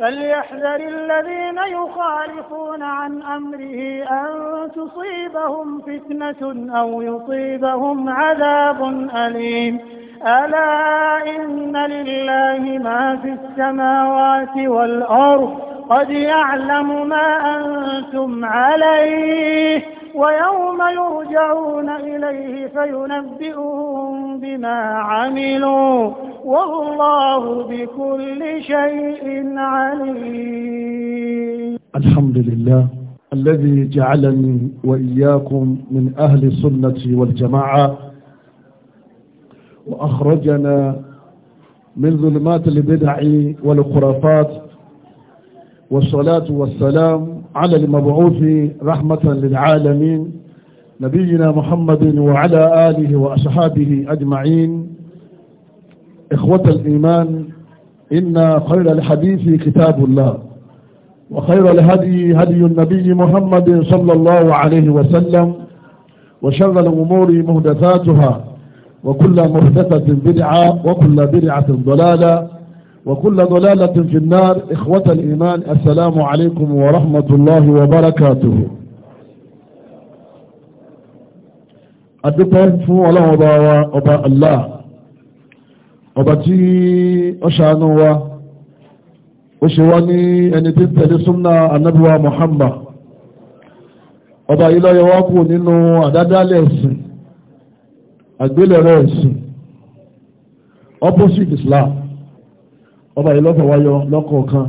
فليحذر الذين يخالفون عن أمره أن تصيبهم فتنة أو يصيبهم عذاب أليم ألا إن لله ما في السماوات والأرض قد يعلم ما أنتم عليه ويوم يرجعون إليه فينبئهم بما عملوا والله بكل شيء عليم الحمد لله الذي جعلني وإياكم من أهل السنة والجماعة وأخرجنا من ظلمات البدع والخرافات والصلاة والسلام على المبعوث رحمة للعالمين نبينا محمد وعلى آله وأصحابه أجمعين إخوة الإيمان إن خير الحديث كتاب الله وخير الهدي هدي النبي محمد صلى الله عليه وسلم وشر الأمور مهدثاتها وكل مهدثة بدعة وكل بدعة ضلالة وكل ضلالة في النار إخوة الإيمان السلام عليكم ورحمة الله وبركاته الدكتور فو الله وبا الله ọba tí ó ṣàánú wa ó ṣe wá ní ẹni tí ń tẹ̀lé súnmọ́ anábíwá Muhammad ọba yìí ló yọ wá kù nínú àdádálẹ̀ ẹ̀sìn àgbélẹ̀rọ ẹ̀sìn opposite Islam ọba yìí lọ́fọ̀ wáyọ lọ́kọ̀ọ̀kan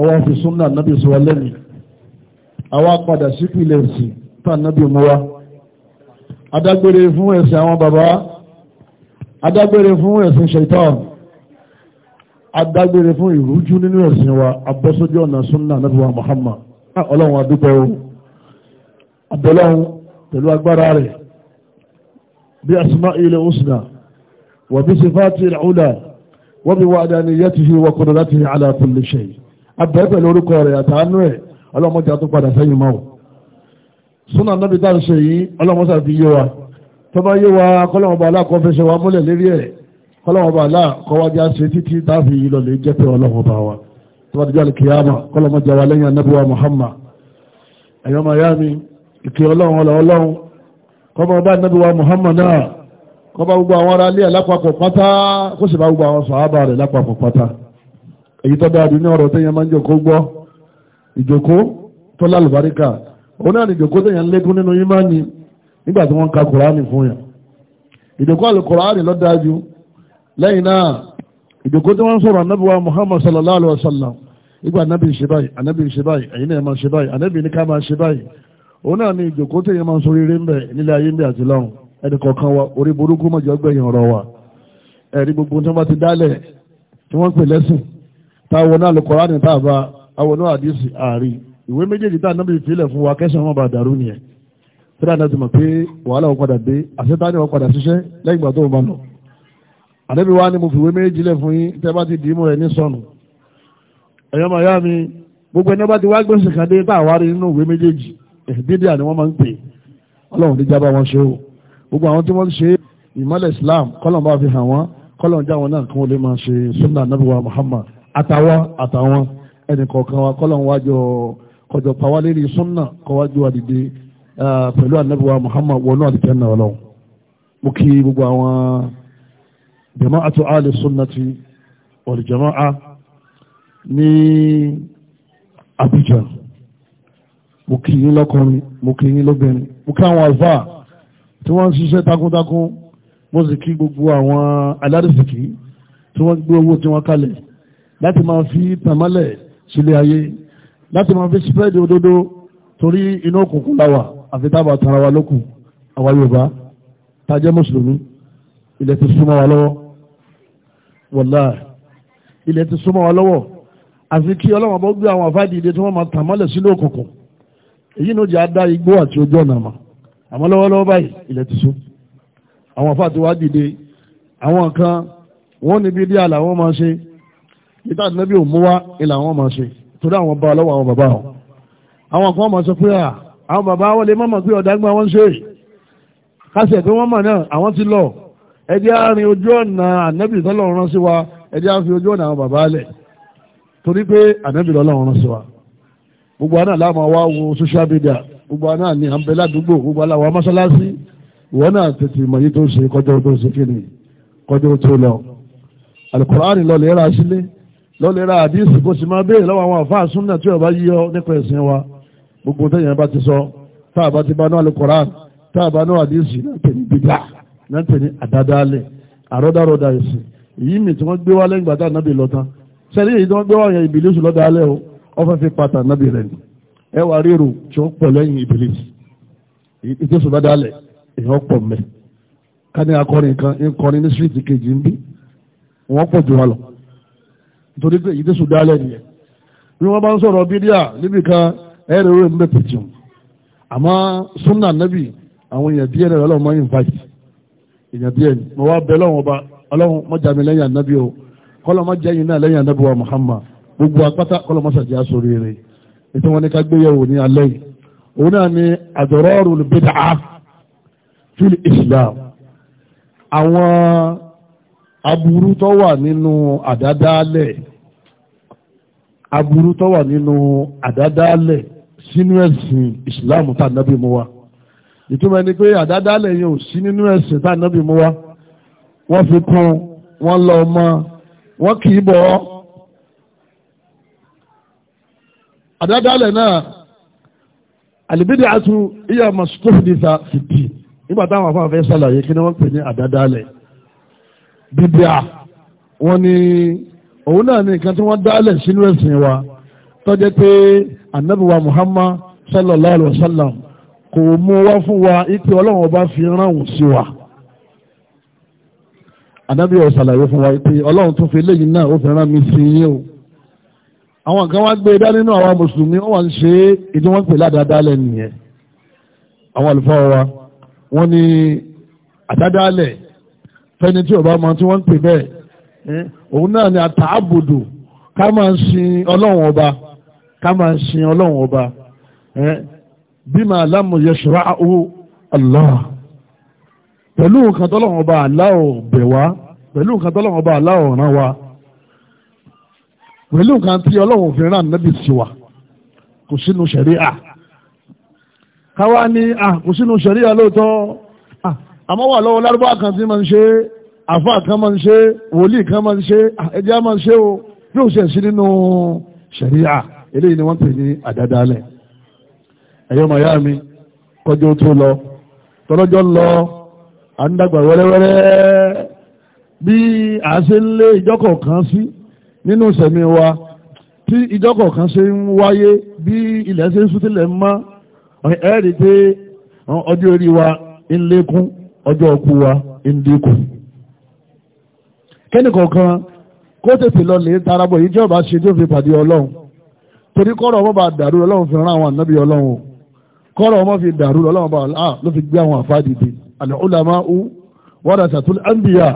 ọwọ́ fi súnmọ́ anábí sọ lẹ́nu àwa padà sípìlẹ̀ ẹ̀sìn tá anábí mú adágbére fún ẹ̀sìn àwọn bàbá adágbére fún ẹ̀sìn ṣaitan adágbére fún ìrújú nínú ẹ̀sìn wa abọ́sójú ọ̀nà súnnà nàbíwá Muhammad ah, ọlọ́run adúpẹ́ o pẹ̀lú agbára rẹ̀ bí asmá ilẹ̀ òsìnà wà bí sifáàtì ìlàúlà wọ́n bí wà dáni yẹ́ ti fi láti ala kulli shay abẹ́ rẹ̀ àtàánú ẹ̀ ọlọ́mọdé àtúpadà sẹ́yìn máa súnnà nàbí dáhùn ṣe yìí ọlọ́mọdé yé wa tó bá yé wa kọ́lọ́wọ́n bá aláàkọ́ fẹ́ ṣe wa múlẹ̀ lérí ẹ̀ kọ́lọ́wọ́n bá aláàkọ́ wá já ṣe títí táàfi ìlọ lè jẹ́ pé ọlọ́wọ́n bá wa tó bá wa lẹ́yìn anábíwá Muhammad ẹ̀yọ́ mayami ìkì ọlọ́run ọlọ́run kọ́bọ̀ ọba Muhammad náà kọ́bọ̀ gbogbo àwọn ará ilé lápapọ̀ pátá kó sì bá gbogbo àwọn sàhábà rẹ̀ lápapọ̀ pátá èyí tó dáa dùn ní ọ̀rọ̀ tẹ́yẹ máa ń jòkó gbọ́ ìjòkó tó lálùbáríkà òun náà ìjòkó tẹ́yẹ ń lékún nínú yímánì nígbà tí wọ́n ka kùránì fún yàn ìdòkó alùkùránì lọ dájú lẹ́yìn náà ìdòkó tí wọ́n sọ̀rọ̀ anábíwá muhammad sallallahu alaihi wasallam ìgbà anábì ṣe báyìí anábì ṣe báyìí ẹ̀yin náà máa ṣe báyìí anábì ní ká máa ṣe báyìí òun náà ni ìdòkó tí èèyàn máa ń sorí rí ń bẹ̀ nílé ayé ń àti lọ́run ẹnì kọ̀ọ̀kan wa orí burúkú mọ̀jọ́ gbẹ̀yìn ọ̀rọ̀ wa ẹ̀rí gbogbo tí wọ́n bá ti dálẹ̀ tí wọ́n pè lẹ́sìn táwọn tíra náà ti mọ̀ pé wàhálà wọn padà dé àṣetá ni wọn padà ṣiṣẹ́ lẹ́yìn ìgbà tó wọn bá lọ. àdébí wa ni mo fìwé méjì lẹ̀ fún yín tẹ́ bá ti dì í mú rẹ̀ ní sọnù. ẹ̀yọ́ màá yá mi gbogbo ẹni bá ti wá gbèsè kan dé tá a wá rí nínú ìwé méjèèjì bídíà eh, ni wọ́n máa ń pè ọlọ́run ní jábá wọn ṣe o gbogbo àwọn tí wọ́n ṣe ìmọ̀lẹ̀ Islam kọ́lọ̀ bá fi hàn wọ́n kọ́lọ̀ já wọn náà kí wọ́n lè máa ṣe sunna nabi wa Muhammad àtàwọn àtàwọn ẹnì kọ̀ọ̀kan wa kọ́lọ̀ wájọ kọjọ pàwálé ní kọ́wájú àdìde Ah, pẹ̀lú anabiwa muhammad wọnú àdìjẹ́nà ọlọ́run mo kí gbogbo àwọn jama'atu ali sunnati wal jama'a ní Abidjan mo kí yín lọ́kùnrin mo kí yín lóbìnrin mo kí àwọn alfa tí wọ́n ń ṣiṣẹ́ takuntakun mo sì kí gbogbo àwọn alárìsìkí tí wọ́n gbé owó tí wọ́n kalẹ̀ láti máa fi tàmálẹ̀ sílé ayé láti máa fi spread òdodo torí inú òkùnkùn láwàá àfi tábà tara wa lókù àwa yorùbá tá a jẹ́ mùsùlùmí ilẹ̀ ti súnmọ́ wa lọ́wọ́ wàláhì ilẹ̀ ti súnmọ́ wa lọ́wọ́ àfi kí ọlọ́wọ́n bọ́ gbé àwọn àfáàdì ìdè tí wọ́n máa tàn mọ́lẹ̀ sínú òkùnkùn èyí ló jẹ́ adá igbó àti ojú ọ̀nà àmà àmọ́ lọ́wọ́lọ́wọ́ báyìí ilẹ̀ ti sún àwọn àfáàdì wa dìde àwọn kan wọ́n níbi díà làwọn máa ṣe ìta àdínẹ́bí òmúwá ìlà àwọn máa ṣe torí àwọn bá lọ́wọ́ àwọn bàbá wọn àwọn kan máa sọ pé àwọn bàbá wọlé mọ́mọ̀ pé ọ̀dágbọ́n wọ́n ṣe kásẹ̀ pé wọ́n mọ̀ náà àwọn ti lọ ẹdí àárín ojú ọ̀nà ànẹ́bì tọ́lọ́run rán sí wa ẹdí àfi ojú ọ̀nà àwọn bàbá lẹ̀ torí pé ànẹ́bì lọ́lọ́run rán sí wa gbogbo àná láàmú wa wo social media gbogbo àná ní àǹbẹ̀ ládùúgbò gbogbo àlà wa mọ́ṣáláṣí ìwọ náà tètè mọ̀ yí tó ṣe kọjọ́ tó ṣe kí ni kọjọ́ tó lọ alukur'ani lọ lè sílé lọ lè ra àdísì sì máa béèrè lọ́wọ́ àwọn àfáà súnà tí ọba gbogbo tẹ́yìn bá ti sọ táàbá ti bá koran táàbá náà àdísì náà pè ní náà pè àdádálẹ̀ àrọ́dárọ́dá ẹ̀sìn èyí mi tí wọ́n gbé wá lẹ́yìn gbàtà nábì lọ sẹ́ni èyí tí wọ́n gbé wá yẹn ìbílísù lọ́dà alẹ́ o pata nábì rẹ̀ ẹ wà ríro tí wọ́n pọ̀ lẹ́yìn ìbílísù wọ́n pọ̀ e rẹ̀ níbẹ̀ pèjì wọn àmọ́ sunna nabi àwọn èèyàn díẹ̀ rẹ̀ ọlọ́run máa ń invite èèyàn díẹ̀ ni mo wá bẹ ọba ọlọ́run má jà lẹ́yìn ànábì o kọ́lọ́ má jẹ́yìn náà lẹ́yìn ànábì wa Muhammad gbogbo apáta kọ́lọ́ má sàjẹ́ ètò wọn ni ká gbéyàwó ní alẹ́ yìí òun náà ni àdọ̀rọ̀rù bídàá fíl Islam àwọn aburú tó wà nínú àdádálẹ̀ sínú ẹ̀sìn ìsìláàmù tá ànábì mú wa ìtumọ̀ ni pé àdádálẹ̀ yẹn ò sí nínú ẹ̀sìn tá ànábì mú wa wọ́n fi kún wọ́n lọ ọmọ wọ́n kì í bọ̀ ọ́ àdádálẹ̀ náà àlìbídì àtú ìyá mọ̀sítọ́fìdìta fìdí nígbà táwọn afọ́ àfẹ́ sàlàyé kí ni wọ́n pè ní àdádálẹ̀ bíbíà wọ́n ní òun náà ní nǹkan tí wọ́n dálẹ̀ sínú ẹ̀sìn wa tó pé anabiwa muhammad sallallahu alaihi wasallam sallam kò mú wá fún wa ipe ọlọ́run ọba fi ránwùn sí wa anabi ó ṣàlàyé fún wa ipe ọlọ́run tún fi léyìn náà ó fi rán mi sí yín o àwọn kan wá gbé dá nínú àwọn mùsùlùmí wọ́n wà ń ṣe ìdí wọ́n pè ládàádálẹ̀ nìyẹn àwọn àlùfáà wa wọ́n ní àdádálẹ̀ fẹ́ni tí ọba máa tí wọ́n ń pè bẹ́ẹ̀ òun náà ni àtàbùdù ká máa ń sin ọlọ́run ọba ká máa sin ọlọ́run ọba bí máa lámù yẹsùrá owó Allah pẹ̀lú nǹkan tọ́lọ́run ọba aláwọ̀ bẹ̀ wá pẹ̀lú nǹkan tọ́lọ́run ọba aláwọ̀ ràn wá pẹ̀lú nǹkan tí ọlọ́run fi rán nábì sí wa kò sínú ṣẹ̀ríà káwá ní à kò sínú ṣẹ̀ríà lóòótọ́ àmọ́ wà lọ́wọ́ lárúbá kan tí máa ń ṣe àfá kan máa ń ṣe wòlíì kan máa ń ṣe ẹjẹ́ máa ń ṣe o yóò ṣẹ̀ sí nínú ṣẹ̀ríà. eléyìí ni wọ́n pè ní àdádálẹ̀ ẹ̀yọ́ màyá lọ tọ́lọ́jọ́ lọ à ń dàgbà wẹ́rẹ́wẹ́rẹ́ bí a ṣe ń lé ìjọ́kọ̀ kan sí nínú wa tí ìjọ́kọ̀ kan ṣe ń wáyé bí ilẹ̀ wa ń lékún ọjọ́ wa ń dínkù kẹ́nìkọ̀ọ̀kan kó lọ lè tarabọ̀ yìí jọba ṣe tó fi pàdé ọlọ́run torí kọ́rọ̀ ọmọ bá dàrú ọlọ́run fi rán àwọn ànábì ọlọ́run kọ́rọ̀ ọmọ fi dàrú ọlọ́run bá ah, ló fi gbé àwọn àfáà dìde àlẹ́ ọlọ́mà ó warasatul anbiya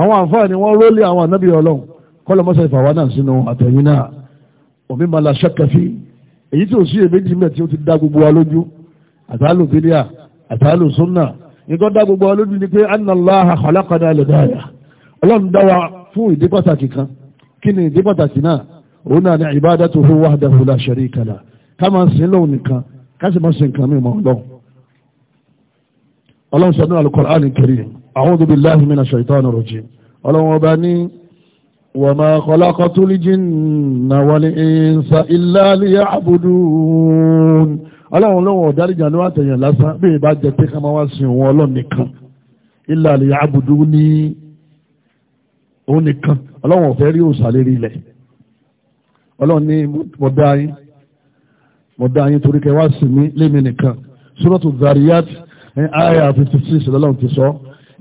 àwọn àfáà ni wọ́n rólé àwọn ànábì ọlọ́run kọ́lọ̀ mọ́sá ìfàwọ́ náà sínú àtẹ̀yìn náà omi máa la ṣẹ́kẹ̀fí èyí tí ò sí èméjì mẹ́ tí ó ti dá gbogbo wa lójú àtàlù bíríà àtàlù súnà nǹkan dá gbogbo wa lójú ni pé annallaha òun náà ní ibadatuhu wahdahu la sharika lah ká máa sin lóhun nìkan ká sì máa sin nǹkan mi mọ́ lọ́hùn. ọlọ́run sọ ní al-Qur'an karim a'udhu billahi minash shaitanir rajim ọlọ́run ọba ní wa ma khalaqatul jinna wal insa illa liya'budun ọlọ́run lọ́wọ́ ọ̀dáríjà ní wàtẹ̀yàn lásán bí ìbá jẹ pé ká máa wá sin ọlọ́run ní mo dá yín mo dá yín torí kẹ wá sí mi lémi nìkan Suratul Zariyat aya fifty six lọ́lọ́run ti sọ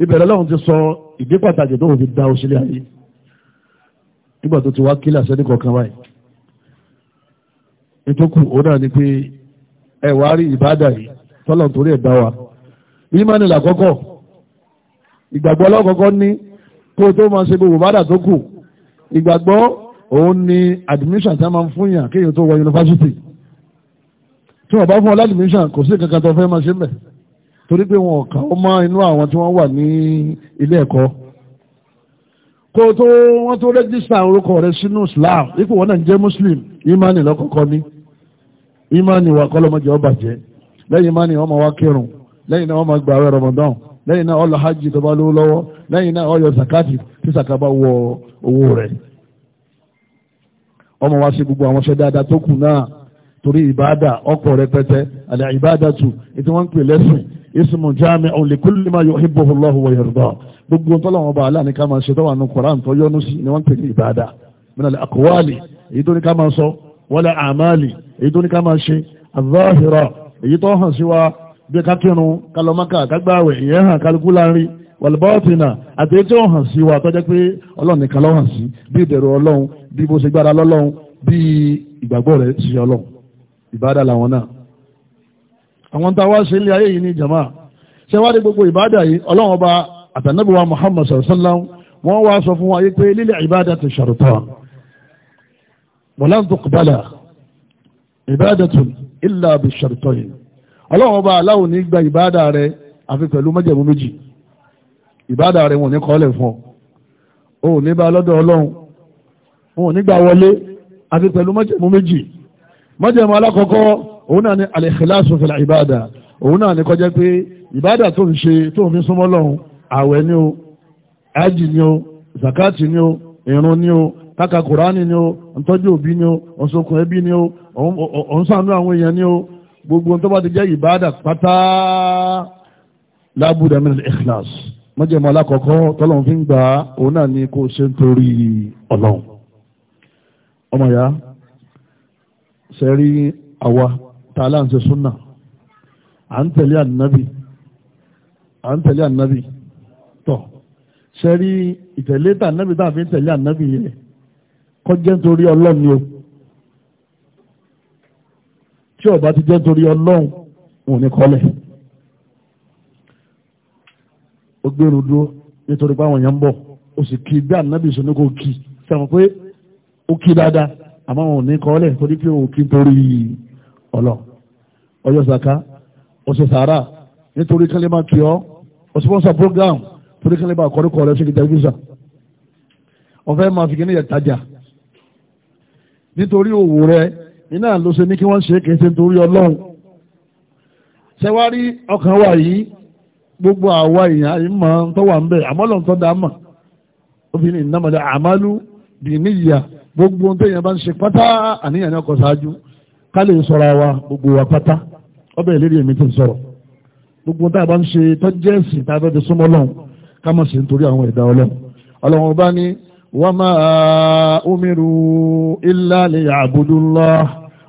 ìbẹ̀rẹ̀ lọ́run ti sọ ìdí pàtàkì tó fi da òṣèlú ayé nígbà tó ti wá kílà sẹ́ni kọ̀ọ̀kan báyìí nítòkù òun náà ni pé ẹ wá rí ìbádà yìí tọ́lọ̀ torí ẹ̀ dá wa ìmánì làkọ́kọ́ ìgbàgbọ́ ọlọ́kọ̀ọ́kọ́ ní kó tó máa ṣe gbogbo bádà tó kù ìgbàgbọ́ òun ni admission tí a máa ń fún yàn kéèyàn tó wọ yunifásitì tí wọ́n bá fún ọ ládìmíṣàn kò sí kankan tó fẹ́ máa ṣe mẹ́ torí pé wọn kà ó mọ inú àwọn tí wọ́n wà ní ilé ẹ̀kọ́ kó tó wọ́n tó rẹ́gísítà orúkọ rẹ sínú Islam ipò wọn náà jẹ́ Muslim imani lọ́kọ̀ọ́kọ́ ní imani wà kọ́lọ́mọdé ọba jẹ́ lẹ́yìn imani ọmọ wa kírun lẹ́yìn náà ọmọ gbààwẹ̀ Ramadan lẹ́yìn náà ó lọ hajj tó bá lówó lọ́wọ́ lẹ́yìn náà ó zakati tí sàkábà wọ owó rẹ̀ ọmọ wa ṣe gbogbo àwọn ṣẹ́ dáadáa tó kù náà torí ìbáadà ọkọ̀ rẹpẹtẹ àlẹ́ ìbáadà tù ètò wọn ń pè lẹ́sìn ismu jami'un li kulli ma yuhibbuhu Allahu wa yarda gbogbo tọ́lọ́wọ́n bá aláàní ká máa ṣe tọ́wọ́ àánú Kùránì tó yọ́nú sí ni wọ́n ń pè ní ìbáadà minal aqwali èyí tó ní ká máa sọ wala a'mali èyí tó ní ká máa ṣe az-zahira èyí tó hàn sí wa bí ká kírun kalọ́máka kágbáwẹ̀ ìyẹn hàn kálukú láàrin wal batina àti èyí tó hàn sí wa tọ́jẹ́ pé Ọlọ́run nìkan ló sí bí ìdẹ̀rù Ọlọ́run bí bó ṣe gbára lọ́lọ́run bí ìgbàgbọ́ rẹ̀ ṣiṣẹ́ ọlọ́run ìbádà làwọn náà àwọn tá a wá ṣe ilé ayé yìí ní jama ṣe wá dé gbogbo ìbádà yìí ọlọ́run ọba àtànábìwá Muhammad sallam wọ́n wá sọ fún wa yìí pé lílẹ̀ ìbádà ti ṣàrùtàn walan tuqbala ìbádàtun illa bí ṣàrùtàn ọlọ́run ọba aláwọ̀ ní gba ìbádà rẹ̀ àfi pẹ̀lú májẹ̀mú méjì ìbádà rẹ̀ wọ́n ní kọ́lẹ̀ fún ọ ò ní bá lọ́dọ̀ ọlọ́run wọn ò nígbà wọlé àti pẹ̀lú májẹ̀mú méjì májẹ̀mú alákọ̀ọ́kọ́ òun náà ni al-ikhlasu fil ìbáàdà òun náà ni kó jẹ́ pé ìbáàdà tó ń ṣe tó ń fi súnmọ́ lọ́hùn àwẹ̀ ni o ájì ni o zakati ni o ìrun ni o káka kùránì ni o ntọ́jú òbí ni o ọ̀sọ̀kùn ẹbí ni o ọ̀nsánú àwọn èèyàn ni o gbogbo tó bá ti jẹ́ ìbáàdà pátá lábúdà min al-ikhlas májẹ̀mú alákọ̀ọ́kọ́ tọ́lọ́run fi ń gbà òun náà ni kó ṣe ń torí ọlọ́run ọmọ ìyá sẹ́rí àwa tá a láǹṣe súnà à ń tẹ̀lé ànábì à ń tẹ̀lé ànábì tọ̀ sẹ́rí ìtẹ̀lé tà ànábì tá a fi ń tẹ̀lé ànábì yẹn kọjá nítorí ọlọ́run ni o tí ó bá ti jẹ́ nítorí ọlọ́run òun ní kọ́lẹ̀ ó gbèrú dúró nítorí pé àwọn èèyàn ń bọ̀ ó sì kí bí ànábì sọ ní kò kí sẹ́wọ̀n pé ó kí dáadáa àmọ́ wọn ò ní kọ́ torí ọlọ ọyọ sàká ọsẹ sàárà nítorí kan lè máa kí program torí kan lè máa kọ́ ọ́lẹ̀ ọ̀fẹ́ máa fi kíní nítorí òwò rẹ iná ló ṣe ní kí wọ́n ṣe é kéṣe nítorí ọlọ́run ṣẹwárí ọkàn gbogbo àwa èèyàn yìí máa ń tọ́wà ń bẹ̀ àmọ́ lọ́n tọ́ da mà obìnrin gbogbo ohun téèyàn bá ń ṣe pátá àníyàn náà kọ ṣáájú ká lè sọ̀rọ̀ wa gbogbo wa pátá ọbẹ̀ ìlérí èmi ti sọ̀rọ̀ gbogbo ohun tá a bá ń ṣe tọ́jẹ́sì tá a fẹ́ fi súnmọ́ lọ́hùn ká má ṣe nítorí àwọn ẹ̀dá ọlọ́hun ọlọ́hun bá ní wa ma umiru illa liya'budullah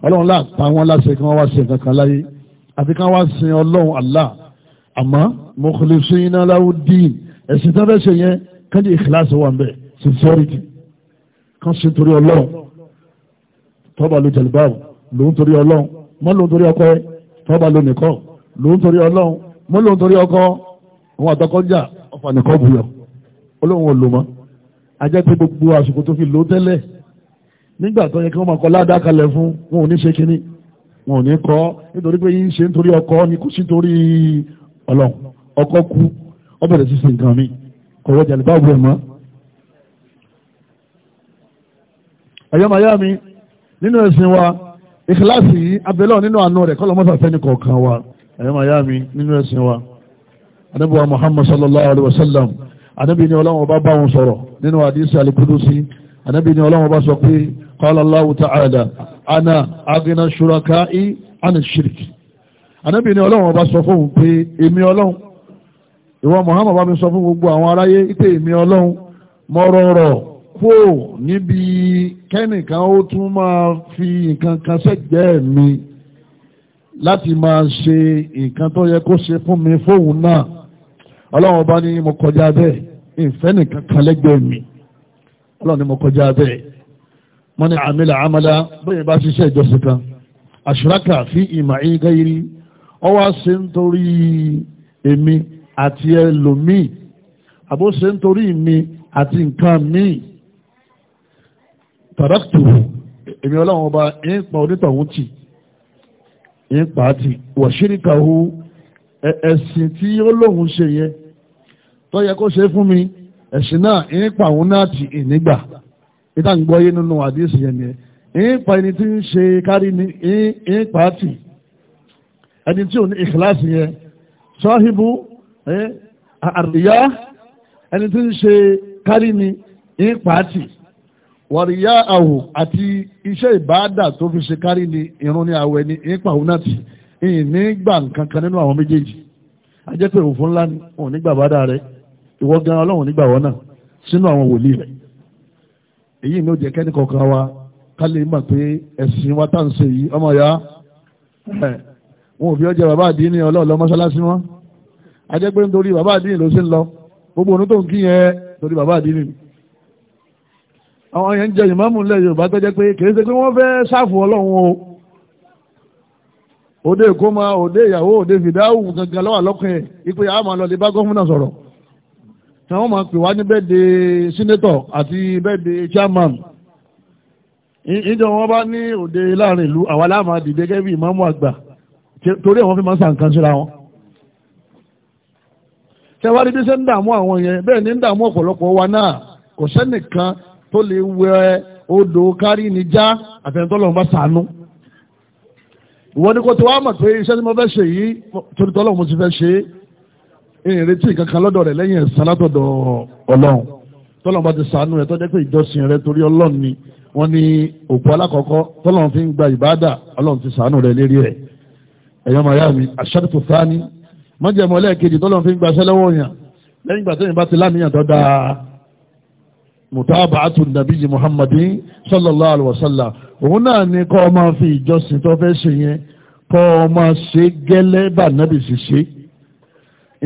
ọlọ́hun láà pa wọ́n láṣẹ kí wọ́n wá ṣe kankan láyé àfi ká wá sin ọlọ́hun Allah àmọ́ mukhlisina lahu ddin ẹ̀sìn tó fẹ́ ṣe yẹn kájí sincerity kan ṣe torí ọlọ́run tọ́ba ló jẹ̀lúbáwò lòun torí ọlọ́run mọ́ lòun torí ọkọ ẹ tọ́ba ló nìkọ́ lòun torí ọlọ́run mọ́ lòun torí ọkọ àwọn àtọkọjà ọfà nìkọ́ buyọ̀ olóhùn ò lò mọ́ ajẹ́ pé gbogbo àsìkò tó fi lò tẹ́lẹ̀ nígbà tó yẹ kí wọ́n máa kọ ládàá kalẹ̀ fún wọn ò ní ṣe kinní wọn ò ní kọ́ nítorí pé yín ṣe nítorí ọkọ ni kò sí torí ọlọ́run ọkọ ku ọ bẹ̀rẹ̀ sí ṣe nǹkan mi kọ̀wé jàlùbáwò ẹ̀ mọ́ ẹ̀yọ́mayá mi nínú ẹ̀sìn wa ìkìláàsì yìí abẹ́lọ́ nínú àánú rẹ̀ kọ́lọ́ mọ́tà fẹ́ni kọ̀ọ̀kan wa ẹ̀yọ́mayá mi nínú ẹ̀sìn wa anábì muhammad sallallahu alayhi wa sallam anábì ni ọlọ́run ọba bá wọn sọ̀rọ̀ nínú àdìsí alikudusi anábì ni ọlọ́run ọba sọ pé qala Allahu ta'ala ana agina shuraka'i ana shirki anábì ni ọlọ́run ọba sọ fóun pé èmi ọlọ́run ìwọ muhammad bá mi sọ fún gbogbo àwọn aráyé ìpè èmi ọlọ́run mọ́rọ̀ọ̀rọ̀ kúò níbi kẹ́nìkan ó tún máa fi nǹkan kan sẹ́gbẹ̀ẹ́ mi láti máa ṣe nǹkan tó yẹ kó ṣe fún mi fóun náà ọlọ́run ọba ní mo kọjá bẹ́ẹ̀ ìfẹ́ nìkan kan lẹ́gbẹ̀ẹ́ mi ọlọ́run ní mo kọjá bẹ́ẹ̀ mo ní àmìlà àmàlà bóyá bá ṣiṣẹ́ ìjọsìn kan àṣùrákà fi ìmọ̀ ìgáyìí ọwọ́ ṣe ń torí èmi àti ẹlòmíì àbó ṣe ń torí mi àti nǹkan míì tàràtùrù èmi ọlọ́run ọba ń pa onítọ̀hún tì ń pa á tì wọ̀ṣíríkàwó ẹ̀sìn tí ó lóun ṣe yẹ tó yẹ kó ṣe fún mi ẹ̀sìn náà ń òun náà tì ìnígbà ìdá ń gbọ́yé nínú àdéhùn yẹn ni ń pa ẹni tí ń ṣe kárí ni ń pa á tì ẹni tí ò ní ìkìláàsì yẹn sọ́híbù àríyá ẹni tí ń ṣe kárí ni ń pa wàríyá àwò àti iṣẹ́ ìbáàdà tó fi ṣe kárí ni irun ní àwẹ̀ ni ipa òun náà ti ìní gbà nǹkan kan nínú àwọn méjèèjì ajẹ́ pé òfin ńlá ni òun nígbà bá dáa rẹ ìwọ gan ọlọ́run nígbà wọn náà sínú àwọn wòlíì rẹ èyí ni ó jẹ́ kẹ́ni kọ̀ọ̀kan wa ká lè mọ̀ pé ẹ̀sìn wa tá à ń ṣe yìí ọmọ ya wọn ò fi ọjà bàbá àdín ní ọlọ́ọ̀lọ́ mọ́ṣáláṣí wọn ajẹ́ pé nítorí bàbá àdín ló ṣe ń lọ gbogbo òun tó ń kí yẹn torí bàbá àdín nìyí àwọn yẹn ń jẹ ìmáàmù ilẹ̀ yorùbá tó jẹ́ pé kìí ṣe pé wọ́n fẹ́ sáàfù ọlọ́run o òde ìkómà òde ìyàwó òde fìdáhù gangan lọ́wọ́ lọ́kùn ẹ̀ ipò yàrá máa lọ lè bá gómìnà sọ̀rọ̀ tí wọ́n máa pè wá ní bẹ́ẹ̀dẹ̀ sínétọ̀ àti bẹ́ẹ̀dẹ̀ chairman ìjọ wọn bá ní òde láàrin ìlú àwa láàmà dìde gẹ́gẹ́ bí ìmáàmù àgbà torí àwọn fi máa ń sàǹkan síra wọn ṣe wá rí bí ṣe ń dààmú àwọn yẹn bẹ́ẹ̀ ni ń dààmú ọ̀pọ̀lọpọ̀ wa náà kò sẹ́nìkan tó lè wẹ odò kárí ní já àtẹnitọ́lọ́run bá sànú ìwọ ni kò tó wá mọ̀ pé iṣẹ́ tí mo fẹ́ ṣe yìí torítọ́lọ́run mo ti fẹ́ ṣe é ìrètí kankan lọ́dọ̀ rẹ̀ lẹ́yìn ẹ̀san látọ̀dọ̀ ọlọ́run tọ́lọ́run bá ti sànú rẹ̀ tó jẹ́ pé ìjọsìn rẹ̀ torí ọlọ́run ni wọ́n ní òpó alákọ̀ọ́kọ́ tọ́lọ́run fi ń gba ìbáàdà ọlọ́run ti sànú rẹ̀ lérí mi àṣàtúntò sáni májẹ̀mọ́ lẹ́ẹ̀kejì tọ́lọ́run fi ń gbaṣẹ́ lọ́wọ́ yàn lẹ́yìn ìgbà tẹ́yìn mùtábàátù nàbíyí muhammadin sallallahu alaihi wasallam òun náà ni kọ́ máa fi ìjọsìn tó fẹ́ ṣe yẹn kọ́ máa ṣe gẹ́lẹ́ bá nábì sì ṣe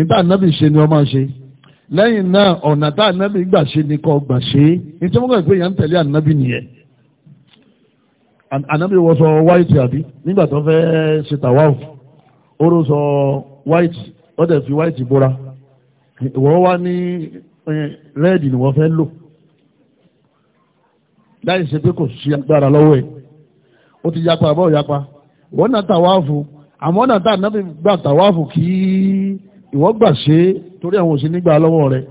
ìta nábì ṣe ni ọ máa ṣe lẹ́yìn náà ọ̀nà tá nábì gbà ṣe ni kọ́ gbà ṣe ní tí wọ́n gbà pé yà tẹ̀lé ànábì nìyẹn ànábì wọ sọ wáìtì àbí nígbà tó fẹ́ ṣe tàwáfù ó ló sọ wáìtì ó dẹ̀ fi wáìtì bóra ìwọ wá ní eh, rẹ́ẹ̀dì ni wọ́n fẹ́ lò láì ṣe pé kò sí agbára lọ́wọ́ ẹ̀ ó ti yapa àbọ̀ yapa wọ́n náà tàwáàfù àmọ́ náà tà náà gbà tàwáàfù kí ìwọ gbà ṣe torí àwọn òsì nígbà lọ́wọ́ rẹ̀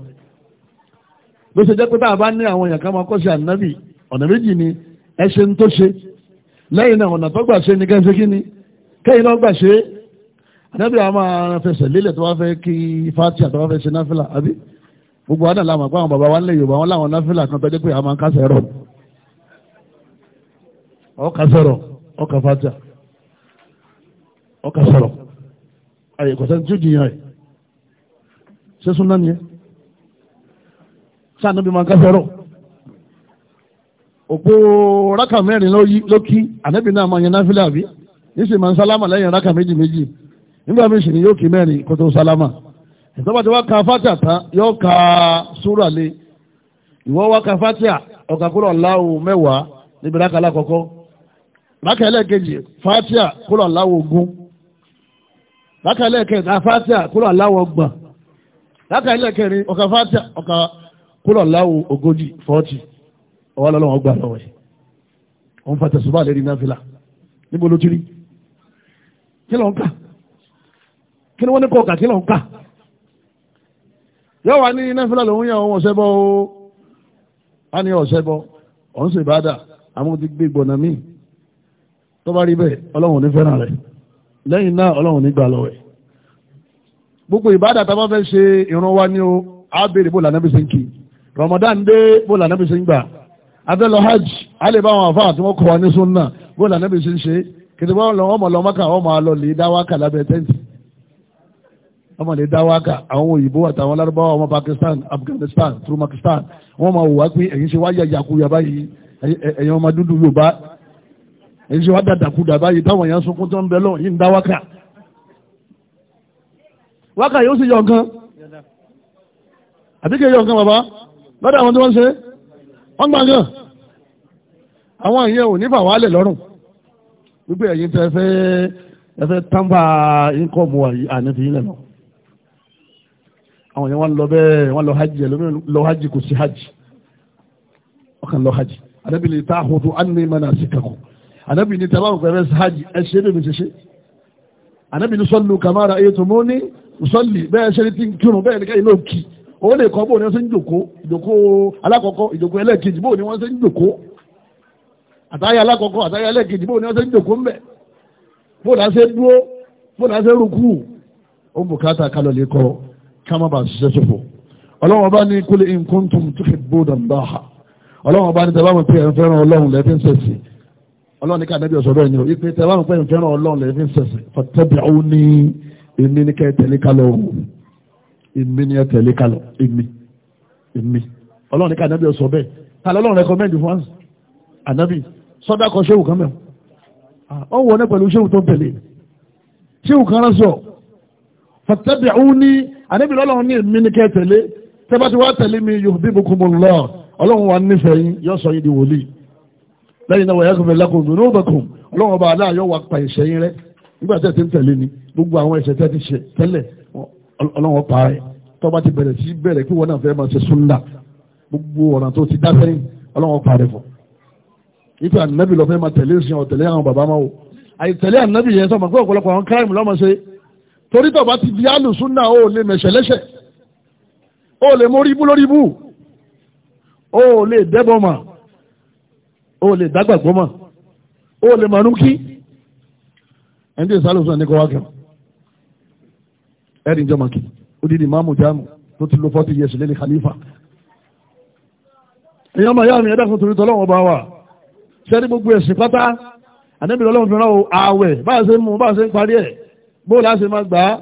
ló ṣe jẹ́ pé tá a bá ní àwọn èèyàn máa kọ́ sí ànábì ọ̀nà méjì ni ẹ ṣe ń tó ṣe lẹ́yìn náà ọ̀nà tó gbà ṣe ni kẹ́ńṣe kí ni kẹ́yìn náà gbà ṣe ànábì àwọn máa fẹsẹ̀ lélẹ̀ tó wá fẹ́ kí fatia tó wá fẹ́ ṣe náfìlà àbí gbogbo wa náà làwọn àgbà àwọn bàbá wa ń lè yorùbá wọn láwọn náfìlà kan tó jẹ́ pé àwọn máa ń kásẹ̀ rọ̀ ọka sọrọ ọka fàájà ọka sọrọ ayé tí ó jìyàn rẹ̀ ṣé súnná ni ẹ sáà níbi máa ká sọ̀rọ̀ òpó rákà mẹ́rin ló ànábì náà máa yan náfìlà àbí níṣẹ́ máa ń sálámà lẹ́yìn rákà méjì méjì nígbà yóò kí mẹrin kó tó sálámà ka fátíà tán yóò ka súrà lé ka láwù níbi rákà rákà ẹlẹ́ẹ̀kejì fatia kúrò aláwọ̀ ogún rákà ẹlẹ́ẹ̀kẹta fatia kúrò aláwọ̀ ọgbọ̀n rákà ẹlẹ́ẹ̀kẹrin ọ̀kà fatia ọ̀kà kúrò aláwọ̀ ogójì fọ́ọ̀tì ọwọ́ lọ́lọ́wọ́ gbà lọ́wọ́ ẹ̀ òun fa tẹ̀sùbá lè rí náfìlà níbo ló ti kí ló kí ni ní kọ́ ọ̀kà kí tó bá rí bẹ́ẹ̀ ọlọ́run ní fẹ́ràn rẹ̀ lẹ́yìn náà ọlọ́run ní gbà lọ́wẹ̀ gbogbo ìbádà tá bá fẹ́ ṣe ìran ní o á béèrè bó lànà bí ṣe ń kí Ramadan dé bó lànà bí ṣe ń gbà abẹ́lọ hajj a lè bá àwọn àfáà tí wọ́n kọ́ wa ní sunna bó lànà bí ṣe ń ṣe kìtìbá ọmọ lọ mọ́kà ọmọ alọ lè dá wákà lábẹ́ tẹ́ǹtì ọmọ lè dá wákà àwọn òyìnbó àtàwọn alárúbáwá ọmọ Pakistan Afghanistan Turkmenistan wọ́n máa wò wá pé ẹ̀yin ṣe wáyà yakuya báyìí ẹ̀yin ọmọ dúdú Yorùbá èyí ṣe wá dàdàkudà báyìí táwọn èèyàn sunkún tó ń bẹ lọ́wọ́ yìí ń dá wákà wákà yóò sì yọ nǹkan àbíkẹ́ yọ nǹkan bàbá lọ́dọ̀ àwọn tí wọ́n ń ṣe wọ́n gbà nǹkan àwọn èèyàn ò ní fà wálẹ̀ lọ́rùn wípé ẹ̀yin tẹ́ fẹ́ ẹ fẹ́ tánbà ínkọ́ọ̀mù ànífi ilẹ̀ lọ àwọn èèyàn wọ́n lọ bẹ́ẹ̀ wọ́n lọ hajj ẹlòmíràn lọ hajj kò sí hajj ọkàn lọ hajj àdébìlì táàkùn tó á ànábì ní tẹ́lá òpẹ́rẹ́ hajj ẹ̀ṣẹ́ bèbè ṣeṣe ànábì ní sọ́lù kàmára ayé tó mọ́ ní sọ́lì bẹ́ẹ̀ ṣe ti ń kírun bẹ́ẹ̀ ní káyìn ló kì ó lè kọ́ bóun ni wọ́n ṣe ń jòkó ìjòkó alákọ̀ọ́kọ́ ìjòkó ẹlẹ́ẹ̀kejì bóun ni wọ́n ṣe ń jòkó àtàyà alákọ̀ọ́kọ́ àtàyà ẹlẹ́ẹ̀kejì bóun ni wọ́n ṣe ń jòkó ńbẹ̀ bóun á ṣe dúró bóun á ṣe rúkú ó ń bùkátà kálọ̀ lè kọ́ ká má ṣiṣẹ́ ṣòfò ọlọ́wọ́n bá ní kul in kuntum tuhibbuna Allah ọlọ́wọ́n bá ní tẹ́lá mọ̀ pé ẹ̀ fẹ́ràn ọlọ́run lẹ́fíńsẹ̀sì ọlọ́run ní ká ànábì ọ̀sọ̀ bẹ́ẹ̀ ni o ipe tẹ́ wàá pẹ́yìn fẹ́ràn ọlọ́run lè fi sẹ̀sẹ̀ fọ̀tẹ́bìọ́ ní èmi ní ká ẹ̀tẹ̀lé kálọ̀ o èmi ní ẹ̀tẹ̀lé kálọ̀ èmi èmi ọlọ́run ní ká ànábì ọ̀sọ̀ bẹ́ẹ̀ ta lọ́lọ́run rẹ́kọ́mẹ́ndì fún ànábì sọ́dá kan ṣéwù kan mẹ́wọ̀ ọ wọ ní pẹ̀lú ṣéwù tó tẹ̀lé ṣéwù kan ránṣọ fọ̀tẹ́bìọ́ ní ní mi yuhibbukumullah ọlọ́run wa nífẹ̀ẹ́ yín yọ sọ yín lẹ́yìn náà wọ́n yàgò fẹ́ lákòó dùn ní òbẹ̀kùn bá aláàyọ̀ wà pa ẹ̀ṣẹ̀ yín rẹ nígbà tẹ́ ti ń tẹ̀lé ni gbogbo àwọn ẹ̀ṣẹ̀ tẹ́ ti ṣe tẹ́lẹ̀ ọlọ́wọ́n pa ẹ̀ tó bá ti bẹ̀rẹ̀ sí bẹ̀rẹ̀ kí wọ́n náà fẹ́ máa ṣe súnlá gbogbo ọ̀nà tó ti dáfẹ́yìn ọlọ́wọ́n pa rẹ̀ fọ́ ife ànábì lọ fẹ́ máa tẹ̀lé ìsìn ọ̀tẹ̀lé àwọn bàbá máa wò àìtẹ̀lé ànábì yẹn sọ ma pé ọ̀pọ̀lọpọ̀ àwọn káàmù lọ́mọ ṣe torí tó bá ti di alùsùn náà ó lè mẹ̀ṣẹ̀ lẹ́ṣẹ̀ ó lè mórí ibú lórí ibú ó lè dẹ́bọ̀ mà ó lè dágbàgbọ́ mọ̀ ó lè mọ̀nú kí ẹni tí ìsàlùsọ ní kọ́ wákẹ́ ẹ̀rìn jọmọ̀ kí ó di ní máàmù jáàmù tó ti lo fọ́tí yẹ sílẹ̀ khalifa èèyàn máa yá mi ẹ̀dá fún torí tọ́lọ́wọ́ bá wà sẹ́ni gbogbo ẹ̀sìn pátá ànẹ́bí ọlọ́run fi ránwó ààwẹ̀ bá a ṣe mú bá a ṣe ń parí ẹ̀ bó la ṣe máa gbà á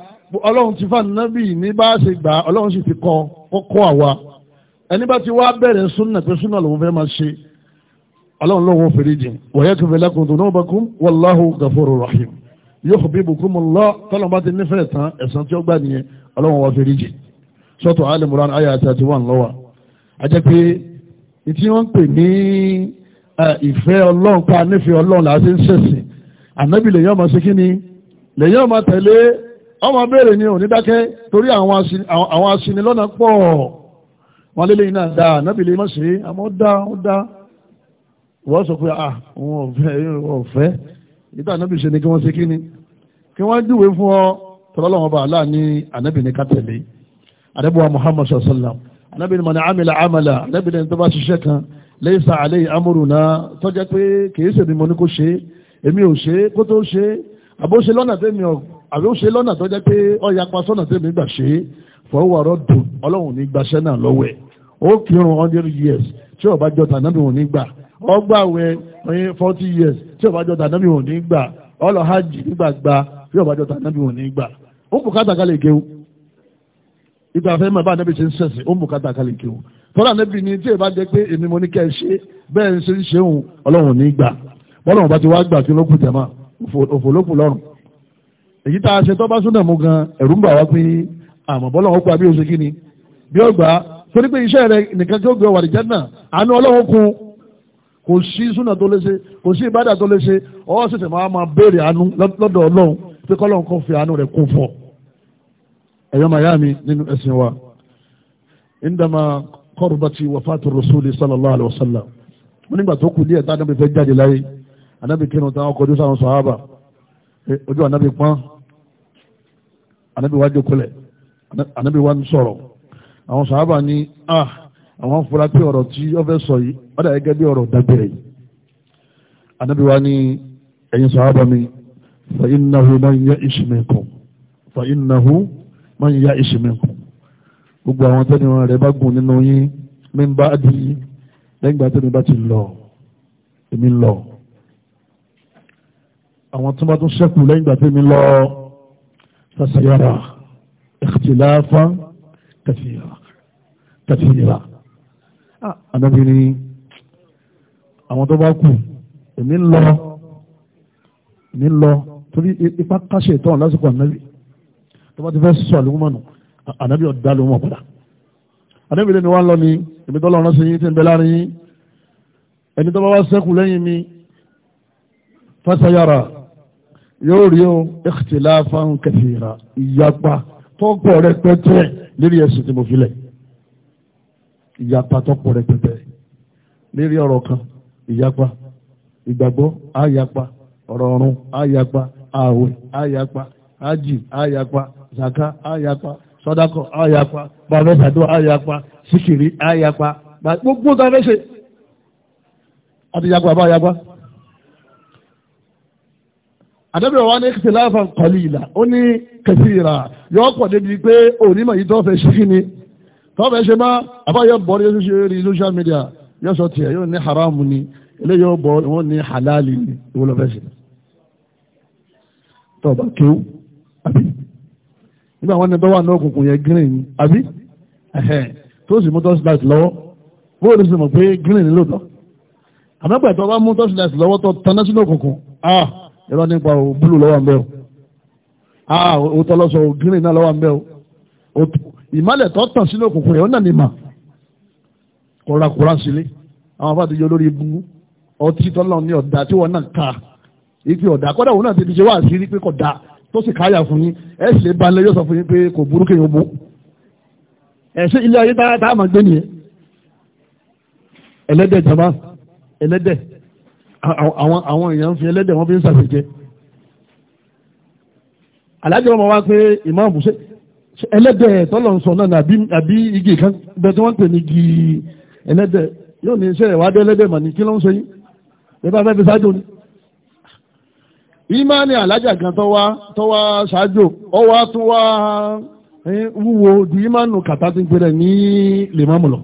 ọlọ́run ti fàánù náà ní bá ṣe gbà á ọlọ́run sì ti kọ́ kọ́kọ́ àwa ẹni bá ti wá bẹ̀rẹ̀ súnà pé súnà lòun fẹ́ máa ṣe ọlọ́run lọ́wọ́ fèrèjì wọ̀nyẹ́ tó fẹ́lẹ́ kùn tó náà bá kún wallahu ghafurur rahim yóò bí bùkún mọ́ lọ tọ́lọ̀ bá ti nífẹ̀ẹ́ tán ẹ̀sán tí ó gbà nìyẹn ọlọ́run wọ́n fèrèjì sọ́tọ̀ alimuran aya thirty wọ́n lélẹ́yìn náà dáa ànábì lè má àmọ́ dáa ó dáa wọ́n sọ pé ah wọn ọ̀fẹ́ ọ̀fẹ́ ìta ànábì ṣe ni kí wọ́n ṣe kí ni kí wọ́n júwe fún ọ tọ́lọ́lọ́wọ́n bá aláà ní ànábì ní kátẹ̀lé muhammad sallam ànábì ní mọ̀nà àmìlà àmàlà ànábì ní tó bá ṣiṣẹ́ kan lẹ́sà àlẹ́ amúrùnà tó jẹ́ pé kìí ṣe ni mo ní kó ṣe èmi ò ṣe kó tó ṣe àbó ṣe lọ́nà tẹ́mi tó jẹ́ pé ọ yapa sọ́nà tẹ́mi hundred years tí ọba jọta náà ọgbàwẹ̀ ọyẹ forty years tí ọbàjọ́ tànàbí wọn ní gbà ọlọ hajj nígbà gba tí ọbàjọ́ tànàbí wọn ní gbà ó mú kátà kálẹ̀ kéwù ìgbà fẹ́ mọ̀ bá anábì ṣe ń sẹ̀sìn ó mú kátà kéwù tọ́lá anábì ni tí ìbá jẹ́ pé èmi mo ní kẹ́ ẹ ṣe bẹ́ẹ̀ ń ṣe ń ṣeun ọlọ́run ní gbà bọ́lọ́run bá ti wá gbà kí lókùn jẹ̀má òfò lókùn lọ́rùn èyí tá a ṣe tọ́ kò sí súnà tó léṣe kò sí ìbádà tó léṣe ọwọ́ sì tẹ̀mọ́ máa béèrè àánú lọ́dọ̀ ọlọ́run pé kọ́lọ́run kan fi àánú rẹ̀ kún fọ́ ẹ̀yọ́ miami nínú ẹ̀sìn wa indama kọ́rùbátì wàfàtì rasúlì sallallahu alayhi wa sallam wọ́n nígbà tó kù díẹ̀ tá anábì fẹ́ jáde láyé anábì kírun táwọn kọjú sáwọn sàhábà ojú anábì pọ́n anábì wájú kulẹ̀ anábì wá ń sọ̀rọ̀ àwọn sàhábà ní ah àwọn fura pé ọ̀rọ̀ tí ó fẹ́ sọ yìí ọ̀dà gẹ́gẹ́ bí ọ̀rọ̀ dábẹ̀rẹ̀ yìí anábì wa ní ẹ̀yin sàhábà mi fa innahu man ya'ish minkum fa innahu man ya'ish minkum gbogbo àwọn tẹ́ni wọn rẹ̀ bá gùn nínú yín mi bá di lẹ́gbàá tẹ́ni bá ti lọ èmi lọ àwọn tó bá tún ṣẹ́kù lẹ́yìn ìgbà tẹ́mi lọ fasayara ikhtilafa kathira kathira adábìnrin ah, àwọn tó bá kù èmi ń lọ èmi ń lọ torí ipá káṣẹ ìtọ́ lásìkò ànábì tó bá ti fẹ́ sọ àlùmọ́nù ànábì ọ̀dá ló mọ̀ padà ànábì lẹ́nu wa ń lọ ni èmi tó lọ́rọ́ sí yín tí ń bẹ láàrin yín ẹni tó bá wá sẹ́kù lẹ́yìn mi fásayára yóò rí o ikhtilafan kathira ìyapa tó pọ̀ rẹpẹtẹ lórí ẹ̀sùn tí mo fi lẹ̀ ìyapa tọ́pọ̀ rẹpẹtẹ lérí ọ̀rọ̀ kan ìyapa ìgbàgbọ́ àyapa ọ̀rọ̀ ọ̀run àyapa ààwẹ̀ àyapa ájì àyapa zaka àyapa sọ́dákọ̀ àyapa bàbẹ́sàdó àyapa síkìrí àyapa gbogbo ta fẹ́ṣe àti yapa bá yapa àdẹ́bẹ̀rẹ̀ wa ní kìtìláfà kọlì ìlà ó ní kẹsì ìrà yọ́ pọ̀ débi pé òní màá yí tó fẹ́ ṣíkí ni tọ́fẹ́ ṣe máa àbáyọ bọ̀ ní ṣe rí social media yóò sọ tiẹ̀ yóò ní haramu ni eléyìí ó bọ̀ wọ́n ní halali ni ìwọ lọ fẹ́ ṣe. tọ́ba kéwù àbí nígbà wọn ní tọ́wọ́ àná òkùnkùn yẹn green ni àbí tó sì mú torchlight lọ́wọ́ bóyá ló sì mọ̀ pé green ni lóòótọ́ àmọ́pẹ̀ tó bá mú torchlight lọ́wọ́ tó taná sínú òkùnkùn ah ìrọ́ nípa blue lọ́wọ́ àmbẹ́ o ah òótọ́ lọ́sọ̀ green náà lọ́wọ́ àmbẹ́ o ìmọ̀lẹ̀ tó tàn sínú òkùnkùn rẹ̀ ó náà ní mà kọ́ra kóra sílé àwọn afáàtì yóò lórí ibú ọtí tọ́lọ́ ní ọ̀dà tí wọ́n náà ka ife ọ̀dà kọ́dà òun náà ti fi ṣe wá àṣírí pé kọ̀dà tó sì káyà fún yín ẹ sì lè balẹ̀ yóò sọ fún yín pé kò burú kéèyàn bó ẹ ilé ayé tá a máa gbé nìyẹn ẹlẹ́dẹ̀ jama ẹlẹ́dẹ̀ àwọn àwọn èèyàn fi ẹlẹ́dẹ̀ wọn fi ń ṣàṣejẹ alájọ́ ọmọ wa pé ìmáàmù ṣe ẹlẹ́dẹ̀ tọ́lọ̀ ń sọ náà àbí igi kan bẹ́ẹ̀ tí wọ́n ń pè ní igi ẹlẹ́dẹ̀ yóò ní iṣẹ́ ìwádìí ẹlẹ́dẹ̀ mà ní kí ló ń ṣe yín bẹ́ẹ̀ bá fẹ́ fi ṣáájú ni. ìmáàní alájà kan tọ́wá tọ́wá ṣáájú ọwá tún wá wúwo di ìmáànù kàtà ti ń pè ní lèmọ́mù lọ.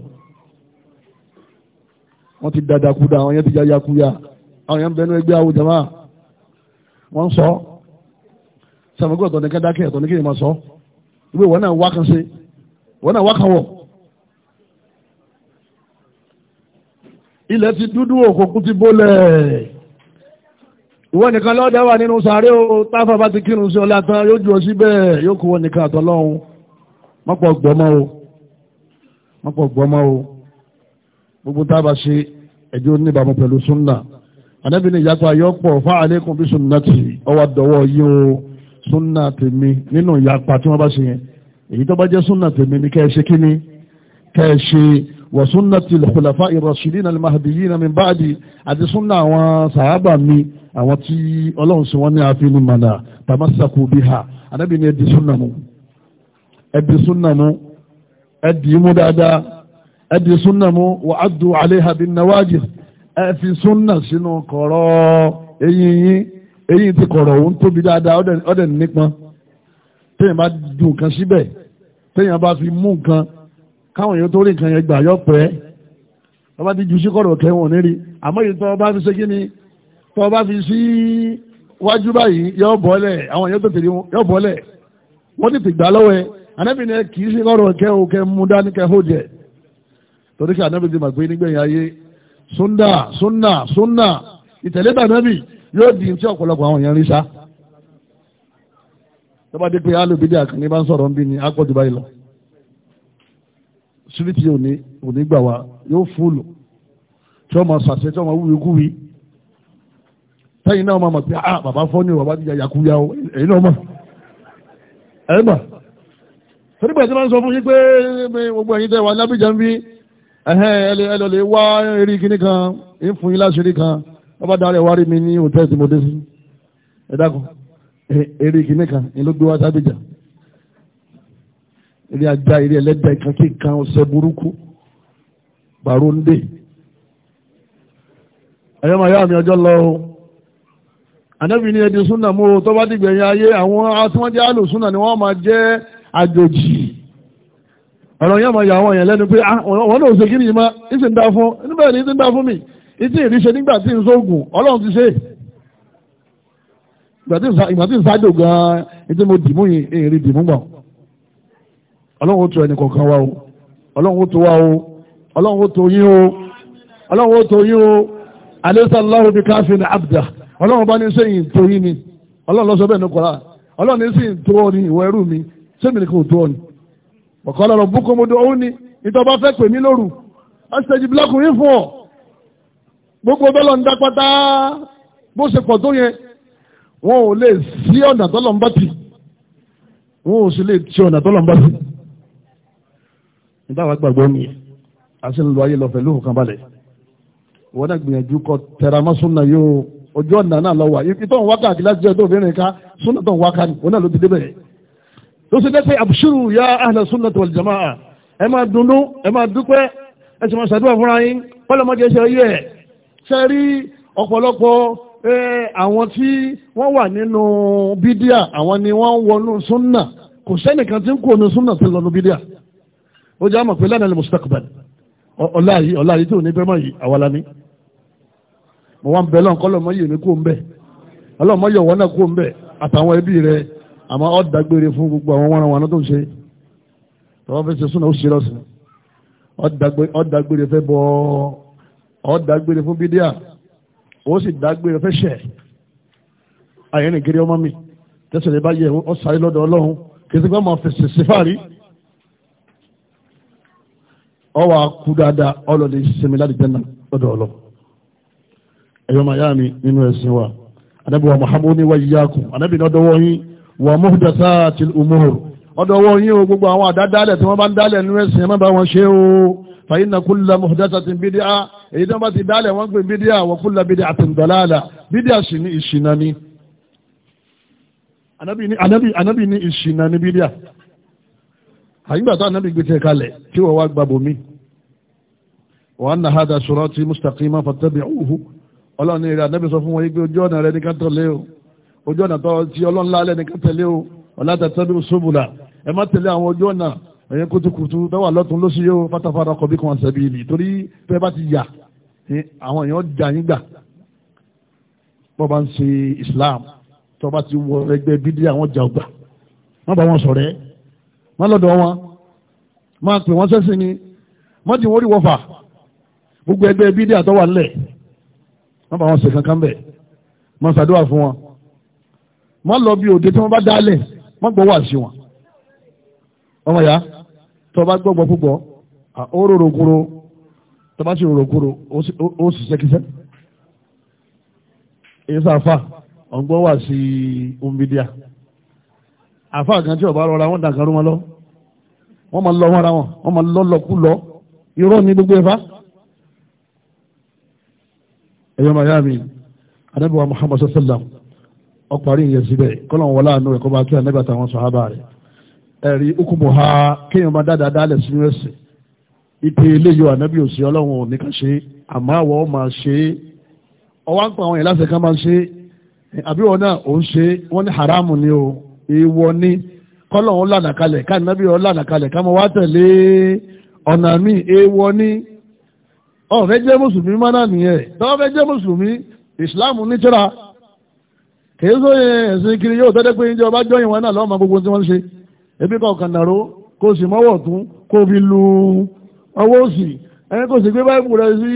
wọ́n ti dada kuda àwọn yẹn ti yáya kuya àwọn yẹn ń bẹnu ẹgbẹ́ àwọn jama wọ́n sọ sàmúgbọ̀tọ̀ ní kẹ́dákẹ́ ẹ̀tọ́ ní ìwé wọn náà wá kan ṣe wọn náà wá kan wọ̀. ilẹ̀ ti dúdú òkùnkùn ti bólẹ̀ ìwọ nìkan lọ́dẹ wà nínú sàárẹ̀ o táfà bá ti kírun sí ọlá tán yóò jù ọ síbẹ̀ yóò kó wọn nìkan àtọ́lọ́hún mọ́pọ̀ gbọ́mọ́ o mọ́pọ̀ gbọ́mọ́ o gbogbo tábà ṣe ẹjọ́ níbàámu pẹ̀lú súnnà anábìnrin ìyàtọ̀ ayọ́pọ̀ fáàlẹ́kùn bí súnnà tì ọwọ́ dọ̀wọ́ yìí o súnà tèmi nínú ìyapa tí wọ́n bá ṣe yẹn èyí tó bá jẹ́ súnà tèmi ni kẹ́ ẹ ṣe kíní kẹ́ ẹ ṣe wà súnà ti lọ́kùlàfà ìrọ̀ṣìlì náà mahadi yìí náà mi báàdì àti súnà àwọn sàábà mi àwọn tí ọlọ́run sì wọ́n ní ààfin ní màdà tàmásàkù bí ha ànábì ni ẹdì súnà mu ẹdì súnà mu ẹdì mú dáadáa ẹdì súnà mu wà á dùn àléhàbí nàwájì ẹ fi súnà sínú kọ̀rọ̀ eyín yín eyín ti kọ̀rọ̀ òun tóbi dáadáa ọ̀dẹ̀ nípọn téèyàn bá ju nǹkan síbẹ̀ téèyàn bá fi mú nǹkan káwọn èèyàn tó rí nǹkan yẹn gbà yọ pẹ́ wọ́n bá ti ju sí kọ̀rọ̀ kẹ́wọ̀n níri àmọ́ èyí tó o bá fi ṣe kí ni tó o bá fi sí wájú báyìí yọ bọ́lẹ̀ àwọn èèyàn tó tètè yọ bọ́lẹ̀ wọ́n tètè gbà lọ́wọ́ ẹ̀ anábì ni kì í ṣe kọ̀rọ̀ kẹ́ o kẹ́ mú dání kẹ́ hó jẹ torí kí anábì ti mà pé nígbẹ̀yìn ayé sunna sunna sunna ìtẹ̀lẹ́bà anábì yóò di tí ọ̀pọ̀lọpọ̀ àwọn èèyàn rí sá tó bá dé pé alùbídé àkànní bá ń sọ̀rọ̀ ń bí ni á pọ̀ jù báyìí lọ síríìtì òní òní gbà wá yóò fúlù tí wọ́n máa sàṣẹ tí wọ́n máa wúwi kúwi tẹ́yìn náà máa mọ̀ pé ah bàbá fọ́ ni bàbá ti yà yàkúyà o èyí náà mọ̀ ẹ̀ mọ̀ torípẹ̀ tí wọ́n sọ fún yín pé gbogbo ẹ̀yin tẹ́ wà lábìjà ń bí ẹ̀hẹ́ ẹ̀ lọ lè wá eré kíní kan ń fún yín láṣìírí kan bàbá darí wárí mi ní hòtẹ́ẹ̀lì mo dé sí ẹ dákun e, eré kìíní kan ni ló gbé wá sábẹ́jà eré ajá eré ẹlẹ́dàá ìkan kí kan ọ̀sẹ̀ burúkú bàró ń dè ẹ̀yọ́ màá yá mi ọjọ́ lọ o ànábì ní ẹdín súnà mú o tó bá dìgbẹ̀yìn ayé àwọn atúmọ̀jẹ́ àlò súnà ni wọ́n máa jẹ́ àjòjì ọ̀rọ̀ yẹn máa yà àwọn èèyàn lẹ́nu pé ah, wọ́n náà ò ṣe kí ni ìsìn dá fún níbẹ̀ ni ìsìn dá fún mi ìtì ìríṣẹ́ nígbà tí ń sóògùn ọlọ́run ti ṣe ìgbà tí ń sáájò gan-an ìtì mo dìmú yìí èrè dìmú gbọ̀n ọlọ́run ó tó ẹnì kọ̀ọ̀kan wa o ọlọ́run ó tó wa o ọlọ́run ó tó yín o ọlọ́run ó tó yín o alaysa Allahu bi káfíìn abdá ọlọ́run bá ní sẹ́yìn tó yín ni ọlọ́run lọ́sọ bẹ́ẹ̀ ní kọ́ra ọlọ́run ní sẹ́yìn tó ọ ni ìwọ ẹrú mi sẹ́mi nìkan ò tó ọ ni ọ̀kọ́ ọlọ́run búkọ́ mo dọ̀ ó ní ìtọ́ bá fẹ́ pè mí lóru ọ̀sẹ̀ jìbìlákùnrin fún ọ gbogbo tọ́lọ̀ ń dápátá bó ṣe pọ̀ tó yẹn wọn ò lè sí ọ̀nà tọ́lọ̀ ń bá tì wọn ò sì lè tí ọ̀nà tọ́lọ̀ ń bá tì nígbà wàá gbàgbọ́ ni àti ń lo ayé lọ́fẹ̀ẹ́ lóhùn kan balẹ̀ wọn náà gbìyànjú kọ tẹramọ́ súnà yóò ojú ọ̀nà náà lọ wà ìtọ́ ń wákàtí láti jẹ́ ọdún ká súnà tó ń wákà ní wọn náà ló ti débẹ̀ ló ṣe dẹ́pẹ́ àbùṣírù ya ahla sunnati wal jamaa ẹ máa dunnú ẹ máa dúpẹ́ ẹ ṣe rí ọ̀pọ̀lọpọ̀ àwọn tí wọ́n wà nínú bídíà àwọn ni wọ́n ń wọnú súnà kò sẹ́nìkan tí ń kó nu súnà tó lọ́nu bídíà ó jẹ́ àmọ̀ pé lẹ́nà ni mustaqbal ọ̀la yìí ọ̀la yìí tí ò ní bẹ́ẹ̀ mọ̀ yìí àwa la ní mo wá ń bẹ lọ́nkọ́ lọ́mọ yèmí kó ń bẹ̀ ọlọ́mọ yọ̀wọ́ náà kó ń bẹ̀ àtàwọn ẹbí rẹ̀ àmọ́ ọ́ dágbére fún gbogbo àwọn wọn àwọn tó ń ṣe tọ́wọ́ fẹ́ ṣe súnà ó ṣe lọ́sìn ọ́ dágbére fẹ́ bọ́ ọ dágbére fún bídíà ó sì dágbére fẹ́ṣẹ̀ ayé ní kiri ọmọ mi tẹ́sílẹ̀ bá yẹ ọ sáré lọ́dọ̀ ọlọ́run kìí sí pé ọmọ fèsì sífàrí ọ wà kú dáadáa ọlọ́lẹ̀ sinmi láti jẹ́nà lọ́dọ̀ ọlọ́ ẹ̀yọ́ màá yá mi nínú ẹ̀sìn wa anábì wa muhammadu ni wa yíyá kù anábì náà dọwọ́ yín wa muhdathatil umur ọ̀dọ̀ ọwọ́ yín o gbogbo àwọn àdádálẹ̀ tí wọ́n bá ń dálẹ̀ nínú ẹ̀sìn ẹ̀ má bá wọn ṣe o fàyínà kúlà muhdathatin bídíà èyí tí wọ́n bá ti dálẹ̀ wọ́n gbé bídíà wọ́n kúlà bid'atin dalala bídíà sì ní ìṣìnà ni anábì ní ìṣìnà ni bídíà àyígbà tó anábì gbé tẹ̀ kalẹ̀ tí wọ́n wá gbàbò mí wa anna hadha sirati mustaqima fattabi'uhu ọlọ́run ní ní ká o ojú tẹ̀tẹ́ bí ó sóbùlà ẹ má tẹ̀lé àwọn ojú ọ̀nà ẹ̀yẹ kutukutu dáwà lọ́tún lọ́sí yóò pátápátá kọ̀ bí kan ṣẹ̀bi ìlì torí pé bá ti yà àwọn èèyàn jà yín gbà bọ́ bá ń ṣe Islam tó bá ti wọ ẹgbẹ́ bídí àwọn jà ọgbà má bá wọn sọ̀rẹ́ má lọ́dọ̀ wọn má pè wọ́n sẹ́sìn ni má ti wọ́n rí wọ́fà gbogbo ẹgbẹ́ bídí àtọ́wà ńlẹ̀ má bá wọn ṣe kankan bẹ̀ má ṣàdúrà fún wọn má lọ bí òde tí wọ́n bá dálẹ̀ má gbọ́ wà sí wọn ọmọ ya tó bá gbọ́gbọ́ púpọ̀ ó rorò kúrò tó bá sì rorò kúrò ó sì sẹ́kísẹ́ èyí sáfà ọ̀gbọ́n wà sí omidíà àfà kan tí ọba rọra wọn dàgbà rú wọn lọ wọn máa lọ wọn ara wọn wọn máa lọ lọkú lọ ní gbogbo ẹ̀fá ẹ̀yọ́ mayami anábìwá muhammadu sallam ọkùnrin yẹn síbẹ̀ kọ́lọ̀ wọn láàánú rẹ̀ kọ́ bá kí anábìwá táwọn sọ̀hábà rẹ̀ ẹ̀rí okùnbọ̀ ha kéèyàn máa dáadáa dálẹ̀ sínú ẹ̀sìn ipe eléyìí ànábì òsì ọlọ́run òní kan ṣe àmọ́ àwọ̀ máa ṣe é ọwọ́ ń pa àwọn ìlàsẹ̀ kan máa ṣe é àbí náà ò ń ṣe é wọ́n ní haramu ni o èèwọ̀ ni kọ́lọ́hún lànà kalẹ̀ ká ànábì ọ̀ lànà kalẹ̀ ká máa wá tẹ̀lé ọ̀nà mi èèwọ̀ ni ọ̀fẹ́ jẹ́ mùsùlùmí mọ́nà nìyẹn tọ́wọ́ fẹ́ jẹ́ mùsùlùmí ìsìláàmù nítorá kèé sóye ẹ̀sìn kiri yóò tọ́jú pé ìjọba jọyìn wọn náà lọ́ọ́ ebi kọ̀ọ̀kan nàró kó sì mọ́wọ̀ tún kó fi lu ọwọ́ òsì ẹni kò sì gbé báyìí rẹ̀ sí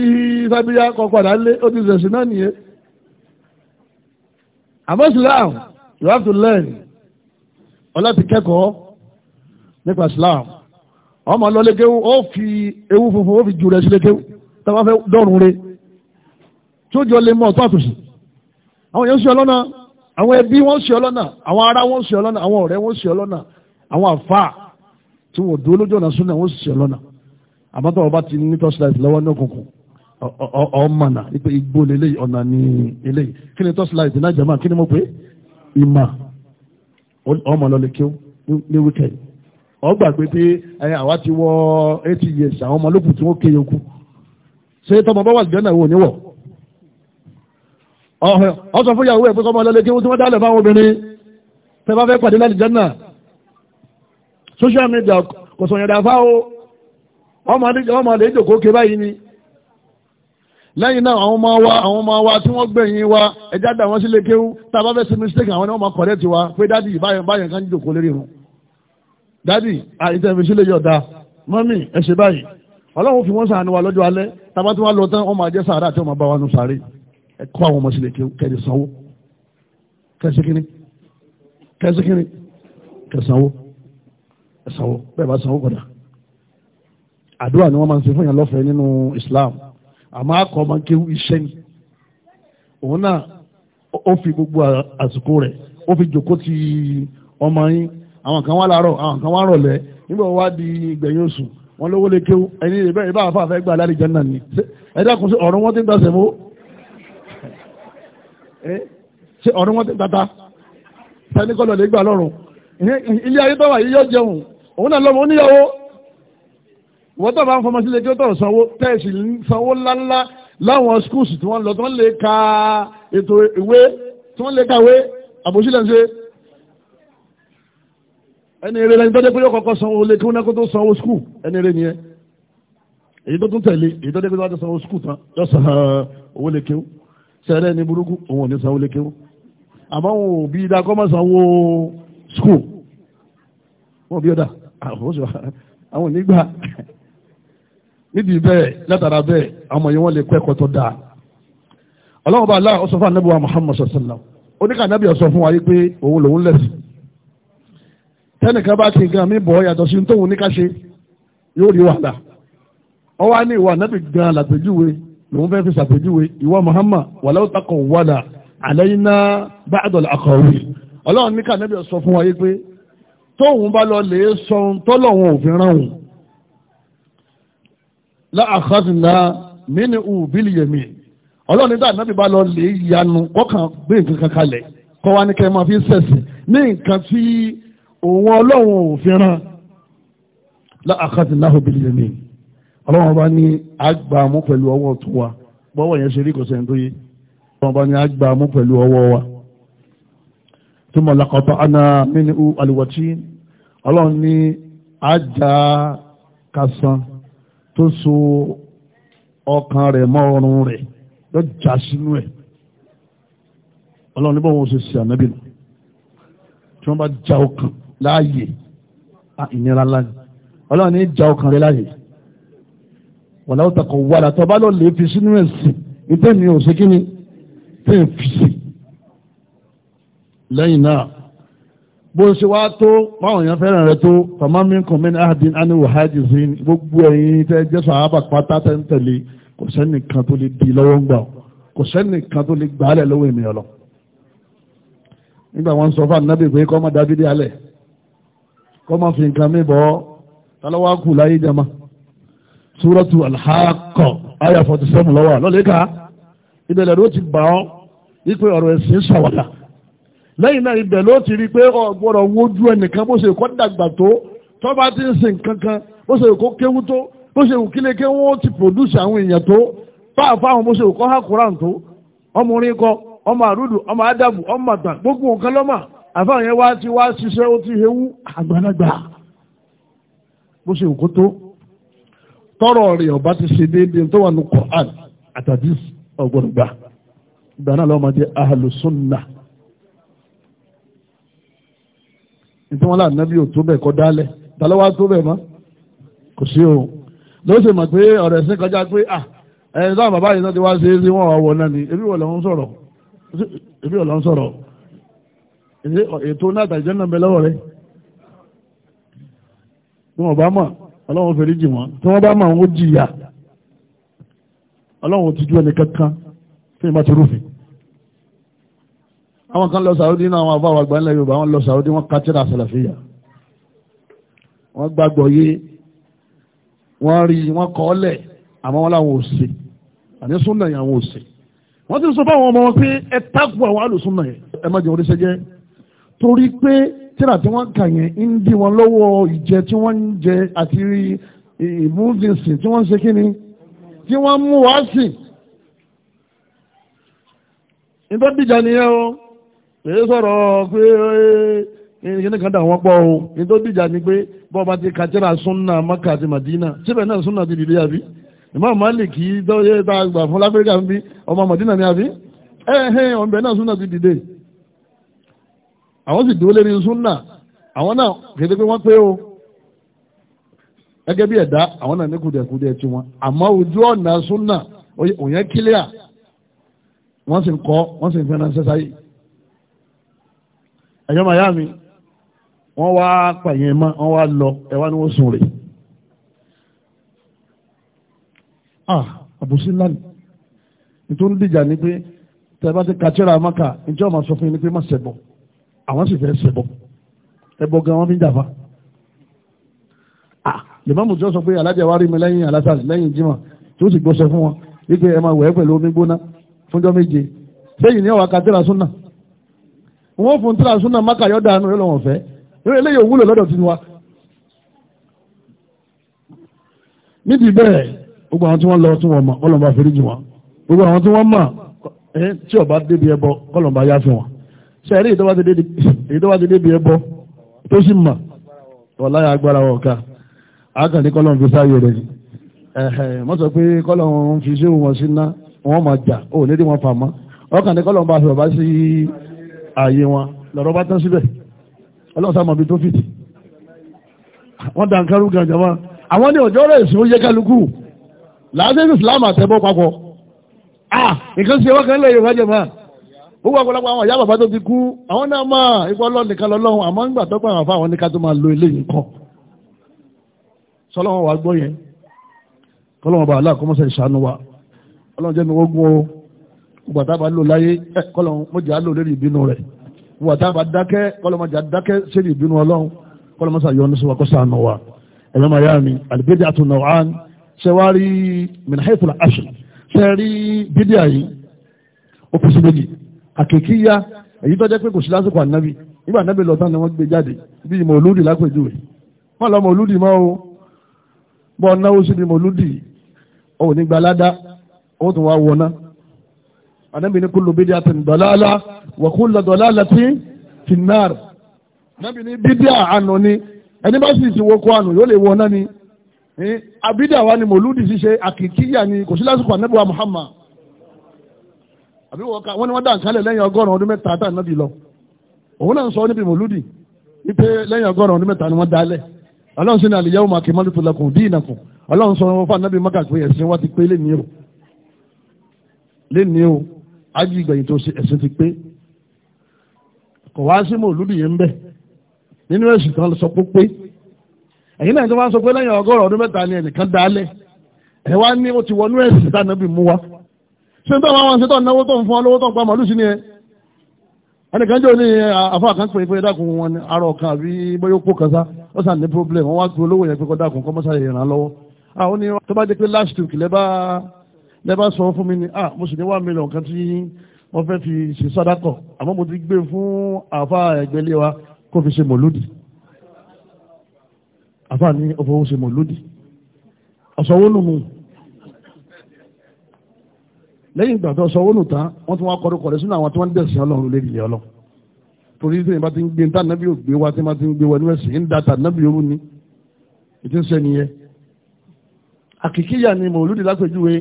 sábíyá kọ padà lé ó ti ṣẹ̀ṣẹ̀ náà nìyẹn àmọ́ Islam you have to learn ọlá ti kẹ́kọ̀ọ́ nípa Islam ọmọ lọ ó fi ewu funfun ó fi jù rẹ̀ sí lékewu tó bá fẹ́ dọ́rùn re tí ó jọ lè mọ̀ tó àtòsí àwọn èèyàn sí ọlọ́nà àwọn ẹbí wọn sí ọlọ́nà àwọn ará wọn sí ọlọ́nà àwọn ọ̀rẹ́ wọn sí ọlọ́nà àwọn àfáà tí wọ́n dúró lójú ọ̀nà súnà wọ́n sì ṣe lọ́nà àmọ́ tó ọba ti ní torchlight lọ́wọ́ ní òkùnkùn ọmọnà ipe igbó lélẹ̀ ọ̀nà ní eléyìí kí ni torchlight náà jẹ́ máa kí ni mo pé ìmà ọmọ lọ kí ó ní wíkẹ̀ndì ọgbàgbé pé ẹ̀yà àwa ti wọ eighty years àwọn ọmọ lókùn tí wọ́n kéye okú ṣé tọmọ bá wà lùdẹ́ náà wò níwọ̀ ọ sọ fún yàwó ẹ̀ pé kọ́mọ lọ lè kí ó tí wọ́n dálẹ̀ fáwọn obìnrin tẹ bá fẹ́ pàdé lálẹ́ jẹ́ náà social media kò sọ̀yàn dàfá o ọmọ àlè ìjòkó ké báyìí ni lẹ́yìn náà àwọn ọmọ wa àwọn ọmọ wa tí wọ́n gbẹ̀yìn wa ẹja dà wọ́n sílé kéwú tá a bá fẹ́ sí mistake àwọn ni wọ́n máa correct wa pé dádì báyọ̀ báyọ̀ kan jòkó lérí wọn dádì àìsẹ̀fẹ̀ sílé yọ̀ọ̀dà mọ́mì ẹ ṣe báyìí ọlọ́run fi wọ́n sàánú wa lọ́jọ́ alẹ́ tàbá tí wọ́n lọ tán wọ́n máa jẹ́ sàárà tí wọ́n máa bá wa nù sàárè ẹ̀kọ́ àwọn ọmọ sílẹ̀ kẹ́ẹ̀dẹ̀ sanwó ẹ̀sánwó bẹ́ẹ̀ bá sanwó padà àdúrà ni wọ́n máa ń ṣe fún yàn lọ́fẹ̀ẹ́ nínú Islam àmọ́ akọ máa ń ké iṣẹ́ ni òun náà ó fi gbogbo àsìkò rẹ̀ ó fi jòkó ti ọmọ yín àwọn kan wá láàárọ̀ àwọn kan wá rọ̀lẹ́ nígbà wá di ìgbẹ̀yìn oṣù wọn lówó lè kéwú ẹni ìbẹ́ ìbá àfa àfẹ́ gbà lálẹ́ jẹ́nà ni ẹ dákun sí ọ̀run wọn ti ń tasẹ̀ mọ́ ṣe ọ̀run wọn ti ń tata sani kọlọ̀ lè gbà lọ́rùn ilé ayé tó wà yìí yọ jẹun òun náà lọ́mọ oníyàwó wọ́n tó bá ń fọmọ sílé kí ó tọ̀ sanwó tẹ́ẹ̀sì sanwó ńláńlá láwọn schools tí wọ́n lọ tí wọ́n lè ka ètò ìwé tí wọ́n lè kàwé àbòsílẹ̀ ń ṣe ẹni eré lẹ́yìn tó dé pé yóò kọ́kọ́ sanwó lé kí wọ́n náà kó tó sanwó school ẹni eré nìyẹn èyí tó tún tẹ̀lé èyí tó dé pé wọ́n ti sanwó school tán yọ san eh, owó lè kéwú sẹ́rẹ́ ní burúkú òun ò ní sanwó lè kéwú àmọ́ òun ò bí sanwó school wọ́n bí ọ̀dà àkóso àwọn onígbà nídìí bẹ́ẹ̀ látara bẹ́ẹ̀ àwọn yìí wọ́n lè kọ́ ẹ̀kọ́ tó dáa ọlọ́run bá aláà ọsọ fún anábì wa Muhammad sallam oníkà anábì ọsọ fún wa yìí pé òun lòun lẹ̀sìn tẹ́nìkan bá ti gan mi bọ̀ yàtọ̀ sí tóun ní ká ṣe yóò rí wàhálà ọwọ́ á ní ìwà anábì gan làpèjúwe lòun fẹ́ fi ṣàpèjúwe ìwà Muhammad walau taqawwala alayna ba'd al-aqawil ọlọ́run níkà anábì ọsọ fún wa yìí pé tóun bá lọ lè sọ tọ́lọ̀wọ̀n òfin ráhùn láàkásìlá mínú ùbílì yẹ̀mí ọlọ́run nígbà náà bá lọ lè yanu kọ́kàn gbé nǹkan kan kalẹ̀ kọ́ wa ní kẹ́mọ́ fi sẹ̀sì ní nǹkan tí òun ọlọ́run òfin rán láàkásìlá òbílì yẹ̀mí ọlọ́run bá ní agbàmú pẹ̀lú ọwọ́ tó wa bọ́wọ́ yẹn ṣe rí kọ̀sẹ̀ ń tó yé ọlọ́run bá ní agbàmú pẹ̀lú ọwọ́ wa tí mo lakọ̀tọ̀ ana mínú alìwọ̀tí ọlọ́run ní ajá kasan tó so ọkàn rẹ̀ mọ́ ọrùn rẹ̀ ló já sínú ẹ̀ ọlọ́run níbọ̀ wọn ṣe ṣe ànábì nù tí wọ́n bá já ọkàn láàyè ìnira láàyè ọlọ́run ní já ọkàn rẹ̀ láàyè wọ̀láwọ́tàkọ̀ wàdà tó bá lọ lè fi sínú ẹ̀sìn ìtẹ́ni òṣèkíní tẹ́ fi sí lẹ́yìn náà bó ṣe wá tó báwọn èèyàn fẹ́ràn rẹ tó fama minkum min ahadin aniwo hajjizin gbogbo ẹ̀yin tẹ́ jẹ́ sàábà pátá tẹ́ ń tẹ̀lé kò sẹ́ni kan tó lè di lọ́wọ́ ń gbà kò sẹ́ni kan tó lè gbàálẹ̀ lọ́wọ́ ènìyàn lọ nígbà wọn sọ fún anábì pé kọ́ máa dábídé alẹ̀ kọ́ máa fi nǹkan mi bọ́ tálọ́wọ́ kù láyé jama súrọ́tù alhaqqa aya forty seven lọ́wọ́ lọ́lẹ́ka ìbẹ̀lẹ̀ ló ti gbà ọ́ wípé ọ̀rọ̀ ẹ̀sìn lẹ́yìn náà ibẹ̀ ló ti rí pé ọ̀gbọ́dọ̀ wojú ẹnìkan bó ṣe kọ́ dàgbà tó tó bá ti ń sin kankan bó ṣe kó kéwú tó bó ṣe kílé kí wọ́n ti àwọn èèyàn tó fáàfá àwọn bó ṣe kọ́ hákùrán tó ọmọ orin kọ ọmọ àrúdù ọmọ ádàbù ọmọ gbogbo nǹkan lọ́mà yẹn àgbàlagbà bó ṣe tó tọrọ rẹ ọba ti nítorí wọn láàánú bí òtó bẹ̀ kọ́ dálẹ̀ tàlọ́wọ́ tó bẹ̀ mọ́ kò sí o ló ṣe mọ̀ pé ọ̀rọ̀ ẹ̀sìn kọjá pé à ẹni táwọn bàbá yìí náà ti wá ṣe é sí wọn ọ̀wọ̀ náà ni ebi wọ̀ lọ́n sọ̀rọ̀ ebi wọ̀ lọ́n sọ̀rọ̀ ètò náà tàjẹ́ náà bẹ lọ́wọ́ rẹ̀ bí wọ́n bá mọ̀ ọlọ́run fèrè jì wọ́n tí wọ́n bá mọ̀ wọ́n jìyà ọlọ́run ti ju ẹnì kankan fún ìmọ̀ tó rúfin àwọn kan lọ Saudi náà àwọn àbáwà àgbà ńlẹ̀ Yorùbá wọn lọ Saudi wọn kátírà sàlàfíà wọn gbàgbọ́ yé wọn rí wọn kọ́ lẹ̀ àmọ́ wọn làwọn ò ṣe àní súnà yẹn àwọn ò ṣe wọ́n ti sọ fáwọn ọmọ wọn pé ẹ tákù àwọn àlùsúnà yẹn ẹ má jẹun oríṣẹ́ jẹ́ torí pé tíra tí wọ́n kà yẹn ń dí wọn lọ́wọ́ ìjẹ tí wọ́n ń jẹ àti ìmúdìsìn tí wọ́n ń ṣe kí ni tí wọ́n mú wá sí. ìtọ́jú nìyẹn o. èyí sọ̀rọ̀ pé ìrìnkìnnì kan dà wọ́n pọ̀ o ní tó dìjà ni pé ti kàtírà súnà maka àti madina síbẹ̀ náà súnà ti dìde àbí Imam Maliki tó yẹ a fún láfíríkà ń bí ọmọ madina ni àbí ẹ̀hẹ́ ọ̀nbẹ náà súnà ti dìde àwọn sì dúró lérí súnà àwọn náà pé wọ́n o gẹ́gẹ́ bí ẹ̀dá àwọn náà ní tí àmọ́ ojú ọ̀nà súnà òyìn kílíà wọ́n sì ń kọ́ wọ́n sì ń fẹ́ràn sẹ́sáyìí ẹ̀yọ́ màyá mi wọ́n wá pàyẹ̀ mọ́ wọ́n wá lọ ẹwà ni wọ́n sùn rè ah àbùsí ńlá ni nítorí dìjà ni pé tẹ́lá ti kàtírà maka ìjọ máa sọ fún yín ni pé má ṣẹbọ àwọn sì fẹ́ ṣẹbọ ẹbọ gan wọn fi ń jàfa ah lèmọ́mù tí sọ pé alájà wa rí mi lẹ́yìn alásà lẹ́yìn jimá tí ó sì gbọ́sọ fún wọn wípé ẹ máa wẹ̀ pẹ̀lú omi gbóná fúnjọ́ méje sẹ́yìn ní ọ̀wà kàtírà súnà wọ́n fún tíra súnà máka yọ̀ dànù yóò lọ́wọ́ fẹ́ yóò eléyìí òwúlò lọ́dọ̀ tí wa. níbi bẹ́ẹ̀ gbogbo àwọn tí wọ́n lọ tí wọ́n mọ̀ ọlọ́mọba fèrèjì wọn gbogbo àwọn tí wọ́n mọ̀ tí ọba débi ẹbọ kọlọmọba yá fi wọn. ṣe eré ìdọ́wà ti débi ẹbọ tó sì mọ̀ ọ̀láyà agbára ọ̀ka àkànní kọlọ́n fi sáyé rẹ̀ ni. wọ́n sọ pé kọlọ́n fi ṣéwù wọn sí ná wọ́n máa jà ó nídìí ààyè wọn lọ́rọ̀ bá tán síbẹ̀ ọlọ́sàmọ̀ bí tó fìtì wọ́n dá nǹkan rúgan jama àwọn ní ọjọ́ rẹ̀ sí ó yẹ kálukú láàrín islam àtẹ́bọ́ papọ̀ ah nǹkan sí ẹwọ́n kan lẹ́yìn ìwà jama gbogbo ọ̀pọ̀lọpọ̀ àwọn ìyá bàbá tó ti kú àwọn náà máa ipò ọlọ́nìkan lọ́lọ́run àmọ́ nígbà tó pàrọ̀ fáwọn oníká tó máa lo ilé yìí kọ́ sọlọ́wọ́n wa gbọ́ yẹn kọ́lọ́wọ́n bá aláàkọ́mọ́sẹ̀ ìṣàánú wa ọlọ́run jẹ́ mi wọ́gbọ́n o gbàtà bá lò láyé kọ́lọ̀ mọ́jà lò lórí ìbínú rẹ̀ gbàtà bá dákẹ́ kọ́lọ̀ mọ́jà dákẹ́ sórí ìbínú ọlọ́run kọ́lọ̀ mọ́sà yọ ní sọ́wọ́ kó sànù wa ẹ̀yọ́ màá yá mi àlùbídà tó nà án ṣe wá rí mìnàhẹ́tò àṣì ṣe bídíà yìí ó fi sí méjì yá èyí tó jẹ́ pé kò sí lásìkò ànábì nígbà ànábì lọ tán ni wọ́n gbé jáde bí mọ̀lúdì lápèjúwe wọ́n lọ mọ̀lúdì máa o bọ́ náwó sí ni mọ̀lúdì ò ní gbalada ó tún wá wọná anábì ní kullu bid'atin dalala wa kullu dalalatin fi nnar anábì ní bídíà àná ni ẹni bá sì ti wọkọ àná yóò lè wọ náà ni abídà wa ni mòlúdì ṣíṣe àkìkíyà ni kò sí lásìkò ànábì wa Muhammad àbí wọ́n ni wọ́n dà ń kálẹ̀ lẹ́yìn ọgọ́rùn-ún ọdún mẹ́ta àtà nábì lọ òun náà ń sọ níbi mòlúdì wípé lẹ́yìn ọgọ́rùn-ún ọdún mẹ́ta ni wọ́n dálẹ̀ ọlọ́run sí ní àlìyáwó máa kì ájú ìgbẹ̀yìn tó ṣe ẹ̀sìn ti pé kò wá sí mòlúdì yẹn ń bẹ̀ nínú ẹ̀sìn kan sọ pé pé ẹ̀yin náà tó wá sọ pé lẹ́yìn ọgọ́rùn ọdún mẹ́ta ni ẹnìkan dálẹ̀ ẹ̀ wá ní ó ti wọnú ẹ̀sìn tánàbì mú wa ṣé tó àwọn ṣe tó náwó tó ń fún ọ lówó tó ń pa màlúù sí ni ẹ ẹnìkan jẹ́ òní àfọ àkànpè pé dákun wọn ni arọ kan àbí bóyá ó pò kan sá ó sàn ní problem wọn wá gbé olówó yẹn pé kó dákun lẹ́bàá sọ fún mi ni ah mo sì ní one million kan tí wọ́n fẹ́ fi ṣe sádàkọ̀ àmọ́ mo ti gbé e fún àfa ẹ̀gbẹ́lé wa kó fi ṣe mòlúdì àfa ní ọ̀fọwọ́ ṣe mòlúdì ọ̀sọ̀wọ́ nù mú lẹ́yìn ìgbà tó ọ̀sọ̀wọ́ nù tán wọ́n tún wá kọ́dọ̀kọ́ rẹ̀ sínú àwọn tí wọ́n ń dẹ̀sìn ọlọ́run lórí ìyẹn ọlọ́run torí tí ìbá ti ń gbé tànàbí ò gbé wá tí ìbá ti ń gbé wọnú ẹ̀sìn ń da tànàbí òru ni ìtí ń sẹ́niyẹ àkìkíyà ni mòlúdì lápèjúwe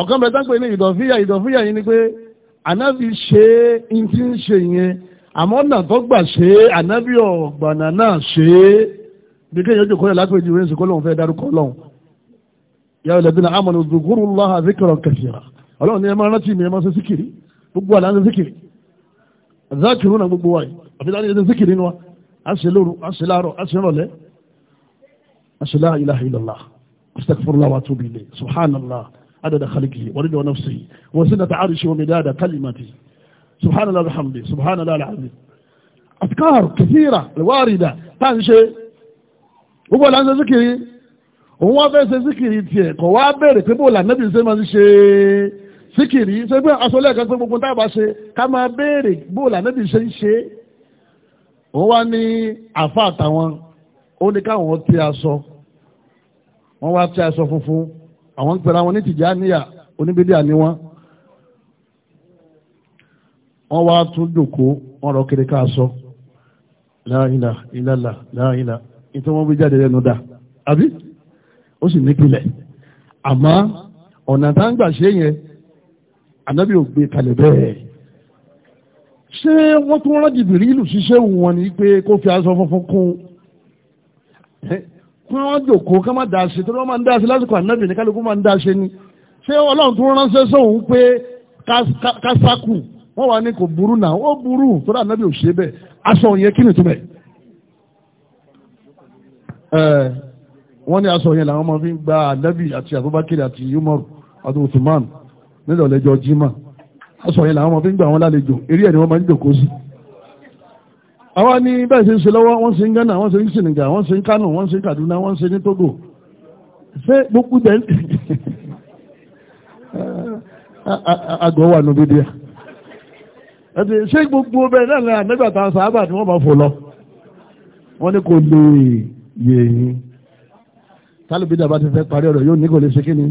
ọ̀kan bẹ̀rẹ̀ tánpẹ̀ ní ìdọ̀fíyà ìdọ̀fíyà yìí ni pé ànábì ṣe in ti ń ṣe yẹn àmọ́ ọ̀nà tó gbà ṣe ànábì ọ̀gbànà náà ṣe é bí kéèyàn ojú kọ́lẹ̀ lápèjì wẹ́n sì kọ́ lóun fẹ́ dárúkọ lọ́hùn ya alladhina amanu dhukurullaha dhikran kathira ọlọ́run ni ẹ máa rántí mi ẹ máa ṣe síkìrì gbogbo àlá ń ṣe síkìrì ni wa a ṣe lóru a ṣe láàárọ̀ a ṣe astaghfirullah wa atubu subhanallah عدد خلقه ورضا نفسه وسنة عرشه ومداد كلمته سبحان الله الحمد سبحان الله العظيم أذكار كثيرة الواردة تنشي gbogbo ọ̀la ń ṣe zikiri òun wá fẹ́ ṣe zikiri tiẹ̀ kọ̀ wá bẹ̀rẹ̀ pé bóòlà nẹ́bí ṣe máa ń ṣe zikiri ṣe pé aṣọ lẹ́ẹ̀kan pé gbogbo táàbà ṣe ká máa bẹ̀rẹ̀ bóòlà nẹ́bí ṣe ń ṣe òun wá ní àfa àtàwọn ó ní káwọn ti aṣọ wọ́n wá ti aṣọ funfun àwọn ń pẹ̀lú àwọn ní Tìjàníyà oníbídíà ni wọ́n wọ́n wá tún dòkó wọ́n rọ kiri ká sọ láàrínà ìlàlà láàrínà ìtọ́ wọ́n bí jáde lẹ́nu dà àbí ó sì nípìnlẹ̀ àmọ́ ọ̀nà tá ń gbà ṣe yẹn ànábì ò gbé kalẹ̀ bẹ́ẹ̀ ṣé wọ́n tún rán jìbìrì ìlú ṣiṣẹ́ wọn ni pé kó fi aṣọ funfun kún un kí wọ́n jòkó ká má dá ṣe torí wọ́n máa ń dá ṣe lásìkò ànábì ní kálukú máa ń dá ṣe ni ṣé ọlọ́run tó ránṣẹ́ sóhun pé kásákù wọ́n wà ní kò burú náà ó burú torí ànábì ò ṣe bẹ́ẹ̀ aṣọ òun kí ni tó bẹ̀. wọ́n ní aṣọ yẹn làwọn máa fi ń gba ànábì àti Abubakar àti Umar àti Uthman nílò ọ̀lẹ́jọ́ jimá aṣọ yẹn làwọn máa fi ń gba àwọn lálejò eré ẹ̀ ni wọ́n máa ń jòkó sí àwa ní bẹ́ẹ̀ ṣe ń ṣe lọ́wọ́ wọ́n ṣe ń Ghana wọ́n ṣe ń Senegal wọ́n ṣe ń Kano wọ́n ṣe ń Kaduna wọ́n ṣe ní Togo ṣé gbogbo bẹ́ẹ̀ àgọ́ wà nù bíbí ẹ̀ ṣé gbogbo bẹ́ẹ̀ náà lẹ́yìn àmẹ́gbàtà sábà ni wọ́n máa fò lọ wọ́n ní kò lè yè yín tálùbídà bá ti fẹ́ parí ọ̀rọ̀ yóò ní kò lè ṣe kí ni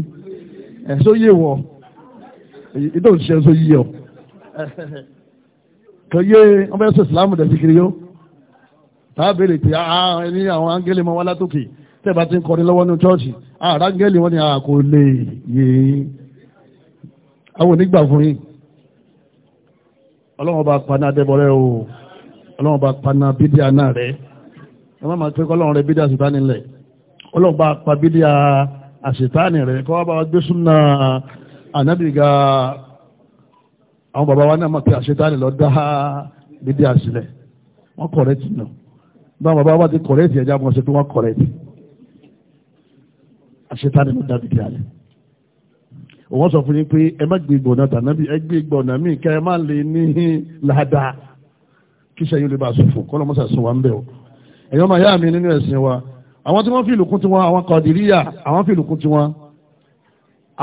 ẹ̀ só yé wọ̀ ìdóòṣìṣẹ́ kò yé wọ́n fẹ́ sọ ìsìlámù dẹ̀ sí kiri yó tábìlì tí a ah, ah, ní àwọn áńgẹ́lì máa wá látòkè tẹ́ẹ̀bá ti ń kọrin lọ́wọ́ ní chọ́ọ̀chì ààrẹ ah, áńgẹ́lì wọn ni a kò lè yé àwọn onígbà fún yín ọlọ́wọ́n bá paná adébọ̀rẹ́ o ọlọ́wọ́n bá paná bídíà náà rẹ̀ ẹ má máa pé kọ́lọ́run rẹ̀ bídíà ṣùgbọ́n nílẹ̀ ọlọ́wọ́n bá pa bídíà àṣetáàni rẹ̀ kọ́ bá gbé súnà ànábìgà àwọn bàbá wa náà mọ̀ pé àṣetáni lọ dá bídí àṣìlẹ̀ wọ́n kọ̀rẹ́tì náà bá bàbá wa ti kọ̀rẹ́tì ẹ̀já mọ̀ ṣe pé wọ́n kọ̀rẹ́tì àṣetáni lọ dá bídí àlẹ́ òwọ́n sọ fún yín pé ẹ má gbé gbọ̀nà tànàbí ẹ gbé gbọ̀nà míì kẹ́ ẹ má lè ní ládàá kí sẹ́yìn olè bá sọ fún kọ́lọ́ mọ́sà sọ wa ń bẹ̀ o ẹ̀yọ́ máa yá mi nínú ẹ̀sìn wa àwọn tí wọ́n fi ìlùkún tiwọn àwọn kọ̀dìríyà àwọn fi ìlùkún tiwọn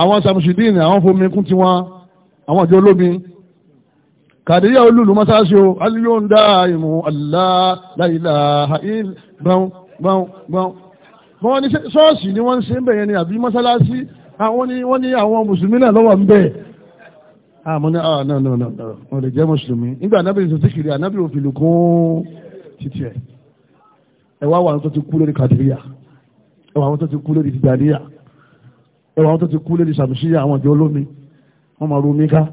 àwọn samusidin àwọn fomi kún tiwọn àwọn àjọ olómi kàdíríà olúlu mọ́sáṣí o alíyóhùn dá ìmú aláìláha ìgbọ̀ngbọ̀ngbọ̀n wọ́n ní ṣọ́ọ̀ṣì ni wọ́n ń ṣe ń bẹ̀yẹn ni àbí mọ́sálásí ah, wọ́n ní àwọn mùsùlùmí náà lọ́wọ́ ń bẹ̀ àmọ́ ah, ní àwọn náà náà náà wọ́n lè jẹ́ mùsùlùmí nígbà anábì ní sọ́tí kiri anábì ò fìlù kún títí ẹ̀ ẹ̀wà àwọn tó ti kú lórí kàdíríà ẹ̀wà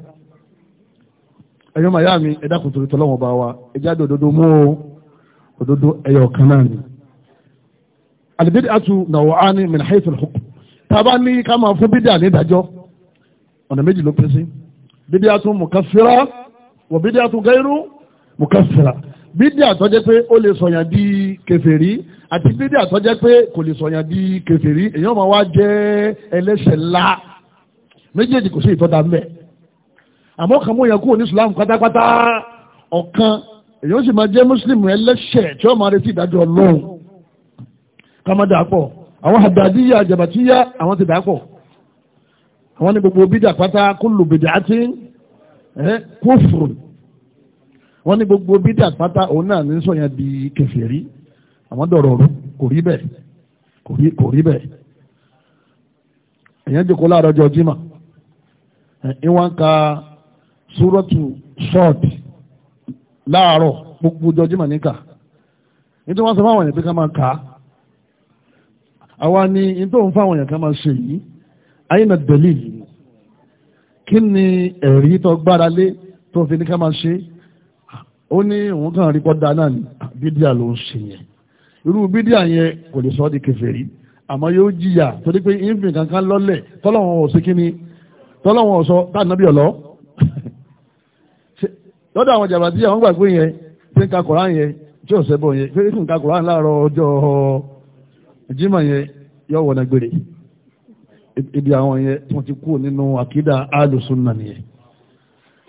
ẹ̀yọ́ màá yá mi ẹ̀dá kò torí tọ́lọ́wọ́n bá wa ẹ̀já dé òdodo mú o òdodo ẹ̀yọ̀ kan náà ni. àlùbídì àtú nàwọ̀ á ní mìíràn haythu al-hukm tá a bá ní ká máa fún bídà ní ìdájọ́ ọ̀nà méjì ló pín bídì àtú mukaffira wọ bídì àtú gairu mukaffira bídì àtọ́jẹ́ pé ó lè sọ̀yàn di kèfèrí àti bídì àtọ́jẹ́ pé kò lè sọ̀yàn di kèfèrí èèyàn máa wá jẹ́ ẹlẹ́ṣẹ̀ ńlá méjèèjì kò sí ìtọ́ta mẹ́ẹ̀ àmọ́ kàn mú yẹn kúrò ní islam pátápátá ọ̀kan èyí ó sì máa jẹ́ mùsùlùmí ẹlẹ́ṣẹ̀ tí ó máa retí ìdájọ́ ọlọ́run ká má dàá pọ̀ àwọn àdàdíyà àjàbàtíyà àwọn ti dàá pọ̀ àwọn ní gbogbo bídà pátá kullu bid'atin kufrun wọ́n ní gbogbo bídà pátá òun náà ní sọ̀yàn di kèfèrí àwọn dọ̀rọ̀ ọ̀rọ̀ kò rí bẹ́ẹ̀ kò rí bẹ́ẹ̀ èèyàn jòkó láàárọ̀ ọjọ́ jimá ìwọ̀n ka súrọ́tù ṣọ́ọ̀tì láàárọ̀ gbogbo ọjọ́ jímọ̀ níkà nítorí wọ́n sọ fáwọn èèyàn pé ká máa kà á àwa ni nítorí wọ́n fáwọn èèyàn ká máa ṣe yìí ayé na dẹ̀lì yìí kí ni ẹ̀rí tó gbára lé tó fi ní ká máa ṣe ó ní òun kàn rí pọ́ náà ní bídíà ló ń ṣe yẹn irú bídíà yẹn kò lè sọ ọ́ di kèfèrí àmọ́ yóò jìyà torí pé ìfìn lọ́lẹ̀ tọ́lọ́wọ́n ò sí kí ni tọ́lọ́wọ́n ò sọ táà nábì ọ̀lọ́ lọ́dọ̀ àwọn jàmbá tí àwọn gbàgbé yẹn ṣe ń ka koran yẹn tí ò sẹ́bọ̀ yẹn pé kí n ka koran láàárọ̀ ọjọ́ Jímọ̀ yẹn yọ wọ̀ náà gbére ibi àwọn yẹn tí wọ́n ti kú nínú àkídà alùsùnà nìyẹn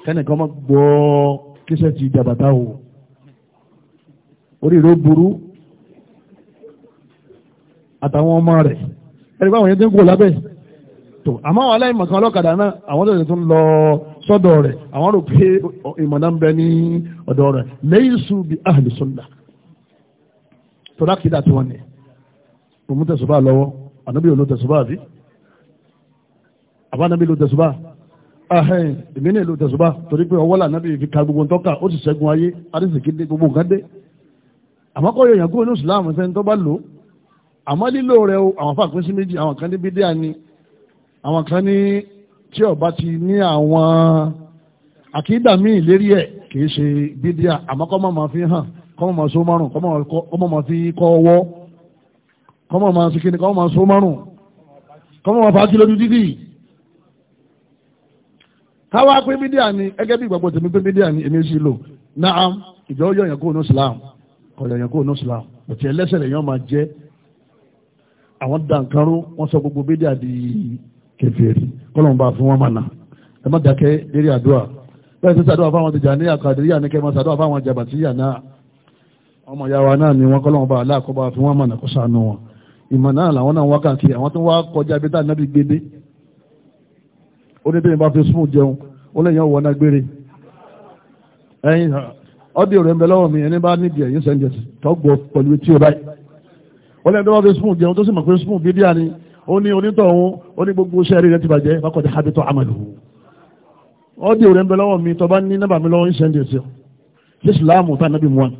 kẹ́nìkan mọ́ gbọ́ kíṣẹ́ ti jàbàtà o orí ìró burú àtàwọn ọmọ rẹ̀ ẹ̀rí pé yẹn ti ń kú lábẹ́ tó àmọ́ àwọn aláìmọ̀kan ọlọ́kadà náà àwọn tó sọ́dọ̀ rẹ̀ àwọn rò pé ìmọ̀nà ń bẹ ní ọ̀dọ̀ rẹ̀ lẹ́yìn sùn bí ahli sunnah tọ́lá kìdá tí wọ́n ní òun tẹ̀sùbá lọ́wọ́ ànábì ò ló tẹ̀sùbá àbí àbánábì ló tẹ̀sùbá ahẹ́n èmi náà ló tẹ̀sùbá torí pé ọwọ́ lànábì fi ka gbogbo ntọ́ka ó sì ṣẹ́gun ayé adésìkí dé gbogbo nǹkan dé àmọ́ kọ́ yóò yàn kúrò ní fẹ́ tó bá lò àmọ́ lílo rẹ̀ o àwọn afáàpín sí méjì àwọn kan ní bídíà ni àwọn kan ní tí ọba ti ní àwọn àkídà míì lérí ẹ̀ kìí ṣe bídíà àmọ́ kọ́ máa fi hàn kọ́ máa so márùn kọ́ máa fi kọ́ ọwọ́ kọ́ máa fi kíni kọ́ máa so márùn kọ́ máa fa lójú dídì káwá pé bídíà ni gẹ́gẹ́ bí ìgbàgbọ́ tèmi pé bídíà ni èmi sì lò náà ìjọ yọ̀yàn kó onú Islam kọ̀yọ̀yàn kó onú Islam òtí ẹlẹ́sẹ̀ lèyàn máa jẹ́ àwọn dàǹkanrú wọ́n sọ gbogbo bídíà di kèfèrí kọ́lọ̀n bá fún wọn mọ̀nà ẹ má dákẹ́ lérí àdúrà bẹ́ẹ̀ sí sàdúrà fáwọn Tìjàníyà Kàdìríyà ní kẹ́mọ́ sàdúrà fáwọn Jàbàtíyà náà ọmọ ìyá wa náà ni wọ́n kọ́lọ̀n bá aláàkọ́bá fún wọn mọ̀nà kó sànú wọn ìmọ̀ náà làwọn náà wákàtí àwọn tó wá kọjá bí táà nábì gbédé ó ní bẹ́ẹ̀ bá fi súnmù jẹun ó lẹ́yìn ọwọ́ náà gbére ẹ̀yìn ọdí rẹ̀ ń bẹ lọ́wọ́ mi ẹni bá níbi ẹ̀yìn sẹ́ńdẹ̀sì tọ́gbọ̀ pẹ̀lú etí ọ̀bá ó lẹ́yìn tó bá fi súnmù jẹun tó sì mọ̀ pé súnmù bíbí à ó ní onítọ̀hún ó ní gbogbo sẹ́ẹ̀rì rẹ̀ ti bàjẹ́ bákọ̀dé habitọ̀ amalu ọ́dí òrẹ́ ń bẹ lọ́wọ́ mi tọ́ bá ní nọ́bà mi lọ́wọ́ ń sẹ́ndì sí ọ ìsìláàmù tá nábì wọn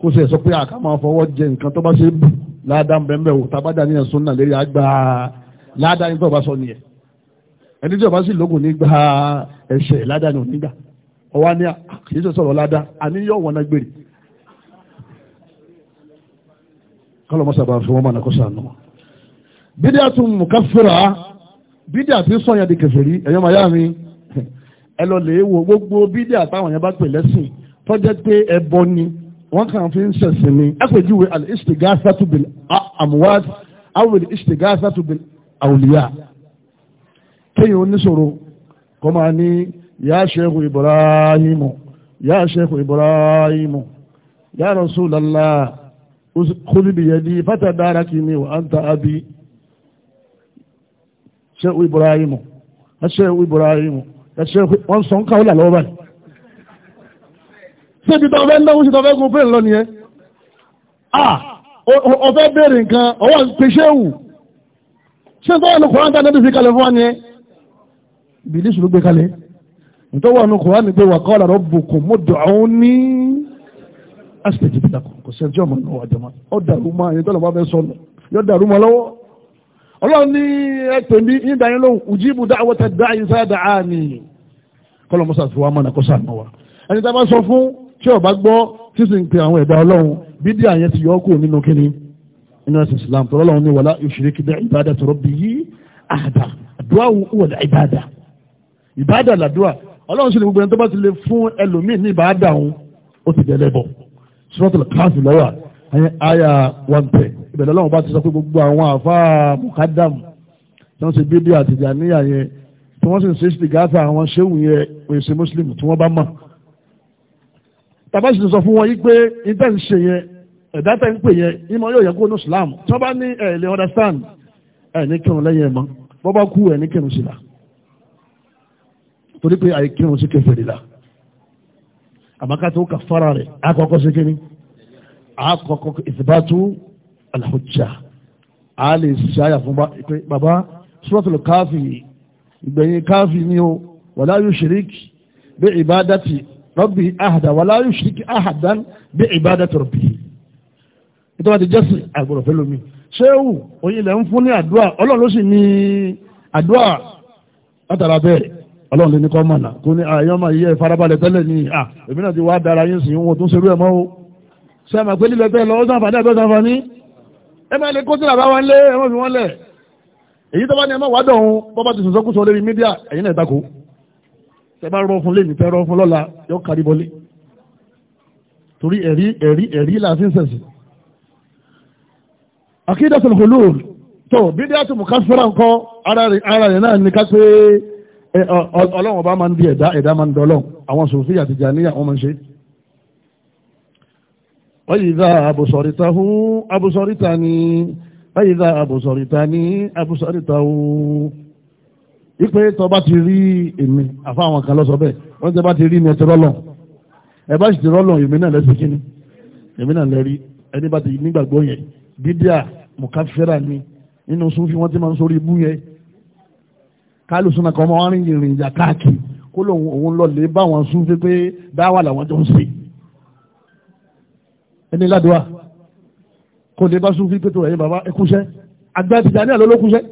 kó sì sọ pé àká máa fọwọ́ jẹ nǹkan tó bá ṣe bù ládàá bẹ́ẹ̀ wò tá bá dà níyàn sunna lérí àgbà ládàá ní tó bá sọ nìyẹn ẹni tí ó sì lókun nígbà ẹ̀ṣẹ̀ ládàá ní onígbà ọwọ́ ní àkíyèsí sọ̀rọ̀ ládàá àní yóò náà gbèrè kọ́lọ́mọ́sàbà fún wọn mọ̀ nàkọ́sà náà Bidiatu tún bidiatu bídíà tí sọ̀yàn di kèfèrí ẹ̀yọ́ màá yá mi ẹ lọ lè wo gbogbo bídíà táwọn yẹn bá pè lẹ́sìn tọ́jẹ́ pé ẹbọ ni wọ́n kàn fi ń ṣẹ̀sìn ni ẹ pè júwe al-istigathatu bil amwat aw al-istigathatu bil awliya kéèyàn oníṣòro kọ́ máa ní Ibrahimu. sheikh Ibrahim ya sheikh Ibrahim ya Rasulallah kúlìbìyẹ fata fátàdára kìíní wa anta abi ṣéwù Ibrahimu ṣéwù Ibrahimu ṣéwù wọ́n sọ ń ká ọ̀là lọ́wọ́ báyìí ṣé ibi tó fẹ́ náwó sí tó fẹ́ gun plane lọ nìyẹn ah ọ̀fẹ́ béèrè nǹkan ọwọ́ pè ṣéwù ṣé tó wà ní Kùránì tá níbi fi kalẹ̀ fún wa nìyẹn bìlí sùlù gbé kalẹ̀ nítorí wà ní Kùránì pé wà qala rabbukum ud'uni astajib lakum kò sẹ́ńtì ọmọ náà wà jọmọ dàrú máa yẹn tó bá fẹ́ sọnù ọlọ́run ní ẹ̀pẹ̀ mi nígbà yẹn ló ujibu da'wata da'i iza da'ani kọ́lọ̀ mọ́sà fi wá mọ́nà kó sàmọ́ wa ẹni tá a bá sọ fún tí ọba gbọ́ tí sì ń pe àwọn ẹ̀dá ọlọ́run bídí àyẹn ti yọ ọ́ kúrò nínú kíní inú ẹ̀sìn Islam tó ọlọ́run ní wala yushriku bi'ibadati rabbihi ahada àdúrà wọ̀ ìbádà ìbádà ni gbogbo ẹni tó bá ti lè òun ó ti dẹ̀ lẹ́bọ̀ Suratul one ten ìbẹ̀rẹ̀ ọlọ́run bá ti sọ pé gbogbo àwọn àfáà mukadam tí wọ́n ti bíbí àti ìjàníyà yẹn tí wọ́n sì ń ṣe ìsìgáàtà àwọn ṣéhùn yẹn òyìnbó muslim tí wọ́n bá mọ̀ tàbá sì sọ fún wọn yìí pé ìtẹ́ ń ṣe yẹn ẹ̀dá tẹ́ ń pè yẹn ìmọ̀ yóò yẹ kó ní islam tí wọ́n bá ní ẹ̀ lè understand ẹ̀ ní kírun lẹ́yìn ẹ̀ mọ́ bọ́ bá kú ẹ̀ ní kírun sí la torí pé àìkírun sí kẹfẹ́ la sí alhujja a lè ṣe àyà fún bàbá suratul káfí ìgbẹ̀yìn káfí ni o wàlá yushrik bí ìbádàtì rọ́bì ahàdà wàlá yushrik ahadan bí ìbádàtì rọ̀bì nítorí àti jẹ́sì àgbọ̀rọ̀ fẹ́ lómi ṣéwù oyin ilẹ̀ ń fún ní àdúrà ọlọ́run ló sì ní àdúrà látara bẹ́ẹ̀ ọlọ́run lè ní kọ́ mọ̀nà kó ní àyọ́mà yíyẹ farabalẹ̀ tẹ́lẹ̀ ní à èmi náà ti wá dára yín sí wọn tó ń ṣerú ẹ̀ mọ́ o ṣe àmà pé lílẹ̀ bẹ́ẹ̀ lọ ó sàǹfààní ẹ máa lè kó sílà bá wọn lé ẹ máa fi wọn lẹ̀ èyí tó bá ní ẹ máa wá dọ̀hún bọ́ bá ti sọ̀sọ́ kú sọ lórí mídíà ẹ̀yin náà ìtako tẹ bá rọ fún lé nìtẹ rọ fún lọ́la yóò kárí bọ́lé torí ẹ̀rí ẹ̀rí ẹ̀rí là fi ń sẹ̀sì. akídà sọ̀rọ̀ kò tó bídíà tó mú ká fẹ́ra ńkọ́ ara rẹ̀ náà ní ká pé ọlọ́run ọba máa ń di ẹ̀dá ẹ̀dá máa ń dọ́lọ́ àwọn sòfin àti wáyíza àbùsọ̀rìtàhú àbùsọ̀rìtà ní wáyíza àbùsọ̀rìtà ní àbùsọ̀rìtàhú ipe tọba ti rí èmi àfáwọn kan lọ́sọ bẹ́ẹ̀ wọ́n tẹ́ bá ti rí ní ẹtẹ rọ́lọ̀ ẹ bá sì ti rọ́lọ̀ èmi náà lẹ́sìn kíní èmi náà lẹ́rí ẹni bá ti nígbàgbọ́ yẹn bídíà mùkáfẹ́rà ni nínú sunfí wọ́n ti máa ń sórí ibú yẹn kálù súnà kan ọmọ wọn rìn ìrìn ìjà káàkiri kó lóun òun lọ lè bá wọn sunfí pé dáwà làwọn jọ ń sè é ẹni ládùá kò lè bá súnfí pé tó ẹ̀yìn bàbá ẹkúṣẹ́ àgbà ti dàní àlọ́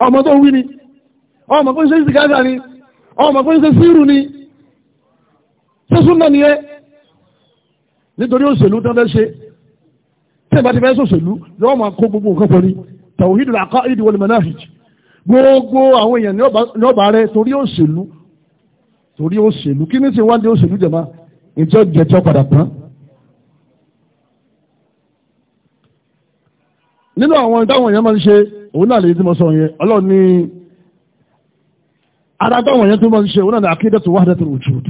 ọmọ tó wí ni ọmọ kó ń ṣe ìsìkáàdà ni ọmọ kó ń ṣe síìrù ni ṣé súnmọ́ ni ẹ nítorí òṣèlú tó fẹ́ ṣe tí ẹ bá ti fẹ́ sòṣèlú lọ́wọ́ máa kó gbogbo nǹkan pọ̀ ni tawhidul aqaid wal manahij gbogbo àwọn èèyàn ní ọba rẹ torí òṣèlú torí òṣèlú kí ní ti wá ní òṣèlú jẹ̀ma ìjọ jẹ̀jọ́ padà tán nínú àwọn táwọn èèyàn máa ń ṣe òun náà lè tí mo sọ yẹn ọlọ́run ní ara táwọn èèyàn tó máa ń ṣe òun náà ní akídẹ́tù wahdatul wujud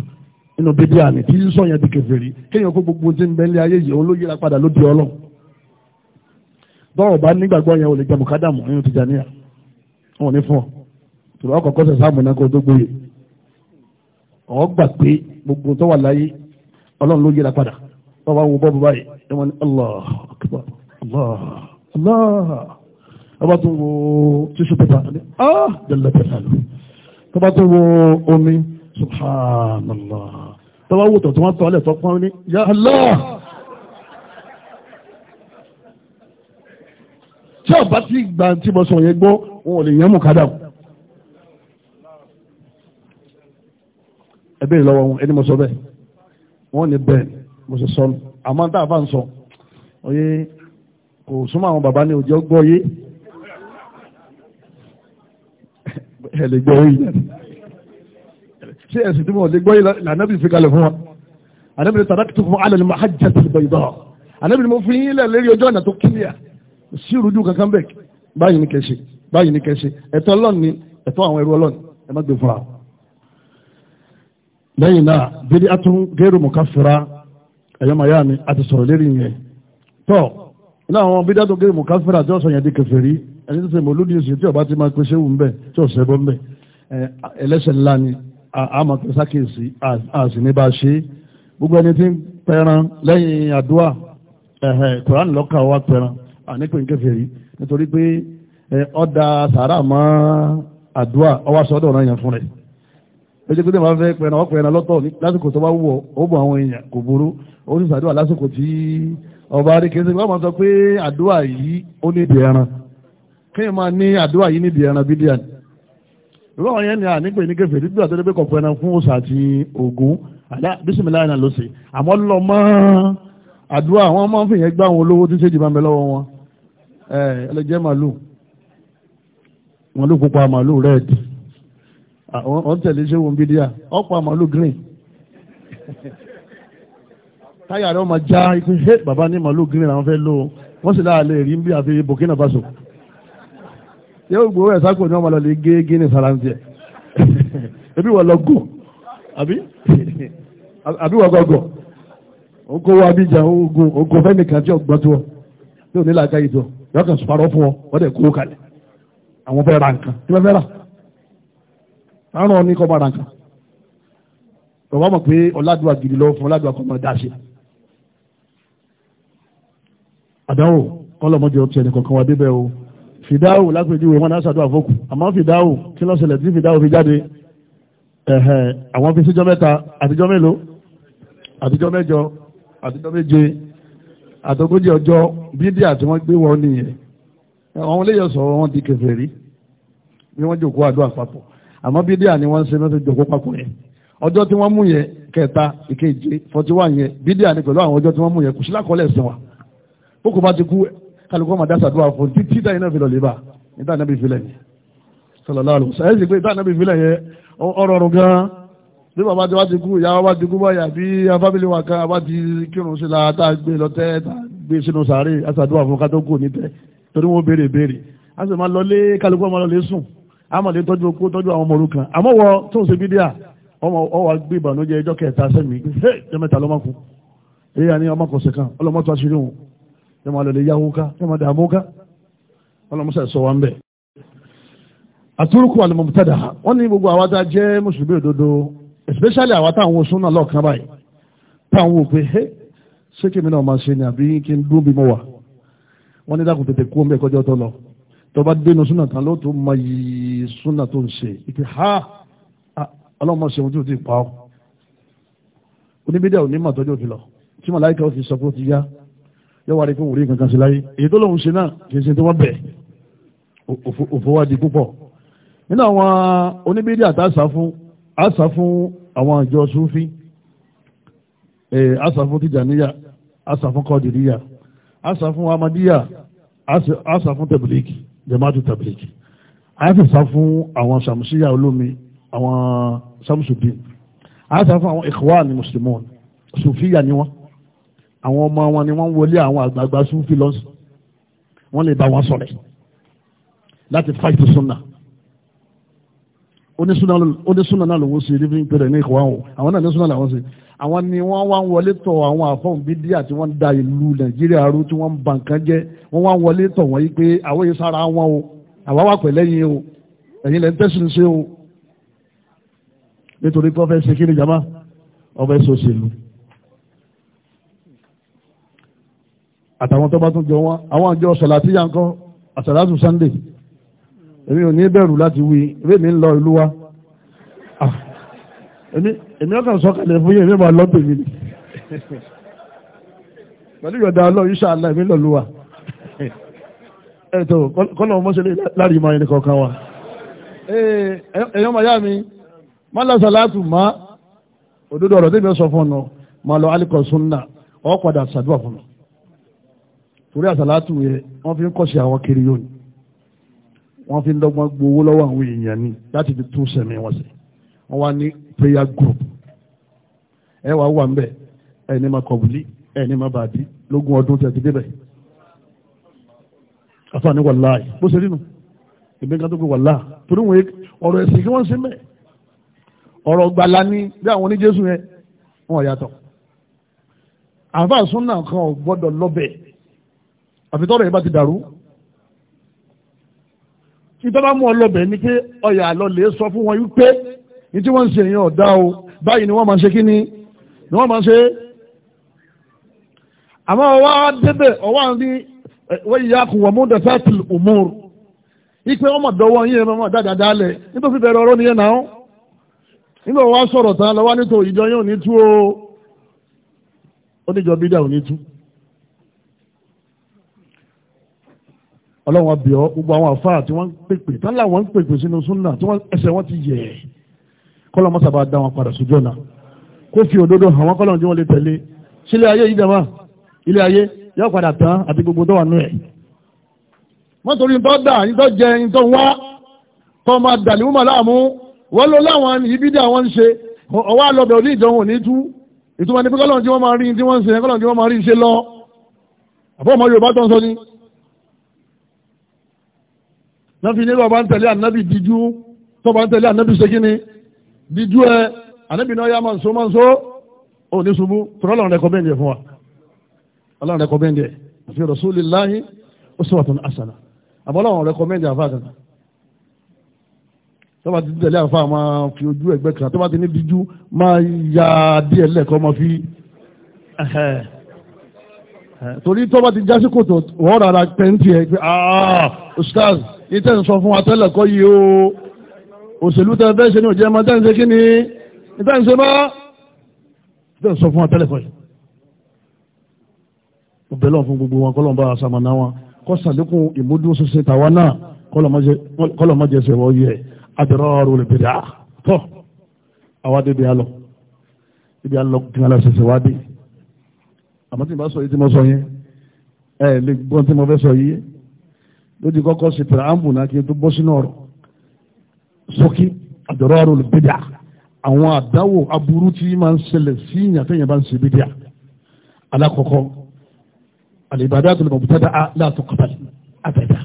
nínú bíbí àmì tí sísọ yẹn di kèfèrí kéèyàn kó gbogbo tí ń bẹ nílé ayé yìí òun ló yíra padà ló di ọlọ́run bọ́ọ̀ bá nígbàgbọ́ yẹn ò lè jẹun kádàmù nínú Tìjàníyà wọn ní fún ọ tòlọ́ ọkọ̀ọ̀kọ́ sẹ̀ ọba tó wo tíṣù pépà ní ah jẹ́lẹ̀ pẹ̀lú àlọ́ tọba tó wo omi subhanallah tọba wò tọ̀ tí wọ́n tọ́ ọlẹ̀ tọ́ pọ́n ní ya Allah tí ọba ti gbà tí mo sọ yẹn gbọ́ kò súnmọ́ àwọn bàbá ní òjò gbọ́ yé ẹ lè gbọ́ yé ṣé ẹ̀sìn tí mo lè gbọ́ yé lànàbì fi kalẹ̀ fún wa ànábì ní tàdákìtì fún alẹ́ ní ma hajj àti ìbẹ̀ ìbá ànábì ní mo fi yín lẹ̀ lérí ọ̀nà tó kílíà sí ìrújú kankan bẹ́ẹ̀ báyìí ní kẹ́sì báyìí ní kẹ́sì ẹ̀tọ́ ọlọ́ọ̀ni ẹ̀tọ́ àwọn ẹrú ọlọ́ọ̀ni ẹ má gbé fúnra lẹ́yìn náà bídí atún gẹ́rù mọ̀ká fura ẹ̀yọ́ màyá mi àti sọ̀rọ̀ lérí yẹn tọ́ iná àwọn bídá tó gẹ́gẹ́ mùkáfíra tí ó sọ̀yàn di kèfèrí ẹni tó ṣe mọ̀lúdì oṣù tí ọba ti máa pèsè wù ń tí ó ṣẹbọ ń bẹ̀ ẹlẹ́ṣẹ̀ ńlá ni àmọ́ pé sákèsí àṣì ní bá ṣe gbogbo ẹni tí ń pẹran lẹ́yìn àdúrà kùrán lọ́kà wa pẹran ànípìn kèfèrí nítorí pé ọ̀dà sàárà mọ́ àdúrà ọwọ́ sọ́dọ̀ ọ̀ràn yẹn fún rẹ̀ ẹjẹ́ pé tẹ́wọ́n fẹ́ pẹran ọ̀pẹran lọ́tọ̀ lásìkò tó bá ọba adékèsè wọ́n máa sọ pé àdúrà yìí ó nídìí ẹran kéèyàn máa ní àdúrà yìí nídìí ẹran bídíà ni ìwé àwọn yẹn ni ànípè ní kẹfẹ́ nígbà tó débẹ̀ kọ̀ọ̀pọ̀ ẹran fún òòṣà àti ògún àdá bísímìláì náà ló ṣe àmọ́ lọ mọ́ àdúrà wọn máa ń fìyẹn gbá àwọn olówó tí ṣèjì máa ń bẹ lọ́wọ́ wọn ẹlẹ́jẹ́ màlúù màlúù pupa màlúù red wọ́n tẹ̀lé ṣéwọ́n bídíà ọ̀pọ̀ màlúù green táyà rẹ̀ ọmọ já ikú ṣe bàbá ní màálù green àwọn fẹ́ lò wọ́n sì láàlẹ́ rí bí àfi Burkina Faso yóò gbowó ẹ̀ sáko ní ọmọ lọ lè gé gíní salantiẹ̀ ebi wọ́n lọ gò àbí wọ́n gọ́gọ́ ogo wa bí jà ogo ogo fẹ́mi kan tí ọgbọ́n tó ọ tí ò ní làákà yìí tó yọ kàn sùpàrọ̀ fún ọ wọ́n dẹ̀ kó kalẹ̀ àwọn fẹ́ ra nǹkan tí wọ́n fẹ́ rà àwọn ọ̀nì kọ́ máa ra nǹkan bàbá mọ̀ pé ọ̀làdùà àdáwò kọ́lọ̀mọ́dé ọtí ẹni kankan wà débẹ̀ o fìdáwò lápèjúwe wọn náà ṣàdúrà fókù àmọ́ fìdáwò kí ló ṣẹlẹ̀ tí fìdáwò fi jáde ẹ̀hẹ̀ àwọn fi síjọ́ mẹ́ta àtijọ́ mélòó àtijọ́ mẹ́jọ àtijọ́ méje àtogójì ọjọ́ bídíà tí wọ́n gbé wọn nìyẹn àwọn olóyè sọ̀rọ̀ wọn di kèfèrí bí wọ́n jòkó àdúrà papọ̀ àmọ́ bídíà ni wọ́n ń ṣe mẹ́fẹ́ jòkó papọ̀ yẹn ọjọ́ tí wọ́n mú yẹn kẹta ìkeje forty one yẹn bídíà ni pẹ̀lú àwọn ọjọ́ tí wọ́n mú yẹn kò sí lákọọ́lẹ̀ bókò bá ti kú kálukọ́ máa dáṣà dúrà fún títí táyì náà fi lọ lè bá níta náà bí filẹ̀ ni sọlọ́lá àlùkò sọ ẹ́sì pé níta náà bí filẹ̀ yẹ ọ̀rọ̀ ọ̀rùn gan bí bàbá ti wá ti kú ìyá wa ti kú báyà bí afábílẹ̀ wa kan abá ti kírun sí la tá a gbé lọ tẹ́ tá a gbé sínú sàárè àṣàdúrà fún kátó kù ní tẹ́ torí wọn béèrè béèrè a sì máa lọlé kálukọ́ máa lọlé sùn a máa lè tọ́jú okó tọ́jú àwọn ọmọ òrukàn àmọ́ wọ yóò máa lọlé yáwó ká yóò máa dààmú ká ọlọmọsẹ sọ wa ń bẹ. àtúrúkú àlùmọ̀tàdà wọ́n ní gbogbo àwa jẹ́ mùsùlùmí òdodo especially àwa táwọn wo súnà lọ́ọ̀kan báyìí táwọn wò pé hé ṣé kí mi náà máa ṣe ni àbí kí n dún bí mo wà wọ́n ní dákun tètè kú ọmọ ẹ̀kọ́ tó lọ tó bá dénú súnà tán ló tó mọ yìí súnà tó ń ṣe ìpè ha ọlọ́mọ ṣe ohun tí o ti pa ọ́ oníbídẹ́ òní mà tọ́jú òfin lọ tí màláìka ó fi sọ pé ó ti yá yóò wá rí pé wòlíì kankan sí láyé èyí tó lóun ṣe náà kì í ṣe tí wọ́n bẹ̀ òfowádìí púpọ̀ nínú àwọn oníbídìí àtàṣà fún àṣà fún àwọn àjọ súnfí àṣà fún tìjàníyà àṣà fún kọ́dìríyà àṣà fún amadíyà àṣà fún tẹ̀bìlìkì jẹ̀mátù tẹ̀bìlìkì àṣà fún àwọn sàmùsíyà olómi àwọn sàmùsùdín àṣà fún àwọn ikhwan muslimun sùfíyà ni wọ́n àwọn ọmọ wọn ni wọ́n ń wọlé àwọn àgbààgbà súnfì lọ́sùn wọ́n lè bá wọn sọ̀rẹ̀ láti fight sunna onísúná náà lòun ṣe living period ní ìkọ̀wá wọn àwọn náà onísúná làwọn ṣe àwọn ni wọ́n wá ń wọlé tọ̀ àwọn àfọ̀n bídíà tí wọ́n ń da ìlú nàìjíríà rú tí wọ́n ń ba nǹkan jẹ́ wọ́n wá ń wọlé tọ̀ wọ́n yìí pé àwọn yìí sára wọn o àwa wà pẹ̀lẹ́ yín o ẹ̀yin lẹ́ ń tẹ̀sùn ṣe o nítorí pé wọ́n fẹ́ ṣe kí ni jama wọ́n fẹ́ ṣe òṣèlú àtàwọn tó bá tún jọ wọn àwọn àjọ sàlàtíyà ńkọ́ àsàlátù sunday èmi ò ní bẹ̀rù láti wí ewé mi ń lọ ìlú wa ah, èmi ọkàn sọ̀kalẹ̀ fún yẹn èmi máa lọ tèmi ni pẹ̀lú ìyọ̀dà ọlọ́run iṣẹ́ àlá èmi lọ ìlú wa ẹ̀tọ́ kọ́nà ọmọṣẹ́lẹ̀ láàrin ìmọ̀ ẹni kọ̀ọ̀kan wa èèyàn eh, màyá mi má lọ sàlátù má òdodo ọ̀rọ̀ tẹ́mi sọ fún ọ̀nà má lọ alikọ̀ sunna ọ̀ padà sàdúrà fún mi torí àsàlátù yẹn wọ́n fi ń kọ́sí àwọn kiri yóò ní wọ́n fi ń dọ́gbọ́n gbowó lọ́wọ́ àwọn èèyàn ní láti fi tún sẹ̀mí wọn sí wọ́n wá ní prayer group ẹ wàá wà ń bẹ̀ ẹ ní ma kọ̀bùlí ẹ ní ma bàbí lógún ọdún tẹ̀sí débẹ̀ àfààní wàláì bó ṣe rí nu ìbí nǹkan tó gbé wàláà torí wọn ọ̀rọ̀ ẹ̀sìn kí wọ́n ṣe mẹ́ ọ̀rọ̀ gbàlá ní bí àwọn oníjésù yẹn wọn yàtọ̀ àfàsúnà kan ò lọ́bẹ̀ẹ́ àfi tọ́rọ̀ yẹn bá ti dàrú ìtọ́ba mú ọlọ́bẹ̀ ni pé ọyà àlọ́lẹ̀ sọ fún wọn wípé ní tí wọ́n ń ṣe èèyàn ọ̀dá o báyìí ni wọ́n máa ń ṣe kí ni ni wọ́n máa ń ṣe àmọ́ ọwọ́ débẹ̀ ọwọ́ àwọn ní wọ́n yíyá kù wọ́n mú dẹ̀fẹ́tì òmùr ipe ọmọ dọwọ́ yín ẹ̀rọ dáadáa dálẹ̀ nítorí bẹ̀rẹ̀ ọ̀rọ̀ nìyẹn náà nígbà wọ́n sọ̀rọ̀ tán lọ́wọ́ nítorí ìjọ yóò ní tú o oníjọ bídà ò ní tú ọlọ́wọ́n bíọ́ gbogbo àwọn àfáà tí wọ́n ń pèpè tán láwọn ń pèpè sínú súnà tí wọ́n ẹsẹ̀ wọ́n ti yẹ̀ kọ́lọ́ mọ́sàbà dá wọn padà sójú ọ̀nà kó fi òdodo hàn wọ́n kọ́lọ́ tí wọ́n lè tẹ̀lé sílé ayé yìí dàmà ilé ayé yóò padà tán àti gbogbo tó wà nú ẹ̀. wọ́n torí ń tọ́ dà ń tọ́ jẹ ń tọ́ wá tọ́ máa dàlí wọ́n láàmú wọ́n ló láwọn ibi dí àwọn ṣe ọwọ́ àlọ́bẹ̀ náà fi ní bàbá ń tẹ̀lé ànábì díjú tó bá ń tẹ̀lé ànábì ṣe kíni díjú ẹ ànábì náà yá máa ń so máa ń so ó ní ṣubú tọ́lá ọ̀rọ̀ rẹ̀ kọ́ bẹ́ẹ̀ fún wa ọlọ́run rẹ̀ kọ́ bẹ́ẹ̀ àfi rasulillahi uswatun asana, àbọ̀lọ́run rẹ̀ kọ́ bẹ́ẹ̀ àfa àgàgà tó bá ti tẹ̀lé àfa máa fi ojú ẹgbẹ́ kan tó ti ní díjú máa ya díẹ̀ lẹ́ẹ̀kọ́ máa fi torí tó bá ti jásí kòtò wọ́n rárá pẹ́ntì ẹ̀ pé ah ustaz ìtẹ́ ń sọ fún wa tẹ́lẹ̀ kọ́ yìí o òṣèlú tẹ́ fẹ́ ṣe ní òjẹ́ máa tẹ́ǹṣe kí ni ìtẹ́ǹṣe bá ìtẹ́ ń sọ fún wa tẹ́lẹ̀ kọ́ yìí. mo bẹ̀ lọ́n fún gbogbo wọn kọ́lọ́n bá aṣàmọ̀nà wọn kọ́ sàlékún ìmúdúnṣinṣin tàwa náà kọ́lọ́n má jẹ́ sẹ̀wọ́ yẹ adìrọ́ rò lè bèrè à tọ́ àwa débi alọ ibi alọ kí ṣẹṣẹ wá àmọ́ tí mo bá sọ yìí tí mo sọ yẹn ẹ ló ti kọ́kọ́ sí pẹ̀láàmù náà kí n tó bọ́ sínú ọ̀rọ̀ sókí àdọ̀rọ̀rọ̀ olùbídà àwọn àdáwò aburú tí máa ń ṣẹlẹ̀ sí ìyàn tẹ́yìn bá ń ṣe bídà alákọ̀ọ́kọ́ àlèbàdà tó lè mọ̀ bùtẹ́dà látọ̀ kọ́tàlì àtẹ̀dà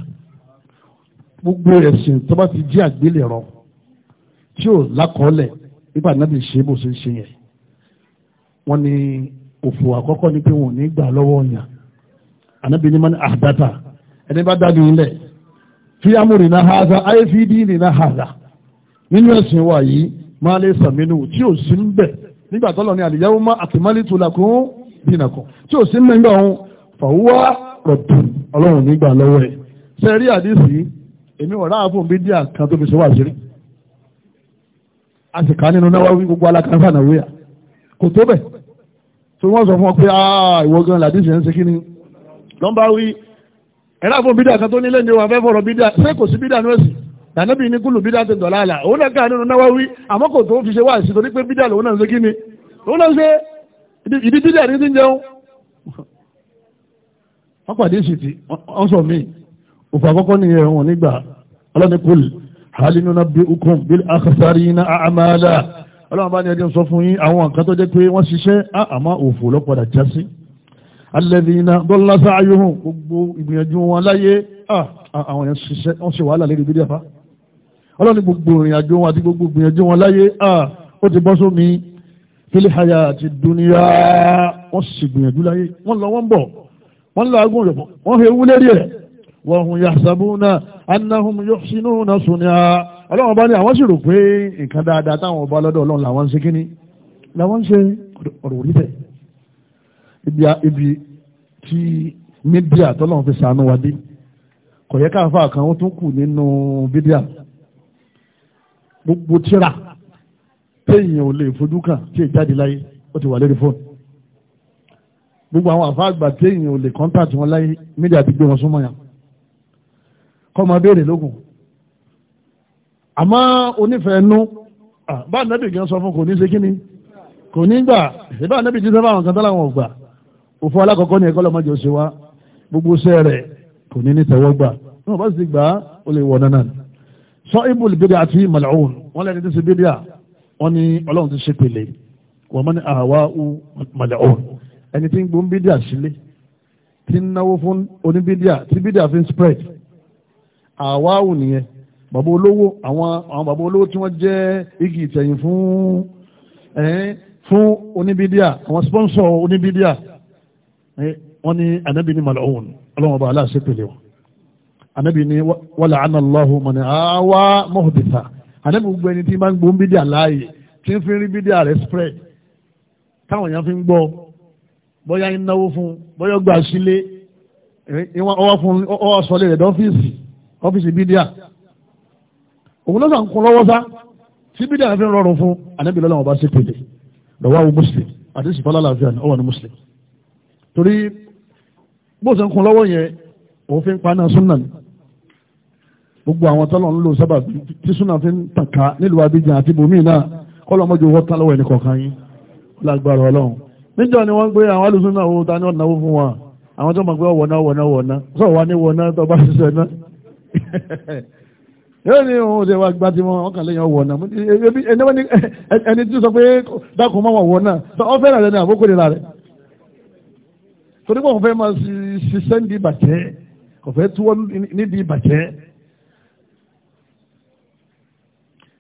gbogbo ẹ̀sìn tó bá ti jẹ́ àgbélẹ̀rọ tí ò lákọọ́lẹ̀ nígbà náà ṣe bó ṣe ń ṣe yẹn wọ́n ní òfò àkọ́kọ́ ni pé wọn ò ní gbà lọ́wọ́ yàn ànábì ní mọ́ ní àdáta ẹni bá dá mi lẹ̀ fi amúrin náà haza ayé fi díìnì náà haza nínú ẹ̀sìn wa yìí máa lè sàmínú tí ò sí ń bẹ̀ nígbà tọ́lọ̀ ní àlìyáwó má àtìmálì tó làkún dínà kan tí ò sí ń mẹ́gbà ọ̀hún fàwúwá rọ̀bù ọlọ́run nígbà lọ́wọ́ ẹ̀ ṣe rí àdísì èmi ọ̀rá àfún bí díà kan tó fi ṣe wà sí rí a sì ká nínú náwó wí gbogbo alákàáfà náà wíyà kò tó bẹ̀ tó wọ́n sọ fún ọ pé ah, ìwọ gan làdísì ẹ̀ ń ṣe kí ni lọ́nbá wí ẹ̀rá fún bídà kan tó nílé ní wọn fẹ́ fọ̀rọ̀ bídà ṣé kò sí bídà nọ́ọ̀sì tànàbí ní kúlù bídà ti dọ̀lá àlà òun náà káà nínú náwá wí àmọ́ kò tó fi ṣe wáàsí torí pé bídà lòun náà ń ṣe kí ni òun náà ṣe ìdí bídà ní ti ń jẹun. wọ́n pàdé ìsìtì wọ́n sọ mí òfò àkọ́kọ́ nìyẹn wọn nígbà ọlọ́ni kúlù halinu na bí ukùn akasari na àmàlà ọlọ́run bá ní ẹjọ́ sọ fún yín àwọn nǹkan tó jẹ́ pé wọ́n ṣiṣẹ́ àmọ́ òfò lọ́pọ̀ alẹ́dìínà dọ́lá sáàyòhùn gbogbo ìgbìyànjú wọn láyé ah, ah, àwọn èèyàn ṣiṣẹ́ wọ́n ṣe wàhálà lérí bídí àfá ọlọ́ni gbogbo ìrìnàjò wọn àti gbogbo ìgbìyànjú wọn láyé ah, ó ti bọ́ sómi filihaya àti duniya wọ́n sì gbìyànjú láyé wọ́n lọ wọ́n bọ̀ wọ́n láàgùn rẹ̀ bọ̀ wọ́n fi ewu lérí rẹ̀ wọ́n hun yasabuna annahum yuhsinuna sunya. ọlọ́run bá ní àwọn sì rò pé nǹkan dáadáa táwọn ọba lọ́dọ̀ ọlọ́run làwọn ń ṣe kíní làwọn ń ṣe ọ̀rọ̀ òrí bẹ́ẹ̀ ibi tí mídíà tọ́lọ́run fi sànú wa dé kò yẹ káfà kan ó tún kù nínú mídíà gbogbo tíra téèyàn ò lè fojú kàn tí è jáde láyé ó ti wà lórí fóònù gbogbo àwọn àfa àgbà téèyàn ò lè kọ́ńtàtì wọn láyé mídíà ti gbé wọn súnmọ́ yàn kọ́ máa béèrè lógún àmọ́ onífẹ̀ẹ́ nú bá nàbì gan sọ fún kò ní ṣe kíni kò ní gbà ìbá nàbì jíṣẹ́ fáwọn kan tó láwọn ò gbà òfò alákọ̀ọ́kọ́ ní ẹ̀kọ́ lọ́mọdé ọ̀sẹ̀ wa gbogbo iṣẹ́ rẹ̀ kò ní ní tẹ̀wọ́gbà náà bá sì gbà á ó lè wọ̀ nánà sọ ibùl bídíà àti màlàún wọn lẹ́ni tí ń ṣe bídíà wọn ni ọlọ́run ti ṣe pèlè wọ́n mọ́ ní àwa u màlàún ẹni tí ń gbọ́n bídíà sílé tí ń náwó fún oníbídíà tí bídíà fi ń spread àwa u nìyẹn bàbá olówó àwọn àwọn bàbá olówó tí wọ́n jẹ́ igi ìtẹ̀yìn fún fún oníbídíà àwọn sponsor oníbídíà Eh, wọ́n ní anabi ní mal'un ọlọ́wọ́n bá aláṣẹ pèlè wọn anabi ní wàlà àná lọ́hùn mọ̀nà àwa mọ̀hùdìfà anabi gbogbo ẹni tí máa ń gbóhùn bídíà láàyè tí ń fi rí bídíà rẹ̀ spread táwọn èèyàn fi ń gbọ́ bóyá ń náwó fún bóyá gbà sílé ọwọ́ eh, fún ọwọ́ sọlé rẹ̀ dọ́fíìsì ọ́fíìsì bídíà òun lọ́sàn ń kún lọ́wọ́ sá tí bídíà rẹ̀ fi ń rọrùn fún anabi lọ́lọ́wọ́n ṣe pèlè lọ́wọ́ torí bó ṣe ń kun lọ́wọ́ yẹn òun fi ń paná súnà ni gbogbo àwọn tọ́lọ̀ ń lò sábà tí súnà fi ń tàka nílùú Abidjan àti bòmíì náà kọ́lọ́mọ́jú wọ́n tán lọ́wọ́ ẹnì kọ̀ọ̀kan yín lágbára ọlọ́run níjọ́ ni wọ́n gbé àwọn alùsùn náà owó ta ní ọ̀nà owó fún wọn àwọn tó mọ̀ pé wọ̀ná wọ̀ná wọ̀ná sọ wà ní wọ̀ná tó bá ṣiṣẹ́ náà yóò ní òun ṣe wá gbá tí wọn ọkàn lẹ́yìn ọwọ́ náà ẹni tí sọ pé dákun mọ́ wọ̀ná ọ fẹ́ràn rẹ ní àkókò rẹ torí wọn fẹ́ máa ṣiṣẹ́ níbi ìbàjẹ́ kò fẹ́ túwọ́ níbi ìbàjẹ́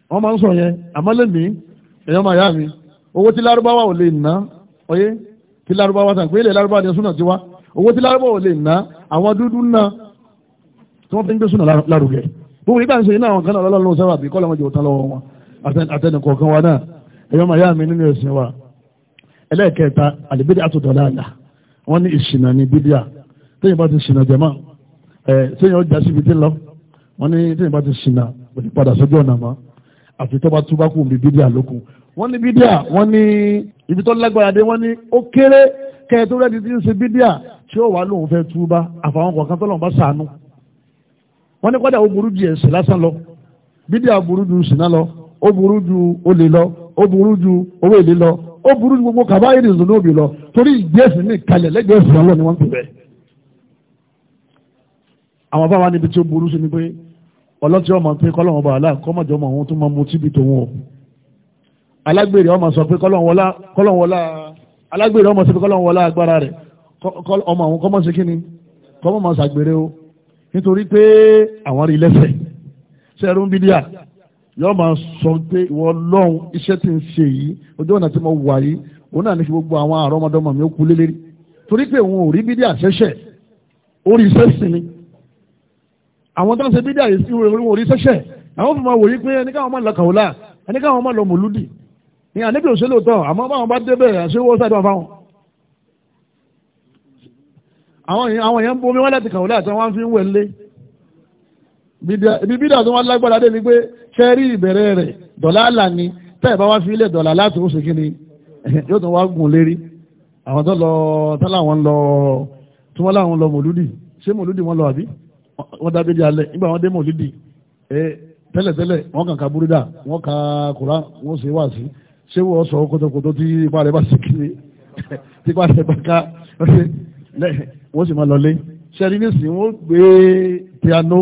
wọ́n máa ń sọ yẹn àmọ́ lèmi èèyàn máa yá mi owó tí lárúbáwá ò lè ná ọyé tí lárúbáwá tàn pé ilẹ̀ lárúbáwá ni súnà ti wá owó tí lárúbáwá ò lè ná àwọn dúdú ná tí wọ́n fi ń gbé súnà lárugẹ gbogbo nígbà ń ṣe iná àwọn kan náà lọ́lọ́run sábà bí kọ́lọ́mọdé òtán lọ́wọ́ wọn àtẹnìkọ̀ọ̀kan wa náà èèyàn wọ́n ní ìṣìnà ní bídíà téèyàn bá ti ṣìnà jẹ̀mọ́ ẹ̀ téèyàn ọjà síbi tí ń lọ wọ́n ní téèyàn bá ti ṣìnà kò ní padà sọ́jọ́ ọ̀nà mọ́ àti tọ́ba túbá kù bí bídíà lókun wọ́n ní bídíà wọ́n ní ibi tó lágbára dé wọ́n ní ó kéré kẹ́ẹ̀ tó rẹ́ni tí ń ṣe bídíà tí ó wà lóun fẹ́ túbá àfàwọn kọ̀ọ̀kan tó lọ́n bá sànú wọ́n ní torí ìgbésìn ní ìkalẹ̀ lẹ́gbẹ̀ẹ́ òsì ọlọ́ni wọ́n ti bẹ̀. àwọn bá wa níbi tí ó burú sí ni pé ọlọ́tí ọmọ pé kọ́lọ́wọ́n bá àlá kọ́mọ̀jọ́ ọmọ òun tó máa mutí bí tòun o alágbèrè ọmọ sọ pé kọ́lọ́wọ́n wọlá alágbèrè ọmọ sọ pé kọ́lọ́wọ́n wọlá agbára rẹ̀ ọmọ òun kọ́mọ̀ sí kíni kọ́mọ̀ máa ṣàgbèrè o nítorí pé àwọn rí lẹ́sẹ̀ sẹ́rùn bídíà yóò máa sọ pé ìwọ ọlọ́run iṣẹ́ tí ń ṣe yìí ojú ọ̀nà tí mo wà yìí òun náà ní fi gbogbo àwọn àrọ́mọdọ́mọ mi ó kú lélẹ́rí torí pé òun ò rí bídíà ṣẹ́ṣẹ̀ orí sẹ́sìn ni àwọn tó ń ṣe bídíà yìí sí orí sẹ́ṣẹ̀ àwọn fún ma wòye pé ẹni káwọn máa lọ kàwọ́lá ẹni káwọn máa lọ mòlúdì ní àníbi òṣèlú tán àmọ́ báwọn bá débẹ̀ àṣewọ́ sáàdùn àfáwọn àwọn èèyàn ń bomi wọ́n láti kàwọ́lá àti wọ́n fi ń wẹ̀lé ibi bídà tó wọ́n lágbára dé ni pé ṣẹ́rí ìbẹ̀rẹ̀ rẹ̀ dọ̀là àlà ni tẹ́ẹ̀ bá wá fi ilẹ̀ dọ̀là láti ó sì kí ni yóò tún wá gùn lérí àwọn tó lọ tálà wọn lọ tí wọ́n láwọn lọ mòlúdì ṣé mòlúdì wọn lọ àbí wọ́n dá dédé alẹ́ nígbà wọn dé mòlúdì tẹ́lẹ̀tẹ́lẹ̀ wọ́n kàn ka búrúdà wọ́n ka kùrá wọ́n ṣe wáàsí ṣé wọ́n sọ kótókótó tí ipa rẹ̀ bá ṣe kiri tí ipa rẹ̀ bá ká wọ́n sì máa lọlé ṣẹ́rí nísìnyí wọ́n gbé piano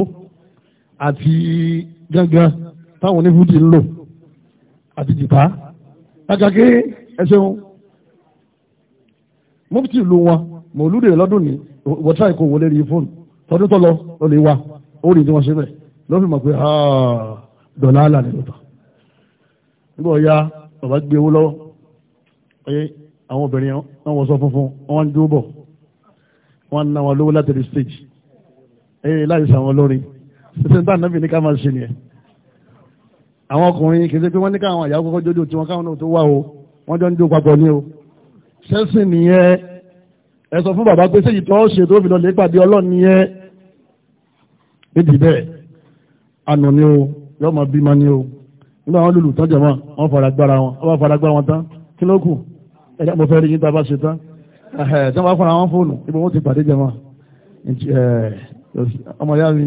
àti gángan táwọn onífúti ń lò àti jìtá ẹ ṣeun mufti ìlú wọn mòlúdè lọ́dún ní wọ́tá ìkó wọlé rí fóònù tọdún tó lọ ó lè wá ó rí ní wọn síbẹ̀ ló fi mọ̀ pé ah, dọ̀là àlà ni lọ́tọ̀ nígbà ọ̀ya bàbá gbé owó lọ́wọ́ pé àwọn obìnrin wọn wọ́n sọ funfun wọn ń dúró bọ̀ wọn ń ná wọn lówó láti rí stage ee láti sàwọn lórin títí níta nàbì ní ká máa ṣe nìyẹn àwọn ọkùnrin kì í ṣe pé wọ́n ní káwọn àyà kọ́kọ́ jójó tiwọn káwọn náà tó wá o wọ́n jọ ń jó papọ̀ ní o ṣẹ́sìn nìyẹn ẹ sọ fún bàbá pé ṣé ìtọ́ ṣe tó fi lọ lè pàdé ọlọ́run nìyẹn nídìí bẹ́ẹ̀ àná ni o yọmọ bímọ ni o nígbà wọn lùlù tán jẹmọ wọn fara gbára wọn wọn fara gbára wọn tán kí ló kù ẹ̀dá mo fẹ́ rí yín tá a bá ṣe tán ẹ̀hẹ̀ tí wọ́n fara wọn fóònù ibi wọn ti pàdé jẹmọ ọmọ yá mi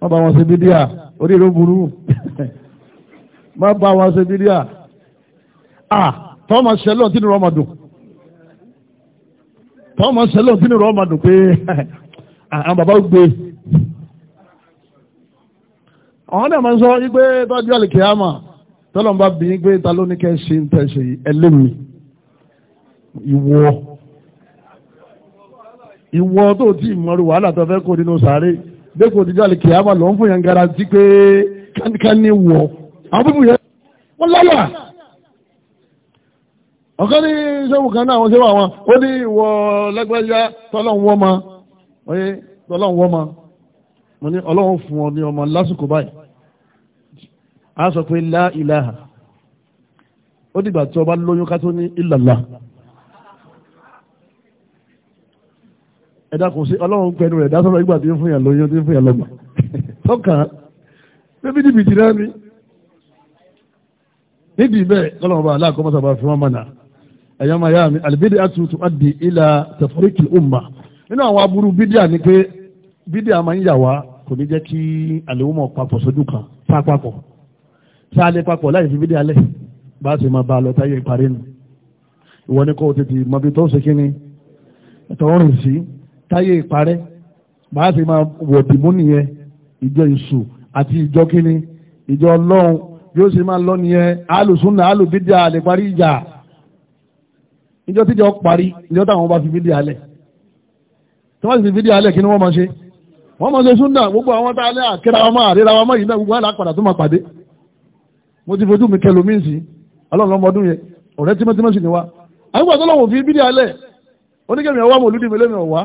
wọ́n bá wọn ṣe bídíà orí ìlú burú wọ́n bá wọn ṣe bídíà tọ́ ma ṣe lọ́n tí ni rọ́ ma dùn tọ́ ma ṣe lọ́n tí ni rọ́ ma dùn pé àwọn bàbá gbé àwọn náà ma sọ wípé tọ́jú àlìkìyàmà tọ́lọ̀ bá bí pé ta ló ní kẹ́ ṣe ń tẹ̀sẹ̀ ẹlẹ́mi ìwọ ìwọ tó ti mọ̀rù wàhálà tó fẹ́ kó nínú sàárè dẹ́kun òtijọ́ àlìkìyàmà lọ́n fún yẹn garanti pé kánikánni wọ̀ àwọn bíbù yẹn wọ́n lálẹ́ ọ̀kan ní sẹ́wù kan náà wọ́n sẹ́wù àwọn ó ní ìwọ lágbájá tọ́lọ́hún wọ́n ma oye tọ́lọ́hún wọ́n ma mo ní ọlọ́run fún ọ ní ọmọ lásìkò báyìí a sọ pé lá ìlàhà ó dìgbà tí ọba lóyún ká tó ní ìlàlá ẹ̀dá kò sí ọlọ́run pẹ̀lú rẹ̀ dá sọ́rọ̀ ìgbà tí ó fún yàn lóyún tí ó fún yàn lọ́gbà tọ́kàn bébí dìbìtì náà ní nídìí bẹ́ẹ̀ kọ́lọ́mọba aláàkọ́mọ́sàbà fi wọ́n mọ̀nà ẹ̀yọ́ maya yá mi àlùbídíà tu tuaddi ila tafriqi umma nínú àwọn aburú bídíà ni pé bídíà máa ń yà wá kò ní jẹ́ kí àlèwọ́mọ̀ papọ̀ sójú kan sá papọ̀ sá lé papọ̀ láì fi bídíà lẹ̀ bá a sì máa bá a lọ táyé ìparí nù ìwọ ní kó o tètè mọbi tó ṣe kíni tọrùn sí táyé ìparẹ́ bá a sì máa wọ̀ dìbò nìyẹn ìjọ ìṣù àti ìjọ kíni ìjọ ọlọ́run bí ó máa lọ nìyẹn alùsùnà alùbídà lè parí ìjà ìjọ tíjọ parí ìjọ táwọn bá fi fídíò alẹ̀ tí wọ́n sì fi fídíò alẹ̀ kí ni wọ́n máa ṣe wọ́n máa ṣe súnà gbogbo àwọn tá a lẹ́ àkẹ́ra wa máa ríra wa máa yìí náà gbogbo àlà padà tó máa pàdé mo ti fojú mi kẹlò míì sí ọlọ́run ọmọdún yẹn ọ̀rẹ́ tímọ́tímọ́ sì ni wa àyùkọ́ tó lọ́wọ́ fi fídíò alẹ̀ oníkẹ́mi ọwọ́ mo lùdí mi lẹ́mi ọ̀wá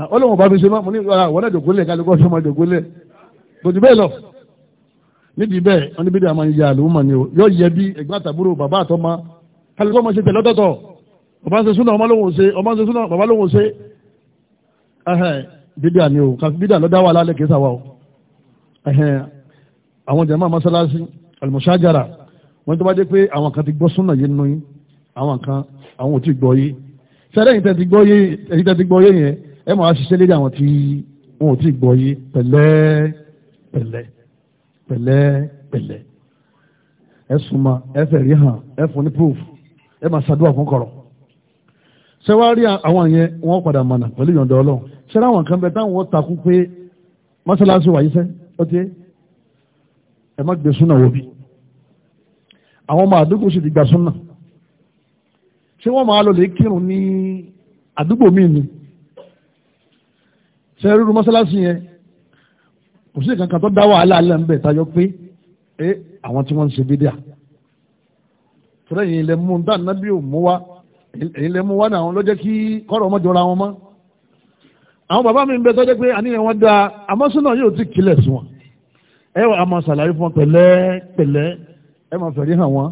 ah, ọlọ́run bá mi ṣe máa mo ní àwọn ah, ẹ̀dọ̀gbọ́lẹ̀ kálukọ́ ọba ń ṣe súnà ọmọ lóhùn ṣe ọmọ ń ṣe súnà bàbá lóhùn ṣe bídà ni o kàfi bídà lọ́dá wà lálẹ́ kìí sàwà o àwọn jàmá masalasi almusajara wọ́n tó bá dé pé àwọn kan ti gbọ́ súnà yìí nínú yín àwọn kan àwọn ò tí gbọ́ yé sẹ́rẹ́ yìí tẹ́tí gbọ́ gbọ́ yé yẹn ẹ máa ṣiṣẹ́ lédè àwọn tí wọn ò tí gbọ́ yé pẹ̀lẹ́ pẹ̀lẹ́ pẹ̀lẹ́ pẹ̀lẹ́ ẹ súnmọ́ ẹ fẹ̀rí hàn ẹ fún ní proof ẹ máa ṣàdúrà fún kọ̀rọ̀ sẹ́wárí àwọn yẹn wọ́n padà mọ̀nà pẹ̀lú ìyọ̀ǹda ọlọ́run ṣẹ́rá àwọn kan bẹ táwọn wọ́n takú pé mọ́ṣáláṣí wà yíṣẹ́ ó ti ẹ̀ má gbé súnà wò àwọn ọmọ àdúgbò sì ti gba súnà ṣé wọ́n máa lọ lè kírun ní àdúgbò míì ni ṣe rúru mọ́ṣáláṣí yẹn kò sí ìkankan tó dá wàhálà alẹ́ ń bẹ̀ tayọ pé ẹ àwọn tí wọ́n ń ṣe bídíà tó lẹ́yìn ilẹ̀ mú dáná bí ò mú wá ilẹ̀ mú wá náà ló jẹ́ kí kọ́rọ̀ ọmọ jọra wọn mọ́ àwọn bàbá mi ń bẹ tọ́jẹ́ pé àníyàn wọn dáa yóò ti kílẹ̀ sí wọn ẹ wà á ṣàlàyé fún wọn pẹ̀lẹ́ ẹ máa fẹ̀rí wọn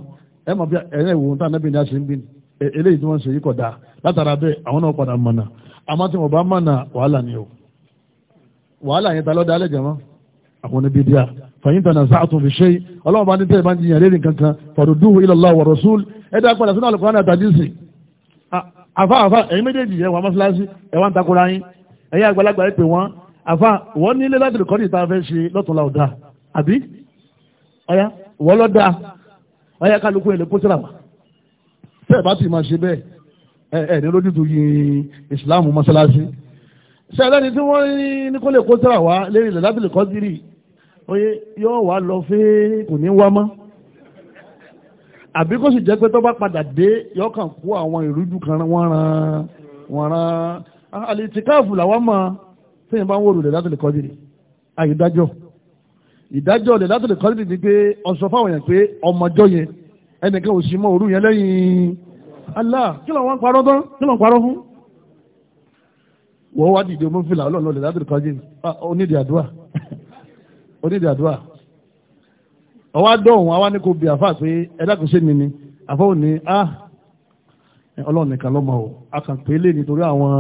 ẹ máa fi ẹ̀rẹ́ ìwòrán ní a ṣe ń bí e, eléyìí tí wọ́n ṣe kọ̀ dáa látara bẹ́ẹ̀ àwọn náà padà mọ̀nà àmọ́ tí wọ́n bá mọ̀nà wàhálà ni o wàhálà yẹn ta lọ́dọ̀ alẹ́ jẹ̀mọ́ àwọn díà fàyín ṣe ọlọ́run bá ní tẹ́lẹ̀ bá ń jiyàn àfa àfa ẹ̀yin méjèèjì yẹn wà mọ́ṣáláṣí ẹ̀ wá ń takora yín ẹ̀yin àgbàlagbà ẹ̀ pè wọ́n àfa wọ́n nílé láti lè kọ́ni ìta fẹ́ ṣe lọ́tọ̀ọ̀la ọ̀dà àbí ọ̀yá wọ́n lọ́ da ọ̀yá kálukú ẹ̀ lè kó síra wa tẹ́ ẹ̀ bá ti máa ṣe bẹ́ẹ̀ ẹ̀ ẹ̀ ní lójútu yin ìsìláàmù mọ́ṣáláṣí ṣe ẹlẹ́ni tí wọ́n ní kó lè kó wa lérí àbí kó sì jẹ́ pé tó bá padà dé yọkàn kó àwọn ìrújú kan wọ́n ran wọ́n ran ah, àlìtìkáàfù làwọn mọ̀ sẹ́yìn bá ń wò lòlẹ̀ látòlè kọ́dìrì àyídájọ́ ah, ìdájọ́ lè látòlè kọ́dìrì ni pé ọ̀sọ̀ fáwọn yẹn pé ọmọjọ́ yẹn ẹnìkan ò sí mọ́ òru yẹn lẹ́yìn Allah kí ló wọ́n parọ́ tán kí ló ń parọ́ fún. wọ́n wá dìde mú fìlà ọlọ́run lòlẹ̀ látòlè kọ́dìrì ah, onídìí àdúrà ọwá dọ̀hún àwa ní kò bí àfáà pé ẹ̀dàkùn sí mi ni àfọ́ ò ní á ọlọ́run nìkan lọ́mọ o a kàn pé lè nítorí àwọn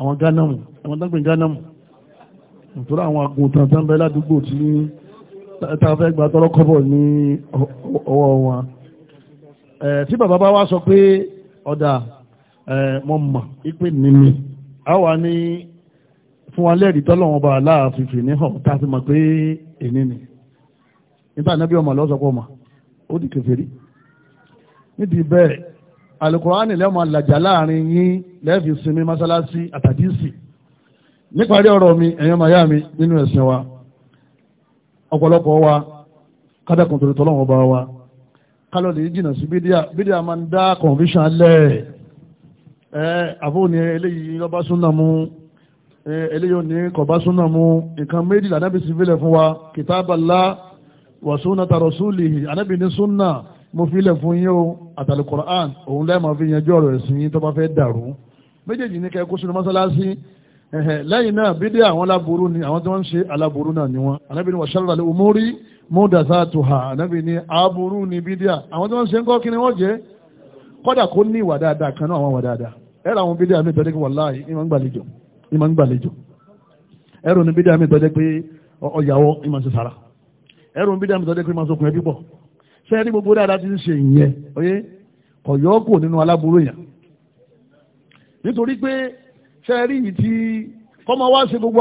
àwọn gánámù àwọn dágbìn gánámù nítorí àwọn àgùntàn tán bẹ́ẹ̀ ládùúgbò tí ta fẹ́ gba tọ́rọ́ kọ́bọ̀ ní ọwọ́ wọn tí bàbá bá wá sọ pé ọ̀dà mo mọ̀ ipe nìmi a wà ní fún wa lẹ́rìí tọ́lọ́wọ́n bá aláàfin fìní hàn tá a fi mọ̀ pé èní ni níta ànábì ọmọ lọ́sọ̀pọ̀ ọmọ ó di kèfèrí nídìí bẹ́ẹ̀ alukurani lẹ́mọ̀ alàjà láàrin yín lẹ́ẹ̀fì sinmi mọ́sálásí àtàdísì níparí ọ̀rọ̀ mi ẹ̀yàn màyá mi nínú ẹ̀sìn wa ọ̀pọ̀lọpọ̀ wa kádàkùn torí tọ́lọ́wọ́ bá wa kálọ̀lì jìnà sí bídíà bídíà máa ń dá conviction lẹ̀ ẹ̀ àbúrò ní eléyìí lọ́bá súnà mú eléyìí ò ní kọ̀bá súnà mú nǹkan méjìlá náà bí sí fílẹ̀ fún wa kìtàbàlá wa sunnata rasulihi anábì ní súnà mo fi ilẹ̀ fún yín o àtàlù Qur'an òun lẹ́ẹ̀mọ́ fi yanjú ọ̀rọ̀ ẹ̀sìn yín tó bá fẹ́ dàrú méjèèjì ní kẹ́kọ́ sínú mọ́sálásí lẹ́yìn náà bídé àwọn aláburú ni àwọn tí wọ́n ń ṣe aláburú náà ni wọ́n anábì ní wa sharral umuri muhdathatuha anábì ní aburú ni bídé àwọn tí wọ́n ń ṣe ń kọ́ kí ni wọ́n jẹ́ kọ́dà kó ní ìwà dáadáa kan náà àwọn ìwà dáadáa ẹ̀rọ àwọn bídé àmì ìtọ́jú ẹrù ń bí dáàmì tọ́jú pé máa sọkùn ẹbí pọ̀ ṣé ẹni gbogbo dáadáa ti ń ṣe ìyẹn oyé kọ̀yọ́ kò nínú aláburú yẹn nítorí pé ṣé ẹrí yìí ti kọ́mọ wá ṣe gbogbo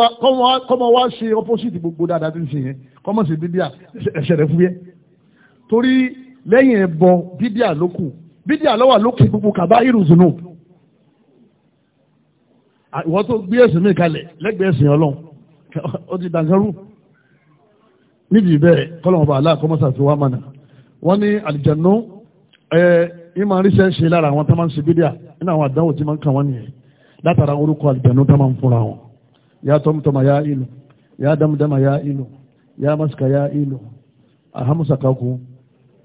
kọ́mọ wá ṣe opposite gbogbo dáadáa ti ń ṣe yẹn kọ́mọ ṣe bíbíà ẹ̀ṣẹ̀ rẹ̀ fúyẹ́ torí lẹ́yìn ẹ̀bọ bíbíà ló bíbíà lọ́wọ́ lókè gbogbo kàbá ìrùsùn náà ìwọ́n tó gbé ẹ̀sìn mi kalẹ̀ lẹ́gbẹ̀ẹ́ ẹ̀sìn ọlọ́run ó ti dàgbẹ́rù nídìí bẹ́ẹ̀ kọ́lọ́mù bá aláà kọ́mọ́sà fi wá mọ̀nà wọ́n ní àlìjànú ẹ̀ ẹ̀ máa ríṣẹ́ ṣe lára àwọn tó máa ń ṣe bídíà nínú àwọn àdánwò tí máa ń kàn wọ́n nìyẹn látara orúkọ àlìjànú tó máa ń fúnra wọn. ya tọ́mùtọ́mà ya ìlú ya dámúdámà ya ìlú ya masika ya ìlú ahamusakaku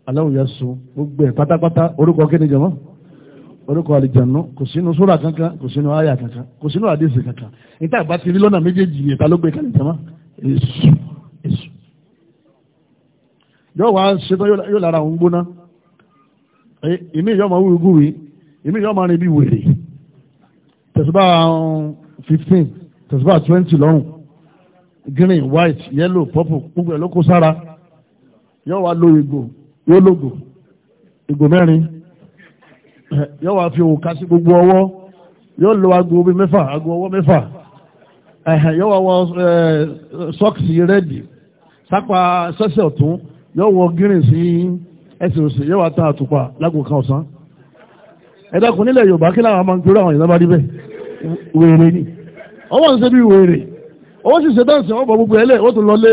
aláwọ̀ ya sùn gbogbo ẹ̀ pátápátá orúkọ kí ni jọmọ́ orúkọ àlìjànú kò sínú súrà kankan kò sínú àyà kankan kò sínú àdéhùn kankan ìta àgbà ti rí lọ́nà méjèèjì ìta ló gbé kalẹ̀ jọmọ́ èṣù èṣù yóò wá ṣetán yóò lára òun gbóná ìmí yóò máa wúrú gúrí ìmí yóò máa rìn bí wèrè tẹ̀síbà um, fifteen tẹ̀síbà twenty lọ́rùn green white yellow purple gbogbo ẹ̀ ló kó sára yóò wá lo ìgò yóò lògò ìgò mẹ́rin yóò wá fi òkà sí gbogbo ọwọ́ yóò lo aago bíi mẹ́fà aago ọwọ́ mẹ́fà yóò wá wọ sọ́ọ̀kì rẹ́dì sápá sẹ́sẹ̀ ọ̀tún yóò wọ gírìn sí ẹsẹ̀ òsì yóò wá ta àtùpà lágùn kan ọ̀sán ẹ̀dàkùn nílẹ̀ Yorùbá kí láwọn máa ń gbúra àwọn ìlànà bá rí bẹ́ẹ̀ wèrè ni ọwọ́ ń ṣe bí wèrè ó sì ṣe dáǹsì ọ̀bọ̀ gbogbo ẹlẹ́ ó tún lọ lé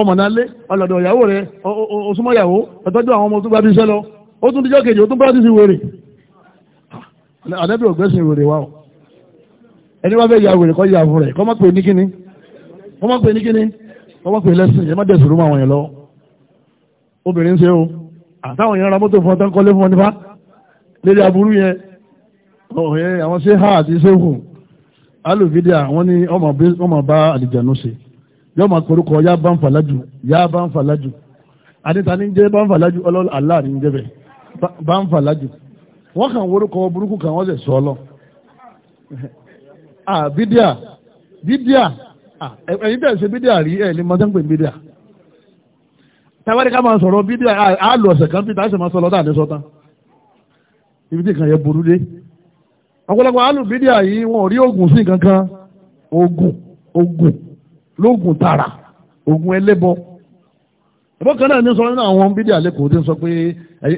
ọmọnálé ọlọ́dọ̀ ìyàwó rẹ̀ òsúmọ́yàwó ọ̀tọ́jú àwọn ọmọ tó bá bí iṣẹ́ lọ ó tún díjọ́ kejì ó tún bá ti sí wèrè àdẹ́bí ògbẹ́sìn wèrè wa o ẹni wá fẹ́ ya wèrè kọ́ ya fún rẹ̀ kọ́ mọ́ pè ní kíní kọ́ mọ́ pè ní kíní kọ́ mọ́ pè lẹ́sìn ẹ má dẹ̀sùrú mọ́ àwọn yẹn lọ́wọ́ obìnrin ṣe o àtàwọn èèyàn ra mọ́tò fún ọtán kọ́lé fún ọ nípa lédè aburú yẹn ọ̀hẹ́ àwọn ṣe ha àti ṣéhùn alùfídíà wọ́n ní ọmọ bá àlìjànú ṣe yọ́ máa korúkọ yá bá ń fàlájù yá bá ń fàlájù àdìta ní jẹ́ bá ń fàlájù ọlọ́lọ́ aláàrin jẹ́bẹ̀ bá ń fàlájù wọ́n kàn worúkọ burúkú kan wọ́n sẹ̀ sọ ọ lọ. bídíà bídíà ẹ̀yin bẹ́ẹ̀ ṣe bídíà rí ẹ̀ ní mọ́tẹ́ńpẹ̀ bídíà. tẹ́wọ́n ní ká máa sọ̀rọ̀ bí a ọ̀sẹ̀ kan peter ṣe máa sọ lọ́dà ní ibi tí kan yẹ burú dé ọ̀pọ̀lọpọ̀ yìí wọn rí ogun sí kankan ogun oògùn lóògùn tààrà oògùn ẹlẹ́bọ ẹ̀bọ́n kan náà ní sọ nínú àwọn bídíà lẹ́kọ̀ọ́ tí ń sọ pé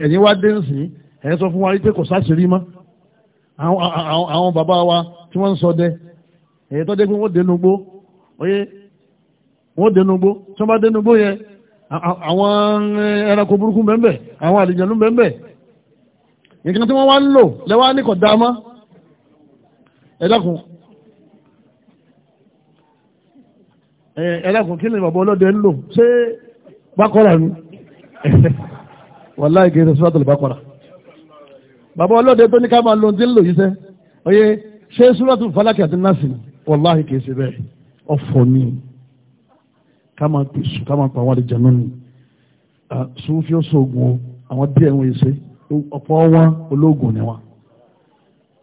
ẹ̀yin wá dé sọ fún wa pé kò sáṣìírí wa tí wọ́n ń sọ dẹ tó dé àwọn eh, ẹranko burúkú bẹ́ẹ̀ àwọn àlìjẹ̀lú bẹ́ẹ̀ nǹkan tí wọ́n wá ń lò lẹ́wà ní kọ̀ dáama ẹ̀dàkùn ẹ̀dàkùn kí ni bàbá ọlọ́dẹ ń lò ṣé bákọ́rà ni wàláì kìí sọ́tò lè bákọ́rà bàbá ọlọ́dẹ tó ní ká máa lo ohun tí ń lò yìí sẹ́ ọyẹ ṣé súrọ́tù falákì àti násì wàláì kìí ṣe bẹ́ẹ̀ ọ̀fọ̀ ni ká máa pèsè ká máa pa àwọn àlejò náà ni sùnfí ó sọ̀gùn àwọn díẹ̀ wọn èsè ọ̀pọ̀ wọn ológun ni wọn.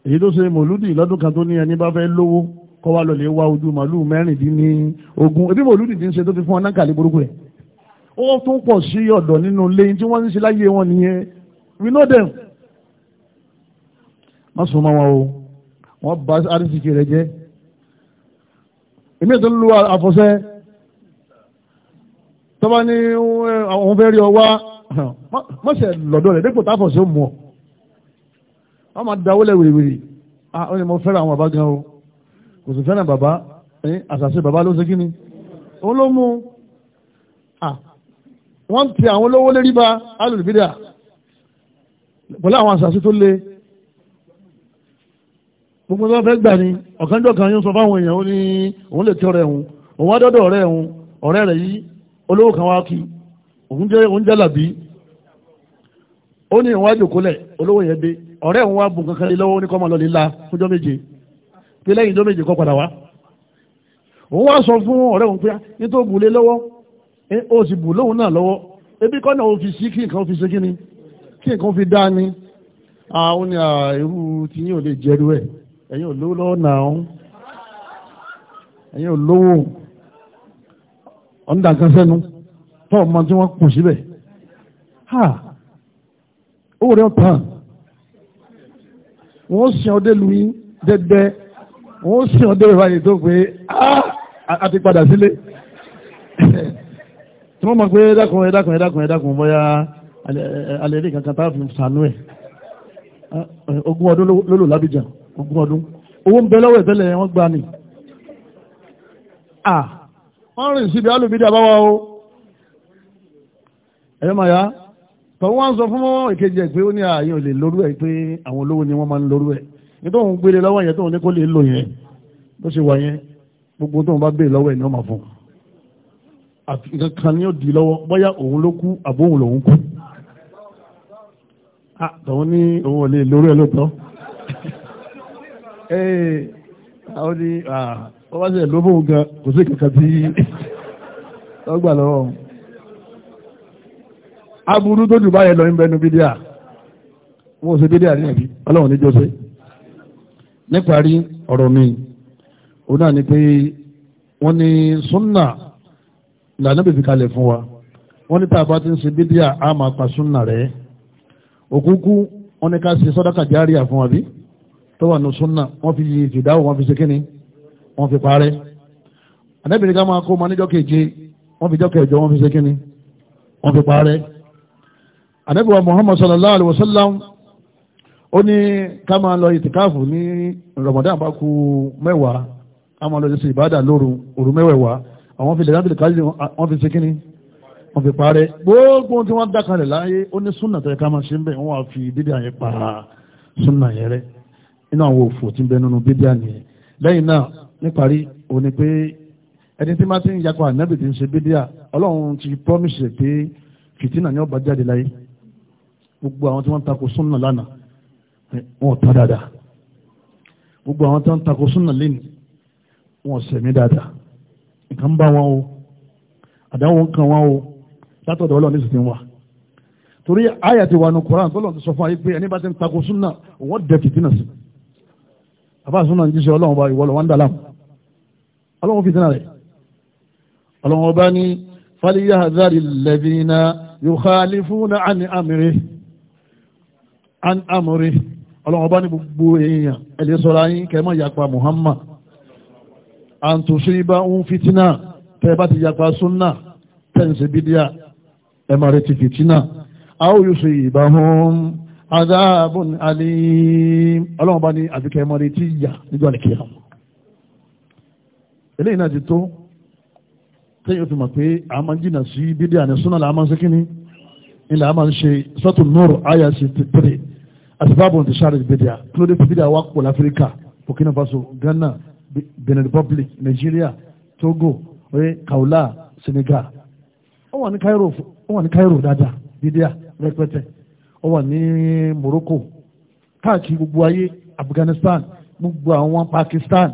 èyí tó ṣe mòlúdì lọ́dún kan tó ní ẹni bá fẹ́ lówó kọ́ wa lọ́lẹ̀ wá ojú màálù mẹ́rìndínlógún ebi mòlúdì ti ń ṣe tó fi fún wọn náà kàlí burúkú rẹ̀ ó tún pọ̀ sí ọ̀dọ̀ nínú ilé tí wọ́n ń ṣe láyé wọn nìyẹn we know them má sùn mọ́ wọn o wọ́n bà àrísìkì rẹ̀ jẹ́ èmi ètò lu àfọ̀ṣẹ́ tọ́ba ní eh, àwọn fẹ́ rí ọ wá mọ̀ṣẹ̀ lọ́dọ̀ rẹ̀ dépò táfọ̀ sí mọ̀ wọ́n máa da wọlé wìrìwìrì ah ó ní mo fẹ́ràn àwọn bàbá gan o kò sì fẹ́ràn bàbá ẹ̀yìn eh, àṣàṣe bàbá ló ṣe kí ni òun ló mú ah wọ́n ń pe àwọn olówó lérí ba alùbídà pẹ̀lú àwọn àṣàṣe tó le gbogbo tó fẹ́ gbà ni ọ̀kanjọ́ kan yóò sọ fáwọn èèyàn ó ní òun lè tẹ́ ọ̀rẹ́ òun òun wá dọ́dọ̀ ọ̀rẹ́ òun ọ̀rẹ́ rẹ̀ yìí olówó kan wá kí òun jẹ́ òun jálàbí ó ní ìwájú kólẹ̀ olówó yẹn dé ọ̀rẹ́ òun wá bùn kankan lọ́wọ́ ní kọ́mọ lọ́lẹ́ la fúnjọ́ méje pé lẹ́yìn ìjọ́ méje kọ́ padà wá òun wá sọ fún ọ̀rẹ́ òun pé nítorí bù lé lọ́wọ́ ó sì bù lóhun náà lọ́wọ́ ebi kọ́nà ó fi sí kí nǹkan fi ṣe kí ni kí nǹkan fi dá ni àwọn ni irú tí yín ò lè jẹ́rú ẹ̀ ẹ̀yin ò lọ́wọ́ náà ọ̀ndà kan sẹ́nu tọ́ ọmọ tí wọ́n kùn síbẹ̀ ha ó rẹ̀ tán wọ́n sìn ọdẹ lu yín dẹ́dẹ́ wọ́n sìn ọdẹ ìwádìí tó pé a ti padà sílé tí wọ́n mọ̀ pé ẹ̀dákun ẹ̀dákun ẹ̀dákun ẹ̀dákun bóyá alẹ́rí kankan tá a fi sànú ẹ̀ ogún ọdún lólò lábìjà ogún ọdún owó ń bẹ lọ́wọ́ ìbẹ́lẹ̀ wọn gbani ah wọ́n rìn síbi alùbídí àbáwá o ẹ̀yọ́ máa yá tọ́ wọ́n sọ fún ìkejì ẹ̀ pé ó ní ààyè ò lè lórú ẹ̀ pé àwọn olówó ni wọ́n máa ń lórú ẹ̀ nítorí òun gbére lọ́wọ́ yẹn tóun ní kó lè lò yẹn bó ṣe wà yẹn gbogbo tóun bá gbére lọ́wọ́ ẹ̀ ni wọ́n máa fún nǹkan kan ni ó di lọ́wọ́ bóyá òun ló kú àbó òun lòun kú tọ́wọ́n ní òun ò lè lórú ẹ̀ lóòótọ́ wọ́n bá ṣe lóbó gan kò sí kankan tí wọ́n gbà lọ́wọ́ aburú tó jù báyẹn lọ ń bẹnu bídíà wọn ò ṣe bídíà ní ẹ̀bí ọlọ́run ní jọ́sẹ̀ níparí ọ̀rọ̀ mi òun náà ni pé wọ́n ní súnà lànà bèbí kalẹ̀ fún wa wọ́n ní tá a bá ti ń ṣe bídíà á máa pa súnà rẹ̀ òkúkú wọ́n ní ká ṣe sọ́dáka járíà fún wa bí tó wà ní súnà wọ́n fi fìdáwò wọ́n fi ṣe kíni wọ́n fi parẹ́ àdẹ́bìnrin ká máa kó ma níjọ́ keje wọ́n fi jọ́ kẹjọ wọ́n fi ṣe kíni wọ́n fi parẹ́ àdẹ́bìnrin Muhammad sallallahu alaihi wasallam ó ní ká máa lọ ìtìkáàfù ní Ramadan bá ku mẹ́wàá ká máa lọ sí ìbádà lóru òru mẹ́wàá àwọn fi lẹ́yìn àbílẹ̀ kájí wọ́n fi ṣe kíni wọ́n fi parẹ́ gbogbo tí wọ́n dá kalẹ̀ láyé ó ní súnà tẹ̀lé ká máa ṣe ń bẹ̀ wọ́n wá fi bídí àyẹ̀ pa súnà yẹn rẹ̀ inú àwọn òfò tí ń bẹ nínú bídí àyẹ̀ lẹ́yìn náà níparí òun ni pé ẹni tí máa ti ń yakọ ànábì tí ń ṣe bídíà ọlọ́run ti promise rẹ̀ pé fìtínà ni ó bá jáde láyé gbogbo àwọn tí wọ́n ń takò súnà lánàá wọn ò tán dáadáa gbogbo àwọn tí wọ́n ń takò súnà lẹ́nu wọn ò sẹ̀mí dáadáa nǹkan ń bá wọn o àdáwọn ń kan wọn o látọ̀dọ̀ ọlọ́run ní ìsìn wa torí àyà ti wà ní koran tó lọ́n ti sọ fún ayé pé ẹni bá ti ń takò súnà wọ́n dẹ fìtínà sí àbá súnà ń jíṣẹ́ ọlọ́run wa ìwọ lọ́wọ́ ń dà láàmú ọlọ́run fi sínà rẹ̀ ọlọ́run ọba ní fàlíyàzárì lẹ́bìnà yukhalifuna àni àmìrí àni àmìrí ọlọ́run ọba ní gbogbo èèyàn ẹ̀lẹ́ sọ́ra yín kẹmọ́ yapa Muhammad àǹtòṣíríbá ń fitina tẹ́ bá ti yapa súnà tẹ́ǹsì bídíà ẹ̀mà rẹ̀ ti fitina àwọn yóò ìbá hún adáàbùn alim ọlọ́run ọba ní àfikẹ́ mọ́rí yà nígbà nìkìyàmù eléyìí náà ti tó tẹ́yìn òfin mọ̀ pé a máa ń jìnà sí bídíà ní súnà làá máa ń sékíní ilẹ̀ a máa ń ṣe sọ́tù nọ́ọ̀rù àyà sí ti pèrè àtibábọ̀ ti sáré bídíà kílódé bídíà wà pọ̀ láfíríkà Burkina Faso Ghana Benin Republic Nigeria Togo eh, Kaula Senegal ó wà ní Cairo ó wà ní Cairo dáadáa bídíà rẹpẹtẹ ó wà ní Morocco káàkiri gbogbo ayé Afghanistan gbogbo àwọn Pakistan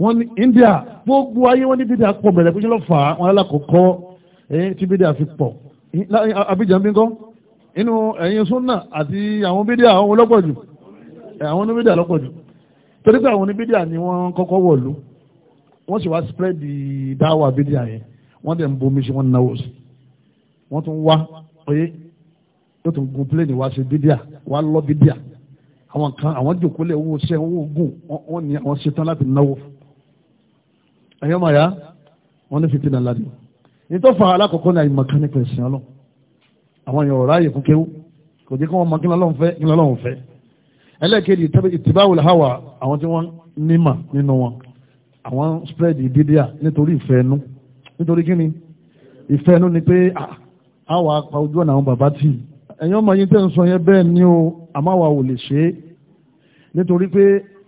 wọ́n ní India gbogbo ayé wọ́n ní bídíà pọ̀ bẹ̀rẹ̀ pé kí ló fà á wọn alákọ̀ọ́kọ́ tí bídíà fi pọ̀ Abidjan bí ń kọ́ inú ẹ̀yin súnà àti àwọn bídíà àwọn lọ́pọ̀ jù àwọn oníbídíà lọ́pọ̀ jù torí pé àwọn oníbídíà ni wọ́n kọ́kọ́ wọ̀lú wọ́n sì wá spread the dawa, dáwà bídíà yẹn wọ́n dẹ̀ ń bomi sí wọn náwó sí wọ́n tún wá oyé yóò tún gun plane wá sí bídíà wá lọ bídíà àwọn kan àwọn jòkó lẹ̀ owó sẹ́ owó gùn wọ́n ní àwọn ṣetán láti náwó fún ẹ̀yọ́ máa yá wọ́n ní fìtínà ládì nítorí fa alákọ̀ọ́kọ́ ní àyìnmọ̀ kan nípa ẹ̀sìn ọlọ́ àwọn èèyàn ọ̀rá yẹ fún kéwú kò jẹ́ kí wọ́n mọ kí lọ́lọ́run fẹ́ kí lọ́lọ́run fẹ́ ẹlẹ́ẹ̀kejì ìtìbáwò làwà àwọn tí wọ́n nímà nínú wọn àwọn spread ìbídíà nítorí ìfẹ́ ẹnu nítorí kí ni ìfẹ́ ẹnu ni pé àwa pa ojú ọ̀nà àwọn bàbá tì ẹ̀yọ́ máa yín tẹ́ ń sọ yẹn bẹ́ẹ̀ ni o àmọ́ ò lè ṣe é nítorí pé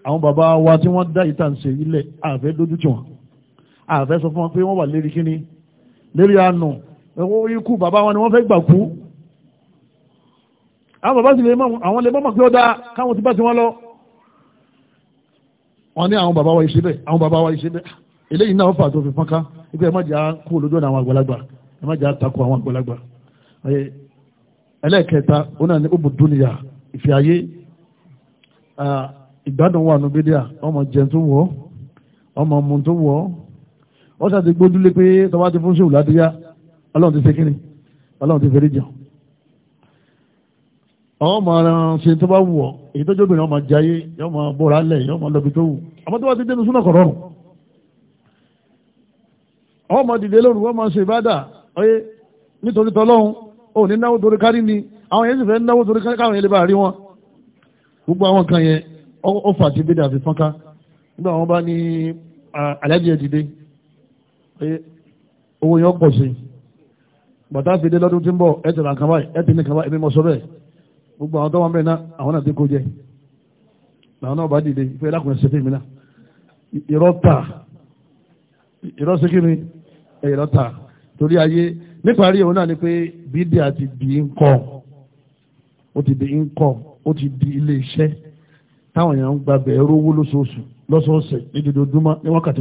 àwọn bàbá wa tí wọ́n dá ìtànṣe ilẹ̀ àfẹ́ dójú àfẹ́ sọ fún wọn pé wọ́n wà lérí kíní lérí àánú ẹ̀wọ́n ikú bàbá wọn ni wọ́n fẹ́ gbà kú àwọn bàbá sì lè mọ̀ àwọn lè mọ̀ pé ó dáa káwọn ti bá ti wọ́n lọ wọ́n ní àwọn bàbá wa ìṣe bẹ́ẹ̀ àwọn bàbá wa ìṣe bẹ́ẹ̀ eléyìí náà fà tó fi fọ́nká ipe ẹ̀ má jà kú lójú ọ̀nà àwọn àgbàlagbà ẹ̀ má jà takò àwọn àgbàlagbà ẹlẹ́ẹ̀kẹta ó náà ní ó bù dúnìyà ìfẹ́ ayé ìgbádùn wà nù bídíà ọmọ jẹun tó wọ̀ ọmọ mu tó wọ̀ wọ́n sàti gbójúlé pé tọ́wá ti fún ṣòwò ládìyá ọlọ́run ti ṣe kíni ọlọ́run ti fẹ́rẹ́ jàn àwọn ọmọ ara ṣe tó bá wù ọ èyí tó jóbìnrin ọmọ jayé yọ ọmọ bóra lẹ yọ ọmọ lọbi tó wù àmọ́ tó bá ti dénú súnà kọ̀rọ̀rùn àwọn ọmọ dìde lóru wọ́n máa ṣe ìbádà ọyẹ nítorí tọlọ́hun ò ní náwó torí kárí ni àwọn yẹn sì fẹ́ náwó torí kárí káwọn yẹn lè bá rí wọn gbogbo àwọn kan yẹn ó fà ti bídà fi fọ́nká nígbà wọn bá ní alájẹ dìde pé owó yẹn pọ̀ sí bàtà fi dé lọ́dún tí ń bọ̀ ẹ ti ra ẹ ti mọ̀ gbogbo àwọn tó wà mẹ́rin náà àwọn náà ti kó jẹ làwọn náà bá dìde ìfẹ́ lákùnrin mi náà ta ti di ń o ti di ń o ti di ilé iṣẹ́ táwọn èèyàn ń gbàgbẹ́ lóṣooṣù lọ́sọ̀ọ̀sẹ̀ ní ní wákàtí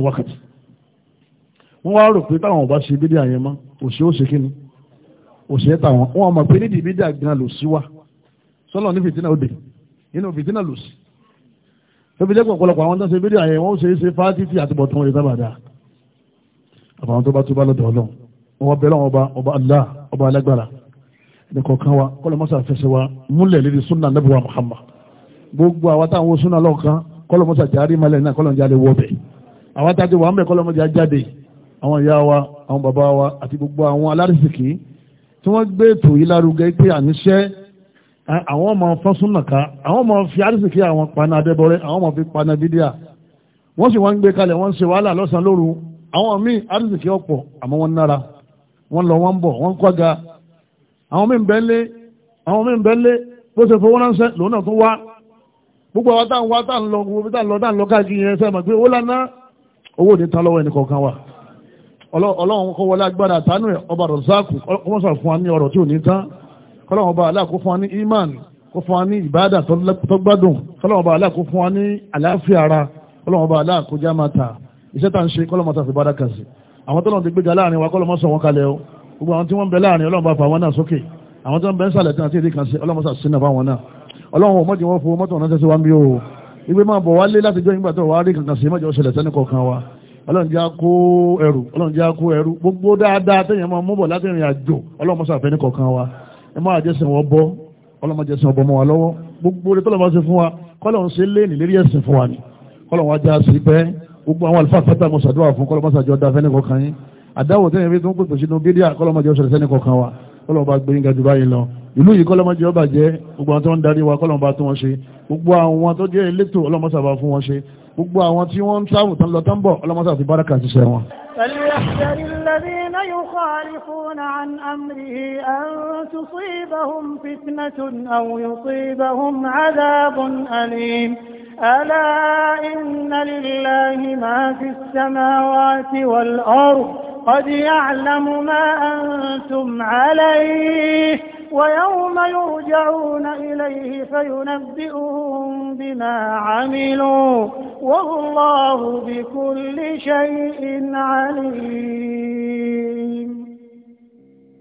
wọ́n wá rò pé táwọn ọba ṣe bídíà yẹn mọ́ òṣè ó ṣe kí ni òṣè ẹ̀ táwọn wọn mọ̀ pé nídìí bídíà gan lò sí wa sọ́lọ̀ ní fìtínà òde nínú fìtínà lò sí tóbi jẹ́ pọ̀pọ̀lọpọ̀ àwọn tó ṣe bídíà yẹn wọ́n ṣe é ṣe fáátítì àtibọ̀tún wọn ìtàbàdà àbàwọn tó bá tó bá lọ́dọ̀ ọlọ́run wọn bẹ̀rẹ̀ wọn ọba ọba Allah ọba alágbára nìkan kan wa kọ́lọ̀ mọ́sá fẹsẹ̀ wa múlẹ̀ lédi súnà nàbíwá Muhammad gbogbo àwa táwọn súnà lọ́ọ̀kan kọ́lọ̀ mọ́sá jáde malẹ̀ náà kọ́lọ̀ jáde wọ́ bẹ̀ àwa àwọn ìyá wa àwọn bàbá wa àti gbogbo àwọn alárìsìkì tí wọ́n gbé ètò yìí lárugẹ pé àníṣe àwọn ọmọ fọ́n súnà ká àwọn ọmọ fi alárìsìkì àwọn paná adébọrẹ àwọn ọmọ fi paná bídíà wọ́n sì wọ́n ń gbé kalẹ̀ wọ́n ń ṣe wàhálà lọ́sàn-án lóru àwọn míì alárìsìkì ọ̀pọ̀ àmọ́ wọ́n nára wọ́n lọ wọ́n bọ̀ wọ́n kọ́ga àwọn míì bẹ́lé àwọn míì bẹ́lé bó ṣe fowó ránṣẹ́ lòun náà wá ọlọ́run kó wọlé agbára àtànú ẹ̀ ọba rọ̀záàkù kọ́mọ́sà fún wa ní ọ̀rọ̀ tí ò ní tán kọ́lọ́run ọba aláàkó fún wa ní iman kó fún wa ní ìbáàdà tó gbádùn kọ́lọ́run ọba aláàkó fún wa ní àlàáfíà ara kọ́lọ́run ọba aláàkó já máa ta iṣẹ́ tá à ń ṣe kọ́lọ́run ọba fìbára kà sí àwọn tọ́lọ́run ti gbéga láàrin wa kọ́lọ́run sọ wọn kalẹ̀ o gbogbo àwọn tí wọ́n bẹ láàrin ọlọ́run ọlọ́run jẹ́ kó ẹrù ọlọ́run jẹ́ kó ẹrù gbogbo dáadáa tẹ́yìn máa mú bọ̀ àjò ọlọ́run mọ́sá ní kọ̀ọ̀kan wa ẹ máa jẹ́sìn bọ́ ọlọ́run ọbọ̀ mọ́ wa lọ́wọ́ gbogbo rẹ̀ tọ́lọ́ fún wa kọ́lọ́run ṣe lé ní lérí ẹ̀sìn fún wa ni kọ́lọ́run wa já sí pẹ́ gbogbo àwọn àlùfáà pátá mo ṣàdúrà fún kọ́lọ́ mọ́sá jọ da fẹ́ ní kọ̀ọ̀kan yín àdáwò tẹ́yìn fi tó ń pèpè sínú bídíà kọ́lọ́ máa jẹ́ ọ̀ṣẹ̀lẹ̀ sẹ́ni kọ̀ọ̀kan wa kọ́lọ́ bá gbé yínga jù báyìí lọ ìlú yìí kọ́lọ́ máa jẹ́ ọba jẹ́ gbogbo àwọn tó ń darí wa kọ́lọ́ bá tún wọn ṣe gbogbo àwọn tó jẹ́ elétò ọlọ́mọṣàbà fún wọn ṣe gbogbo àwọn tí wọ́n ń tábù tán lọ tán bọ̀ ọlọ́mọ́sá àti báràkà ṣiṣẹ́ wọn. فليحذر الذين يخالفون عن أمره أن تصيبهم فتنة أو يصيبهم عذاب أليم ألا إن لله ما في السماوات والأرض قد يعلم ما أنتم عليه ويوم يرجعون إليه فينبئهم بما عملوا والله بكل شيء عليم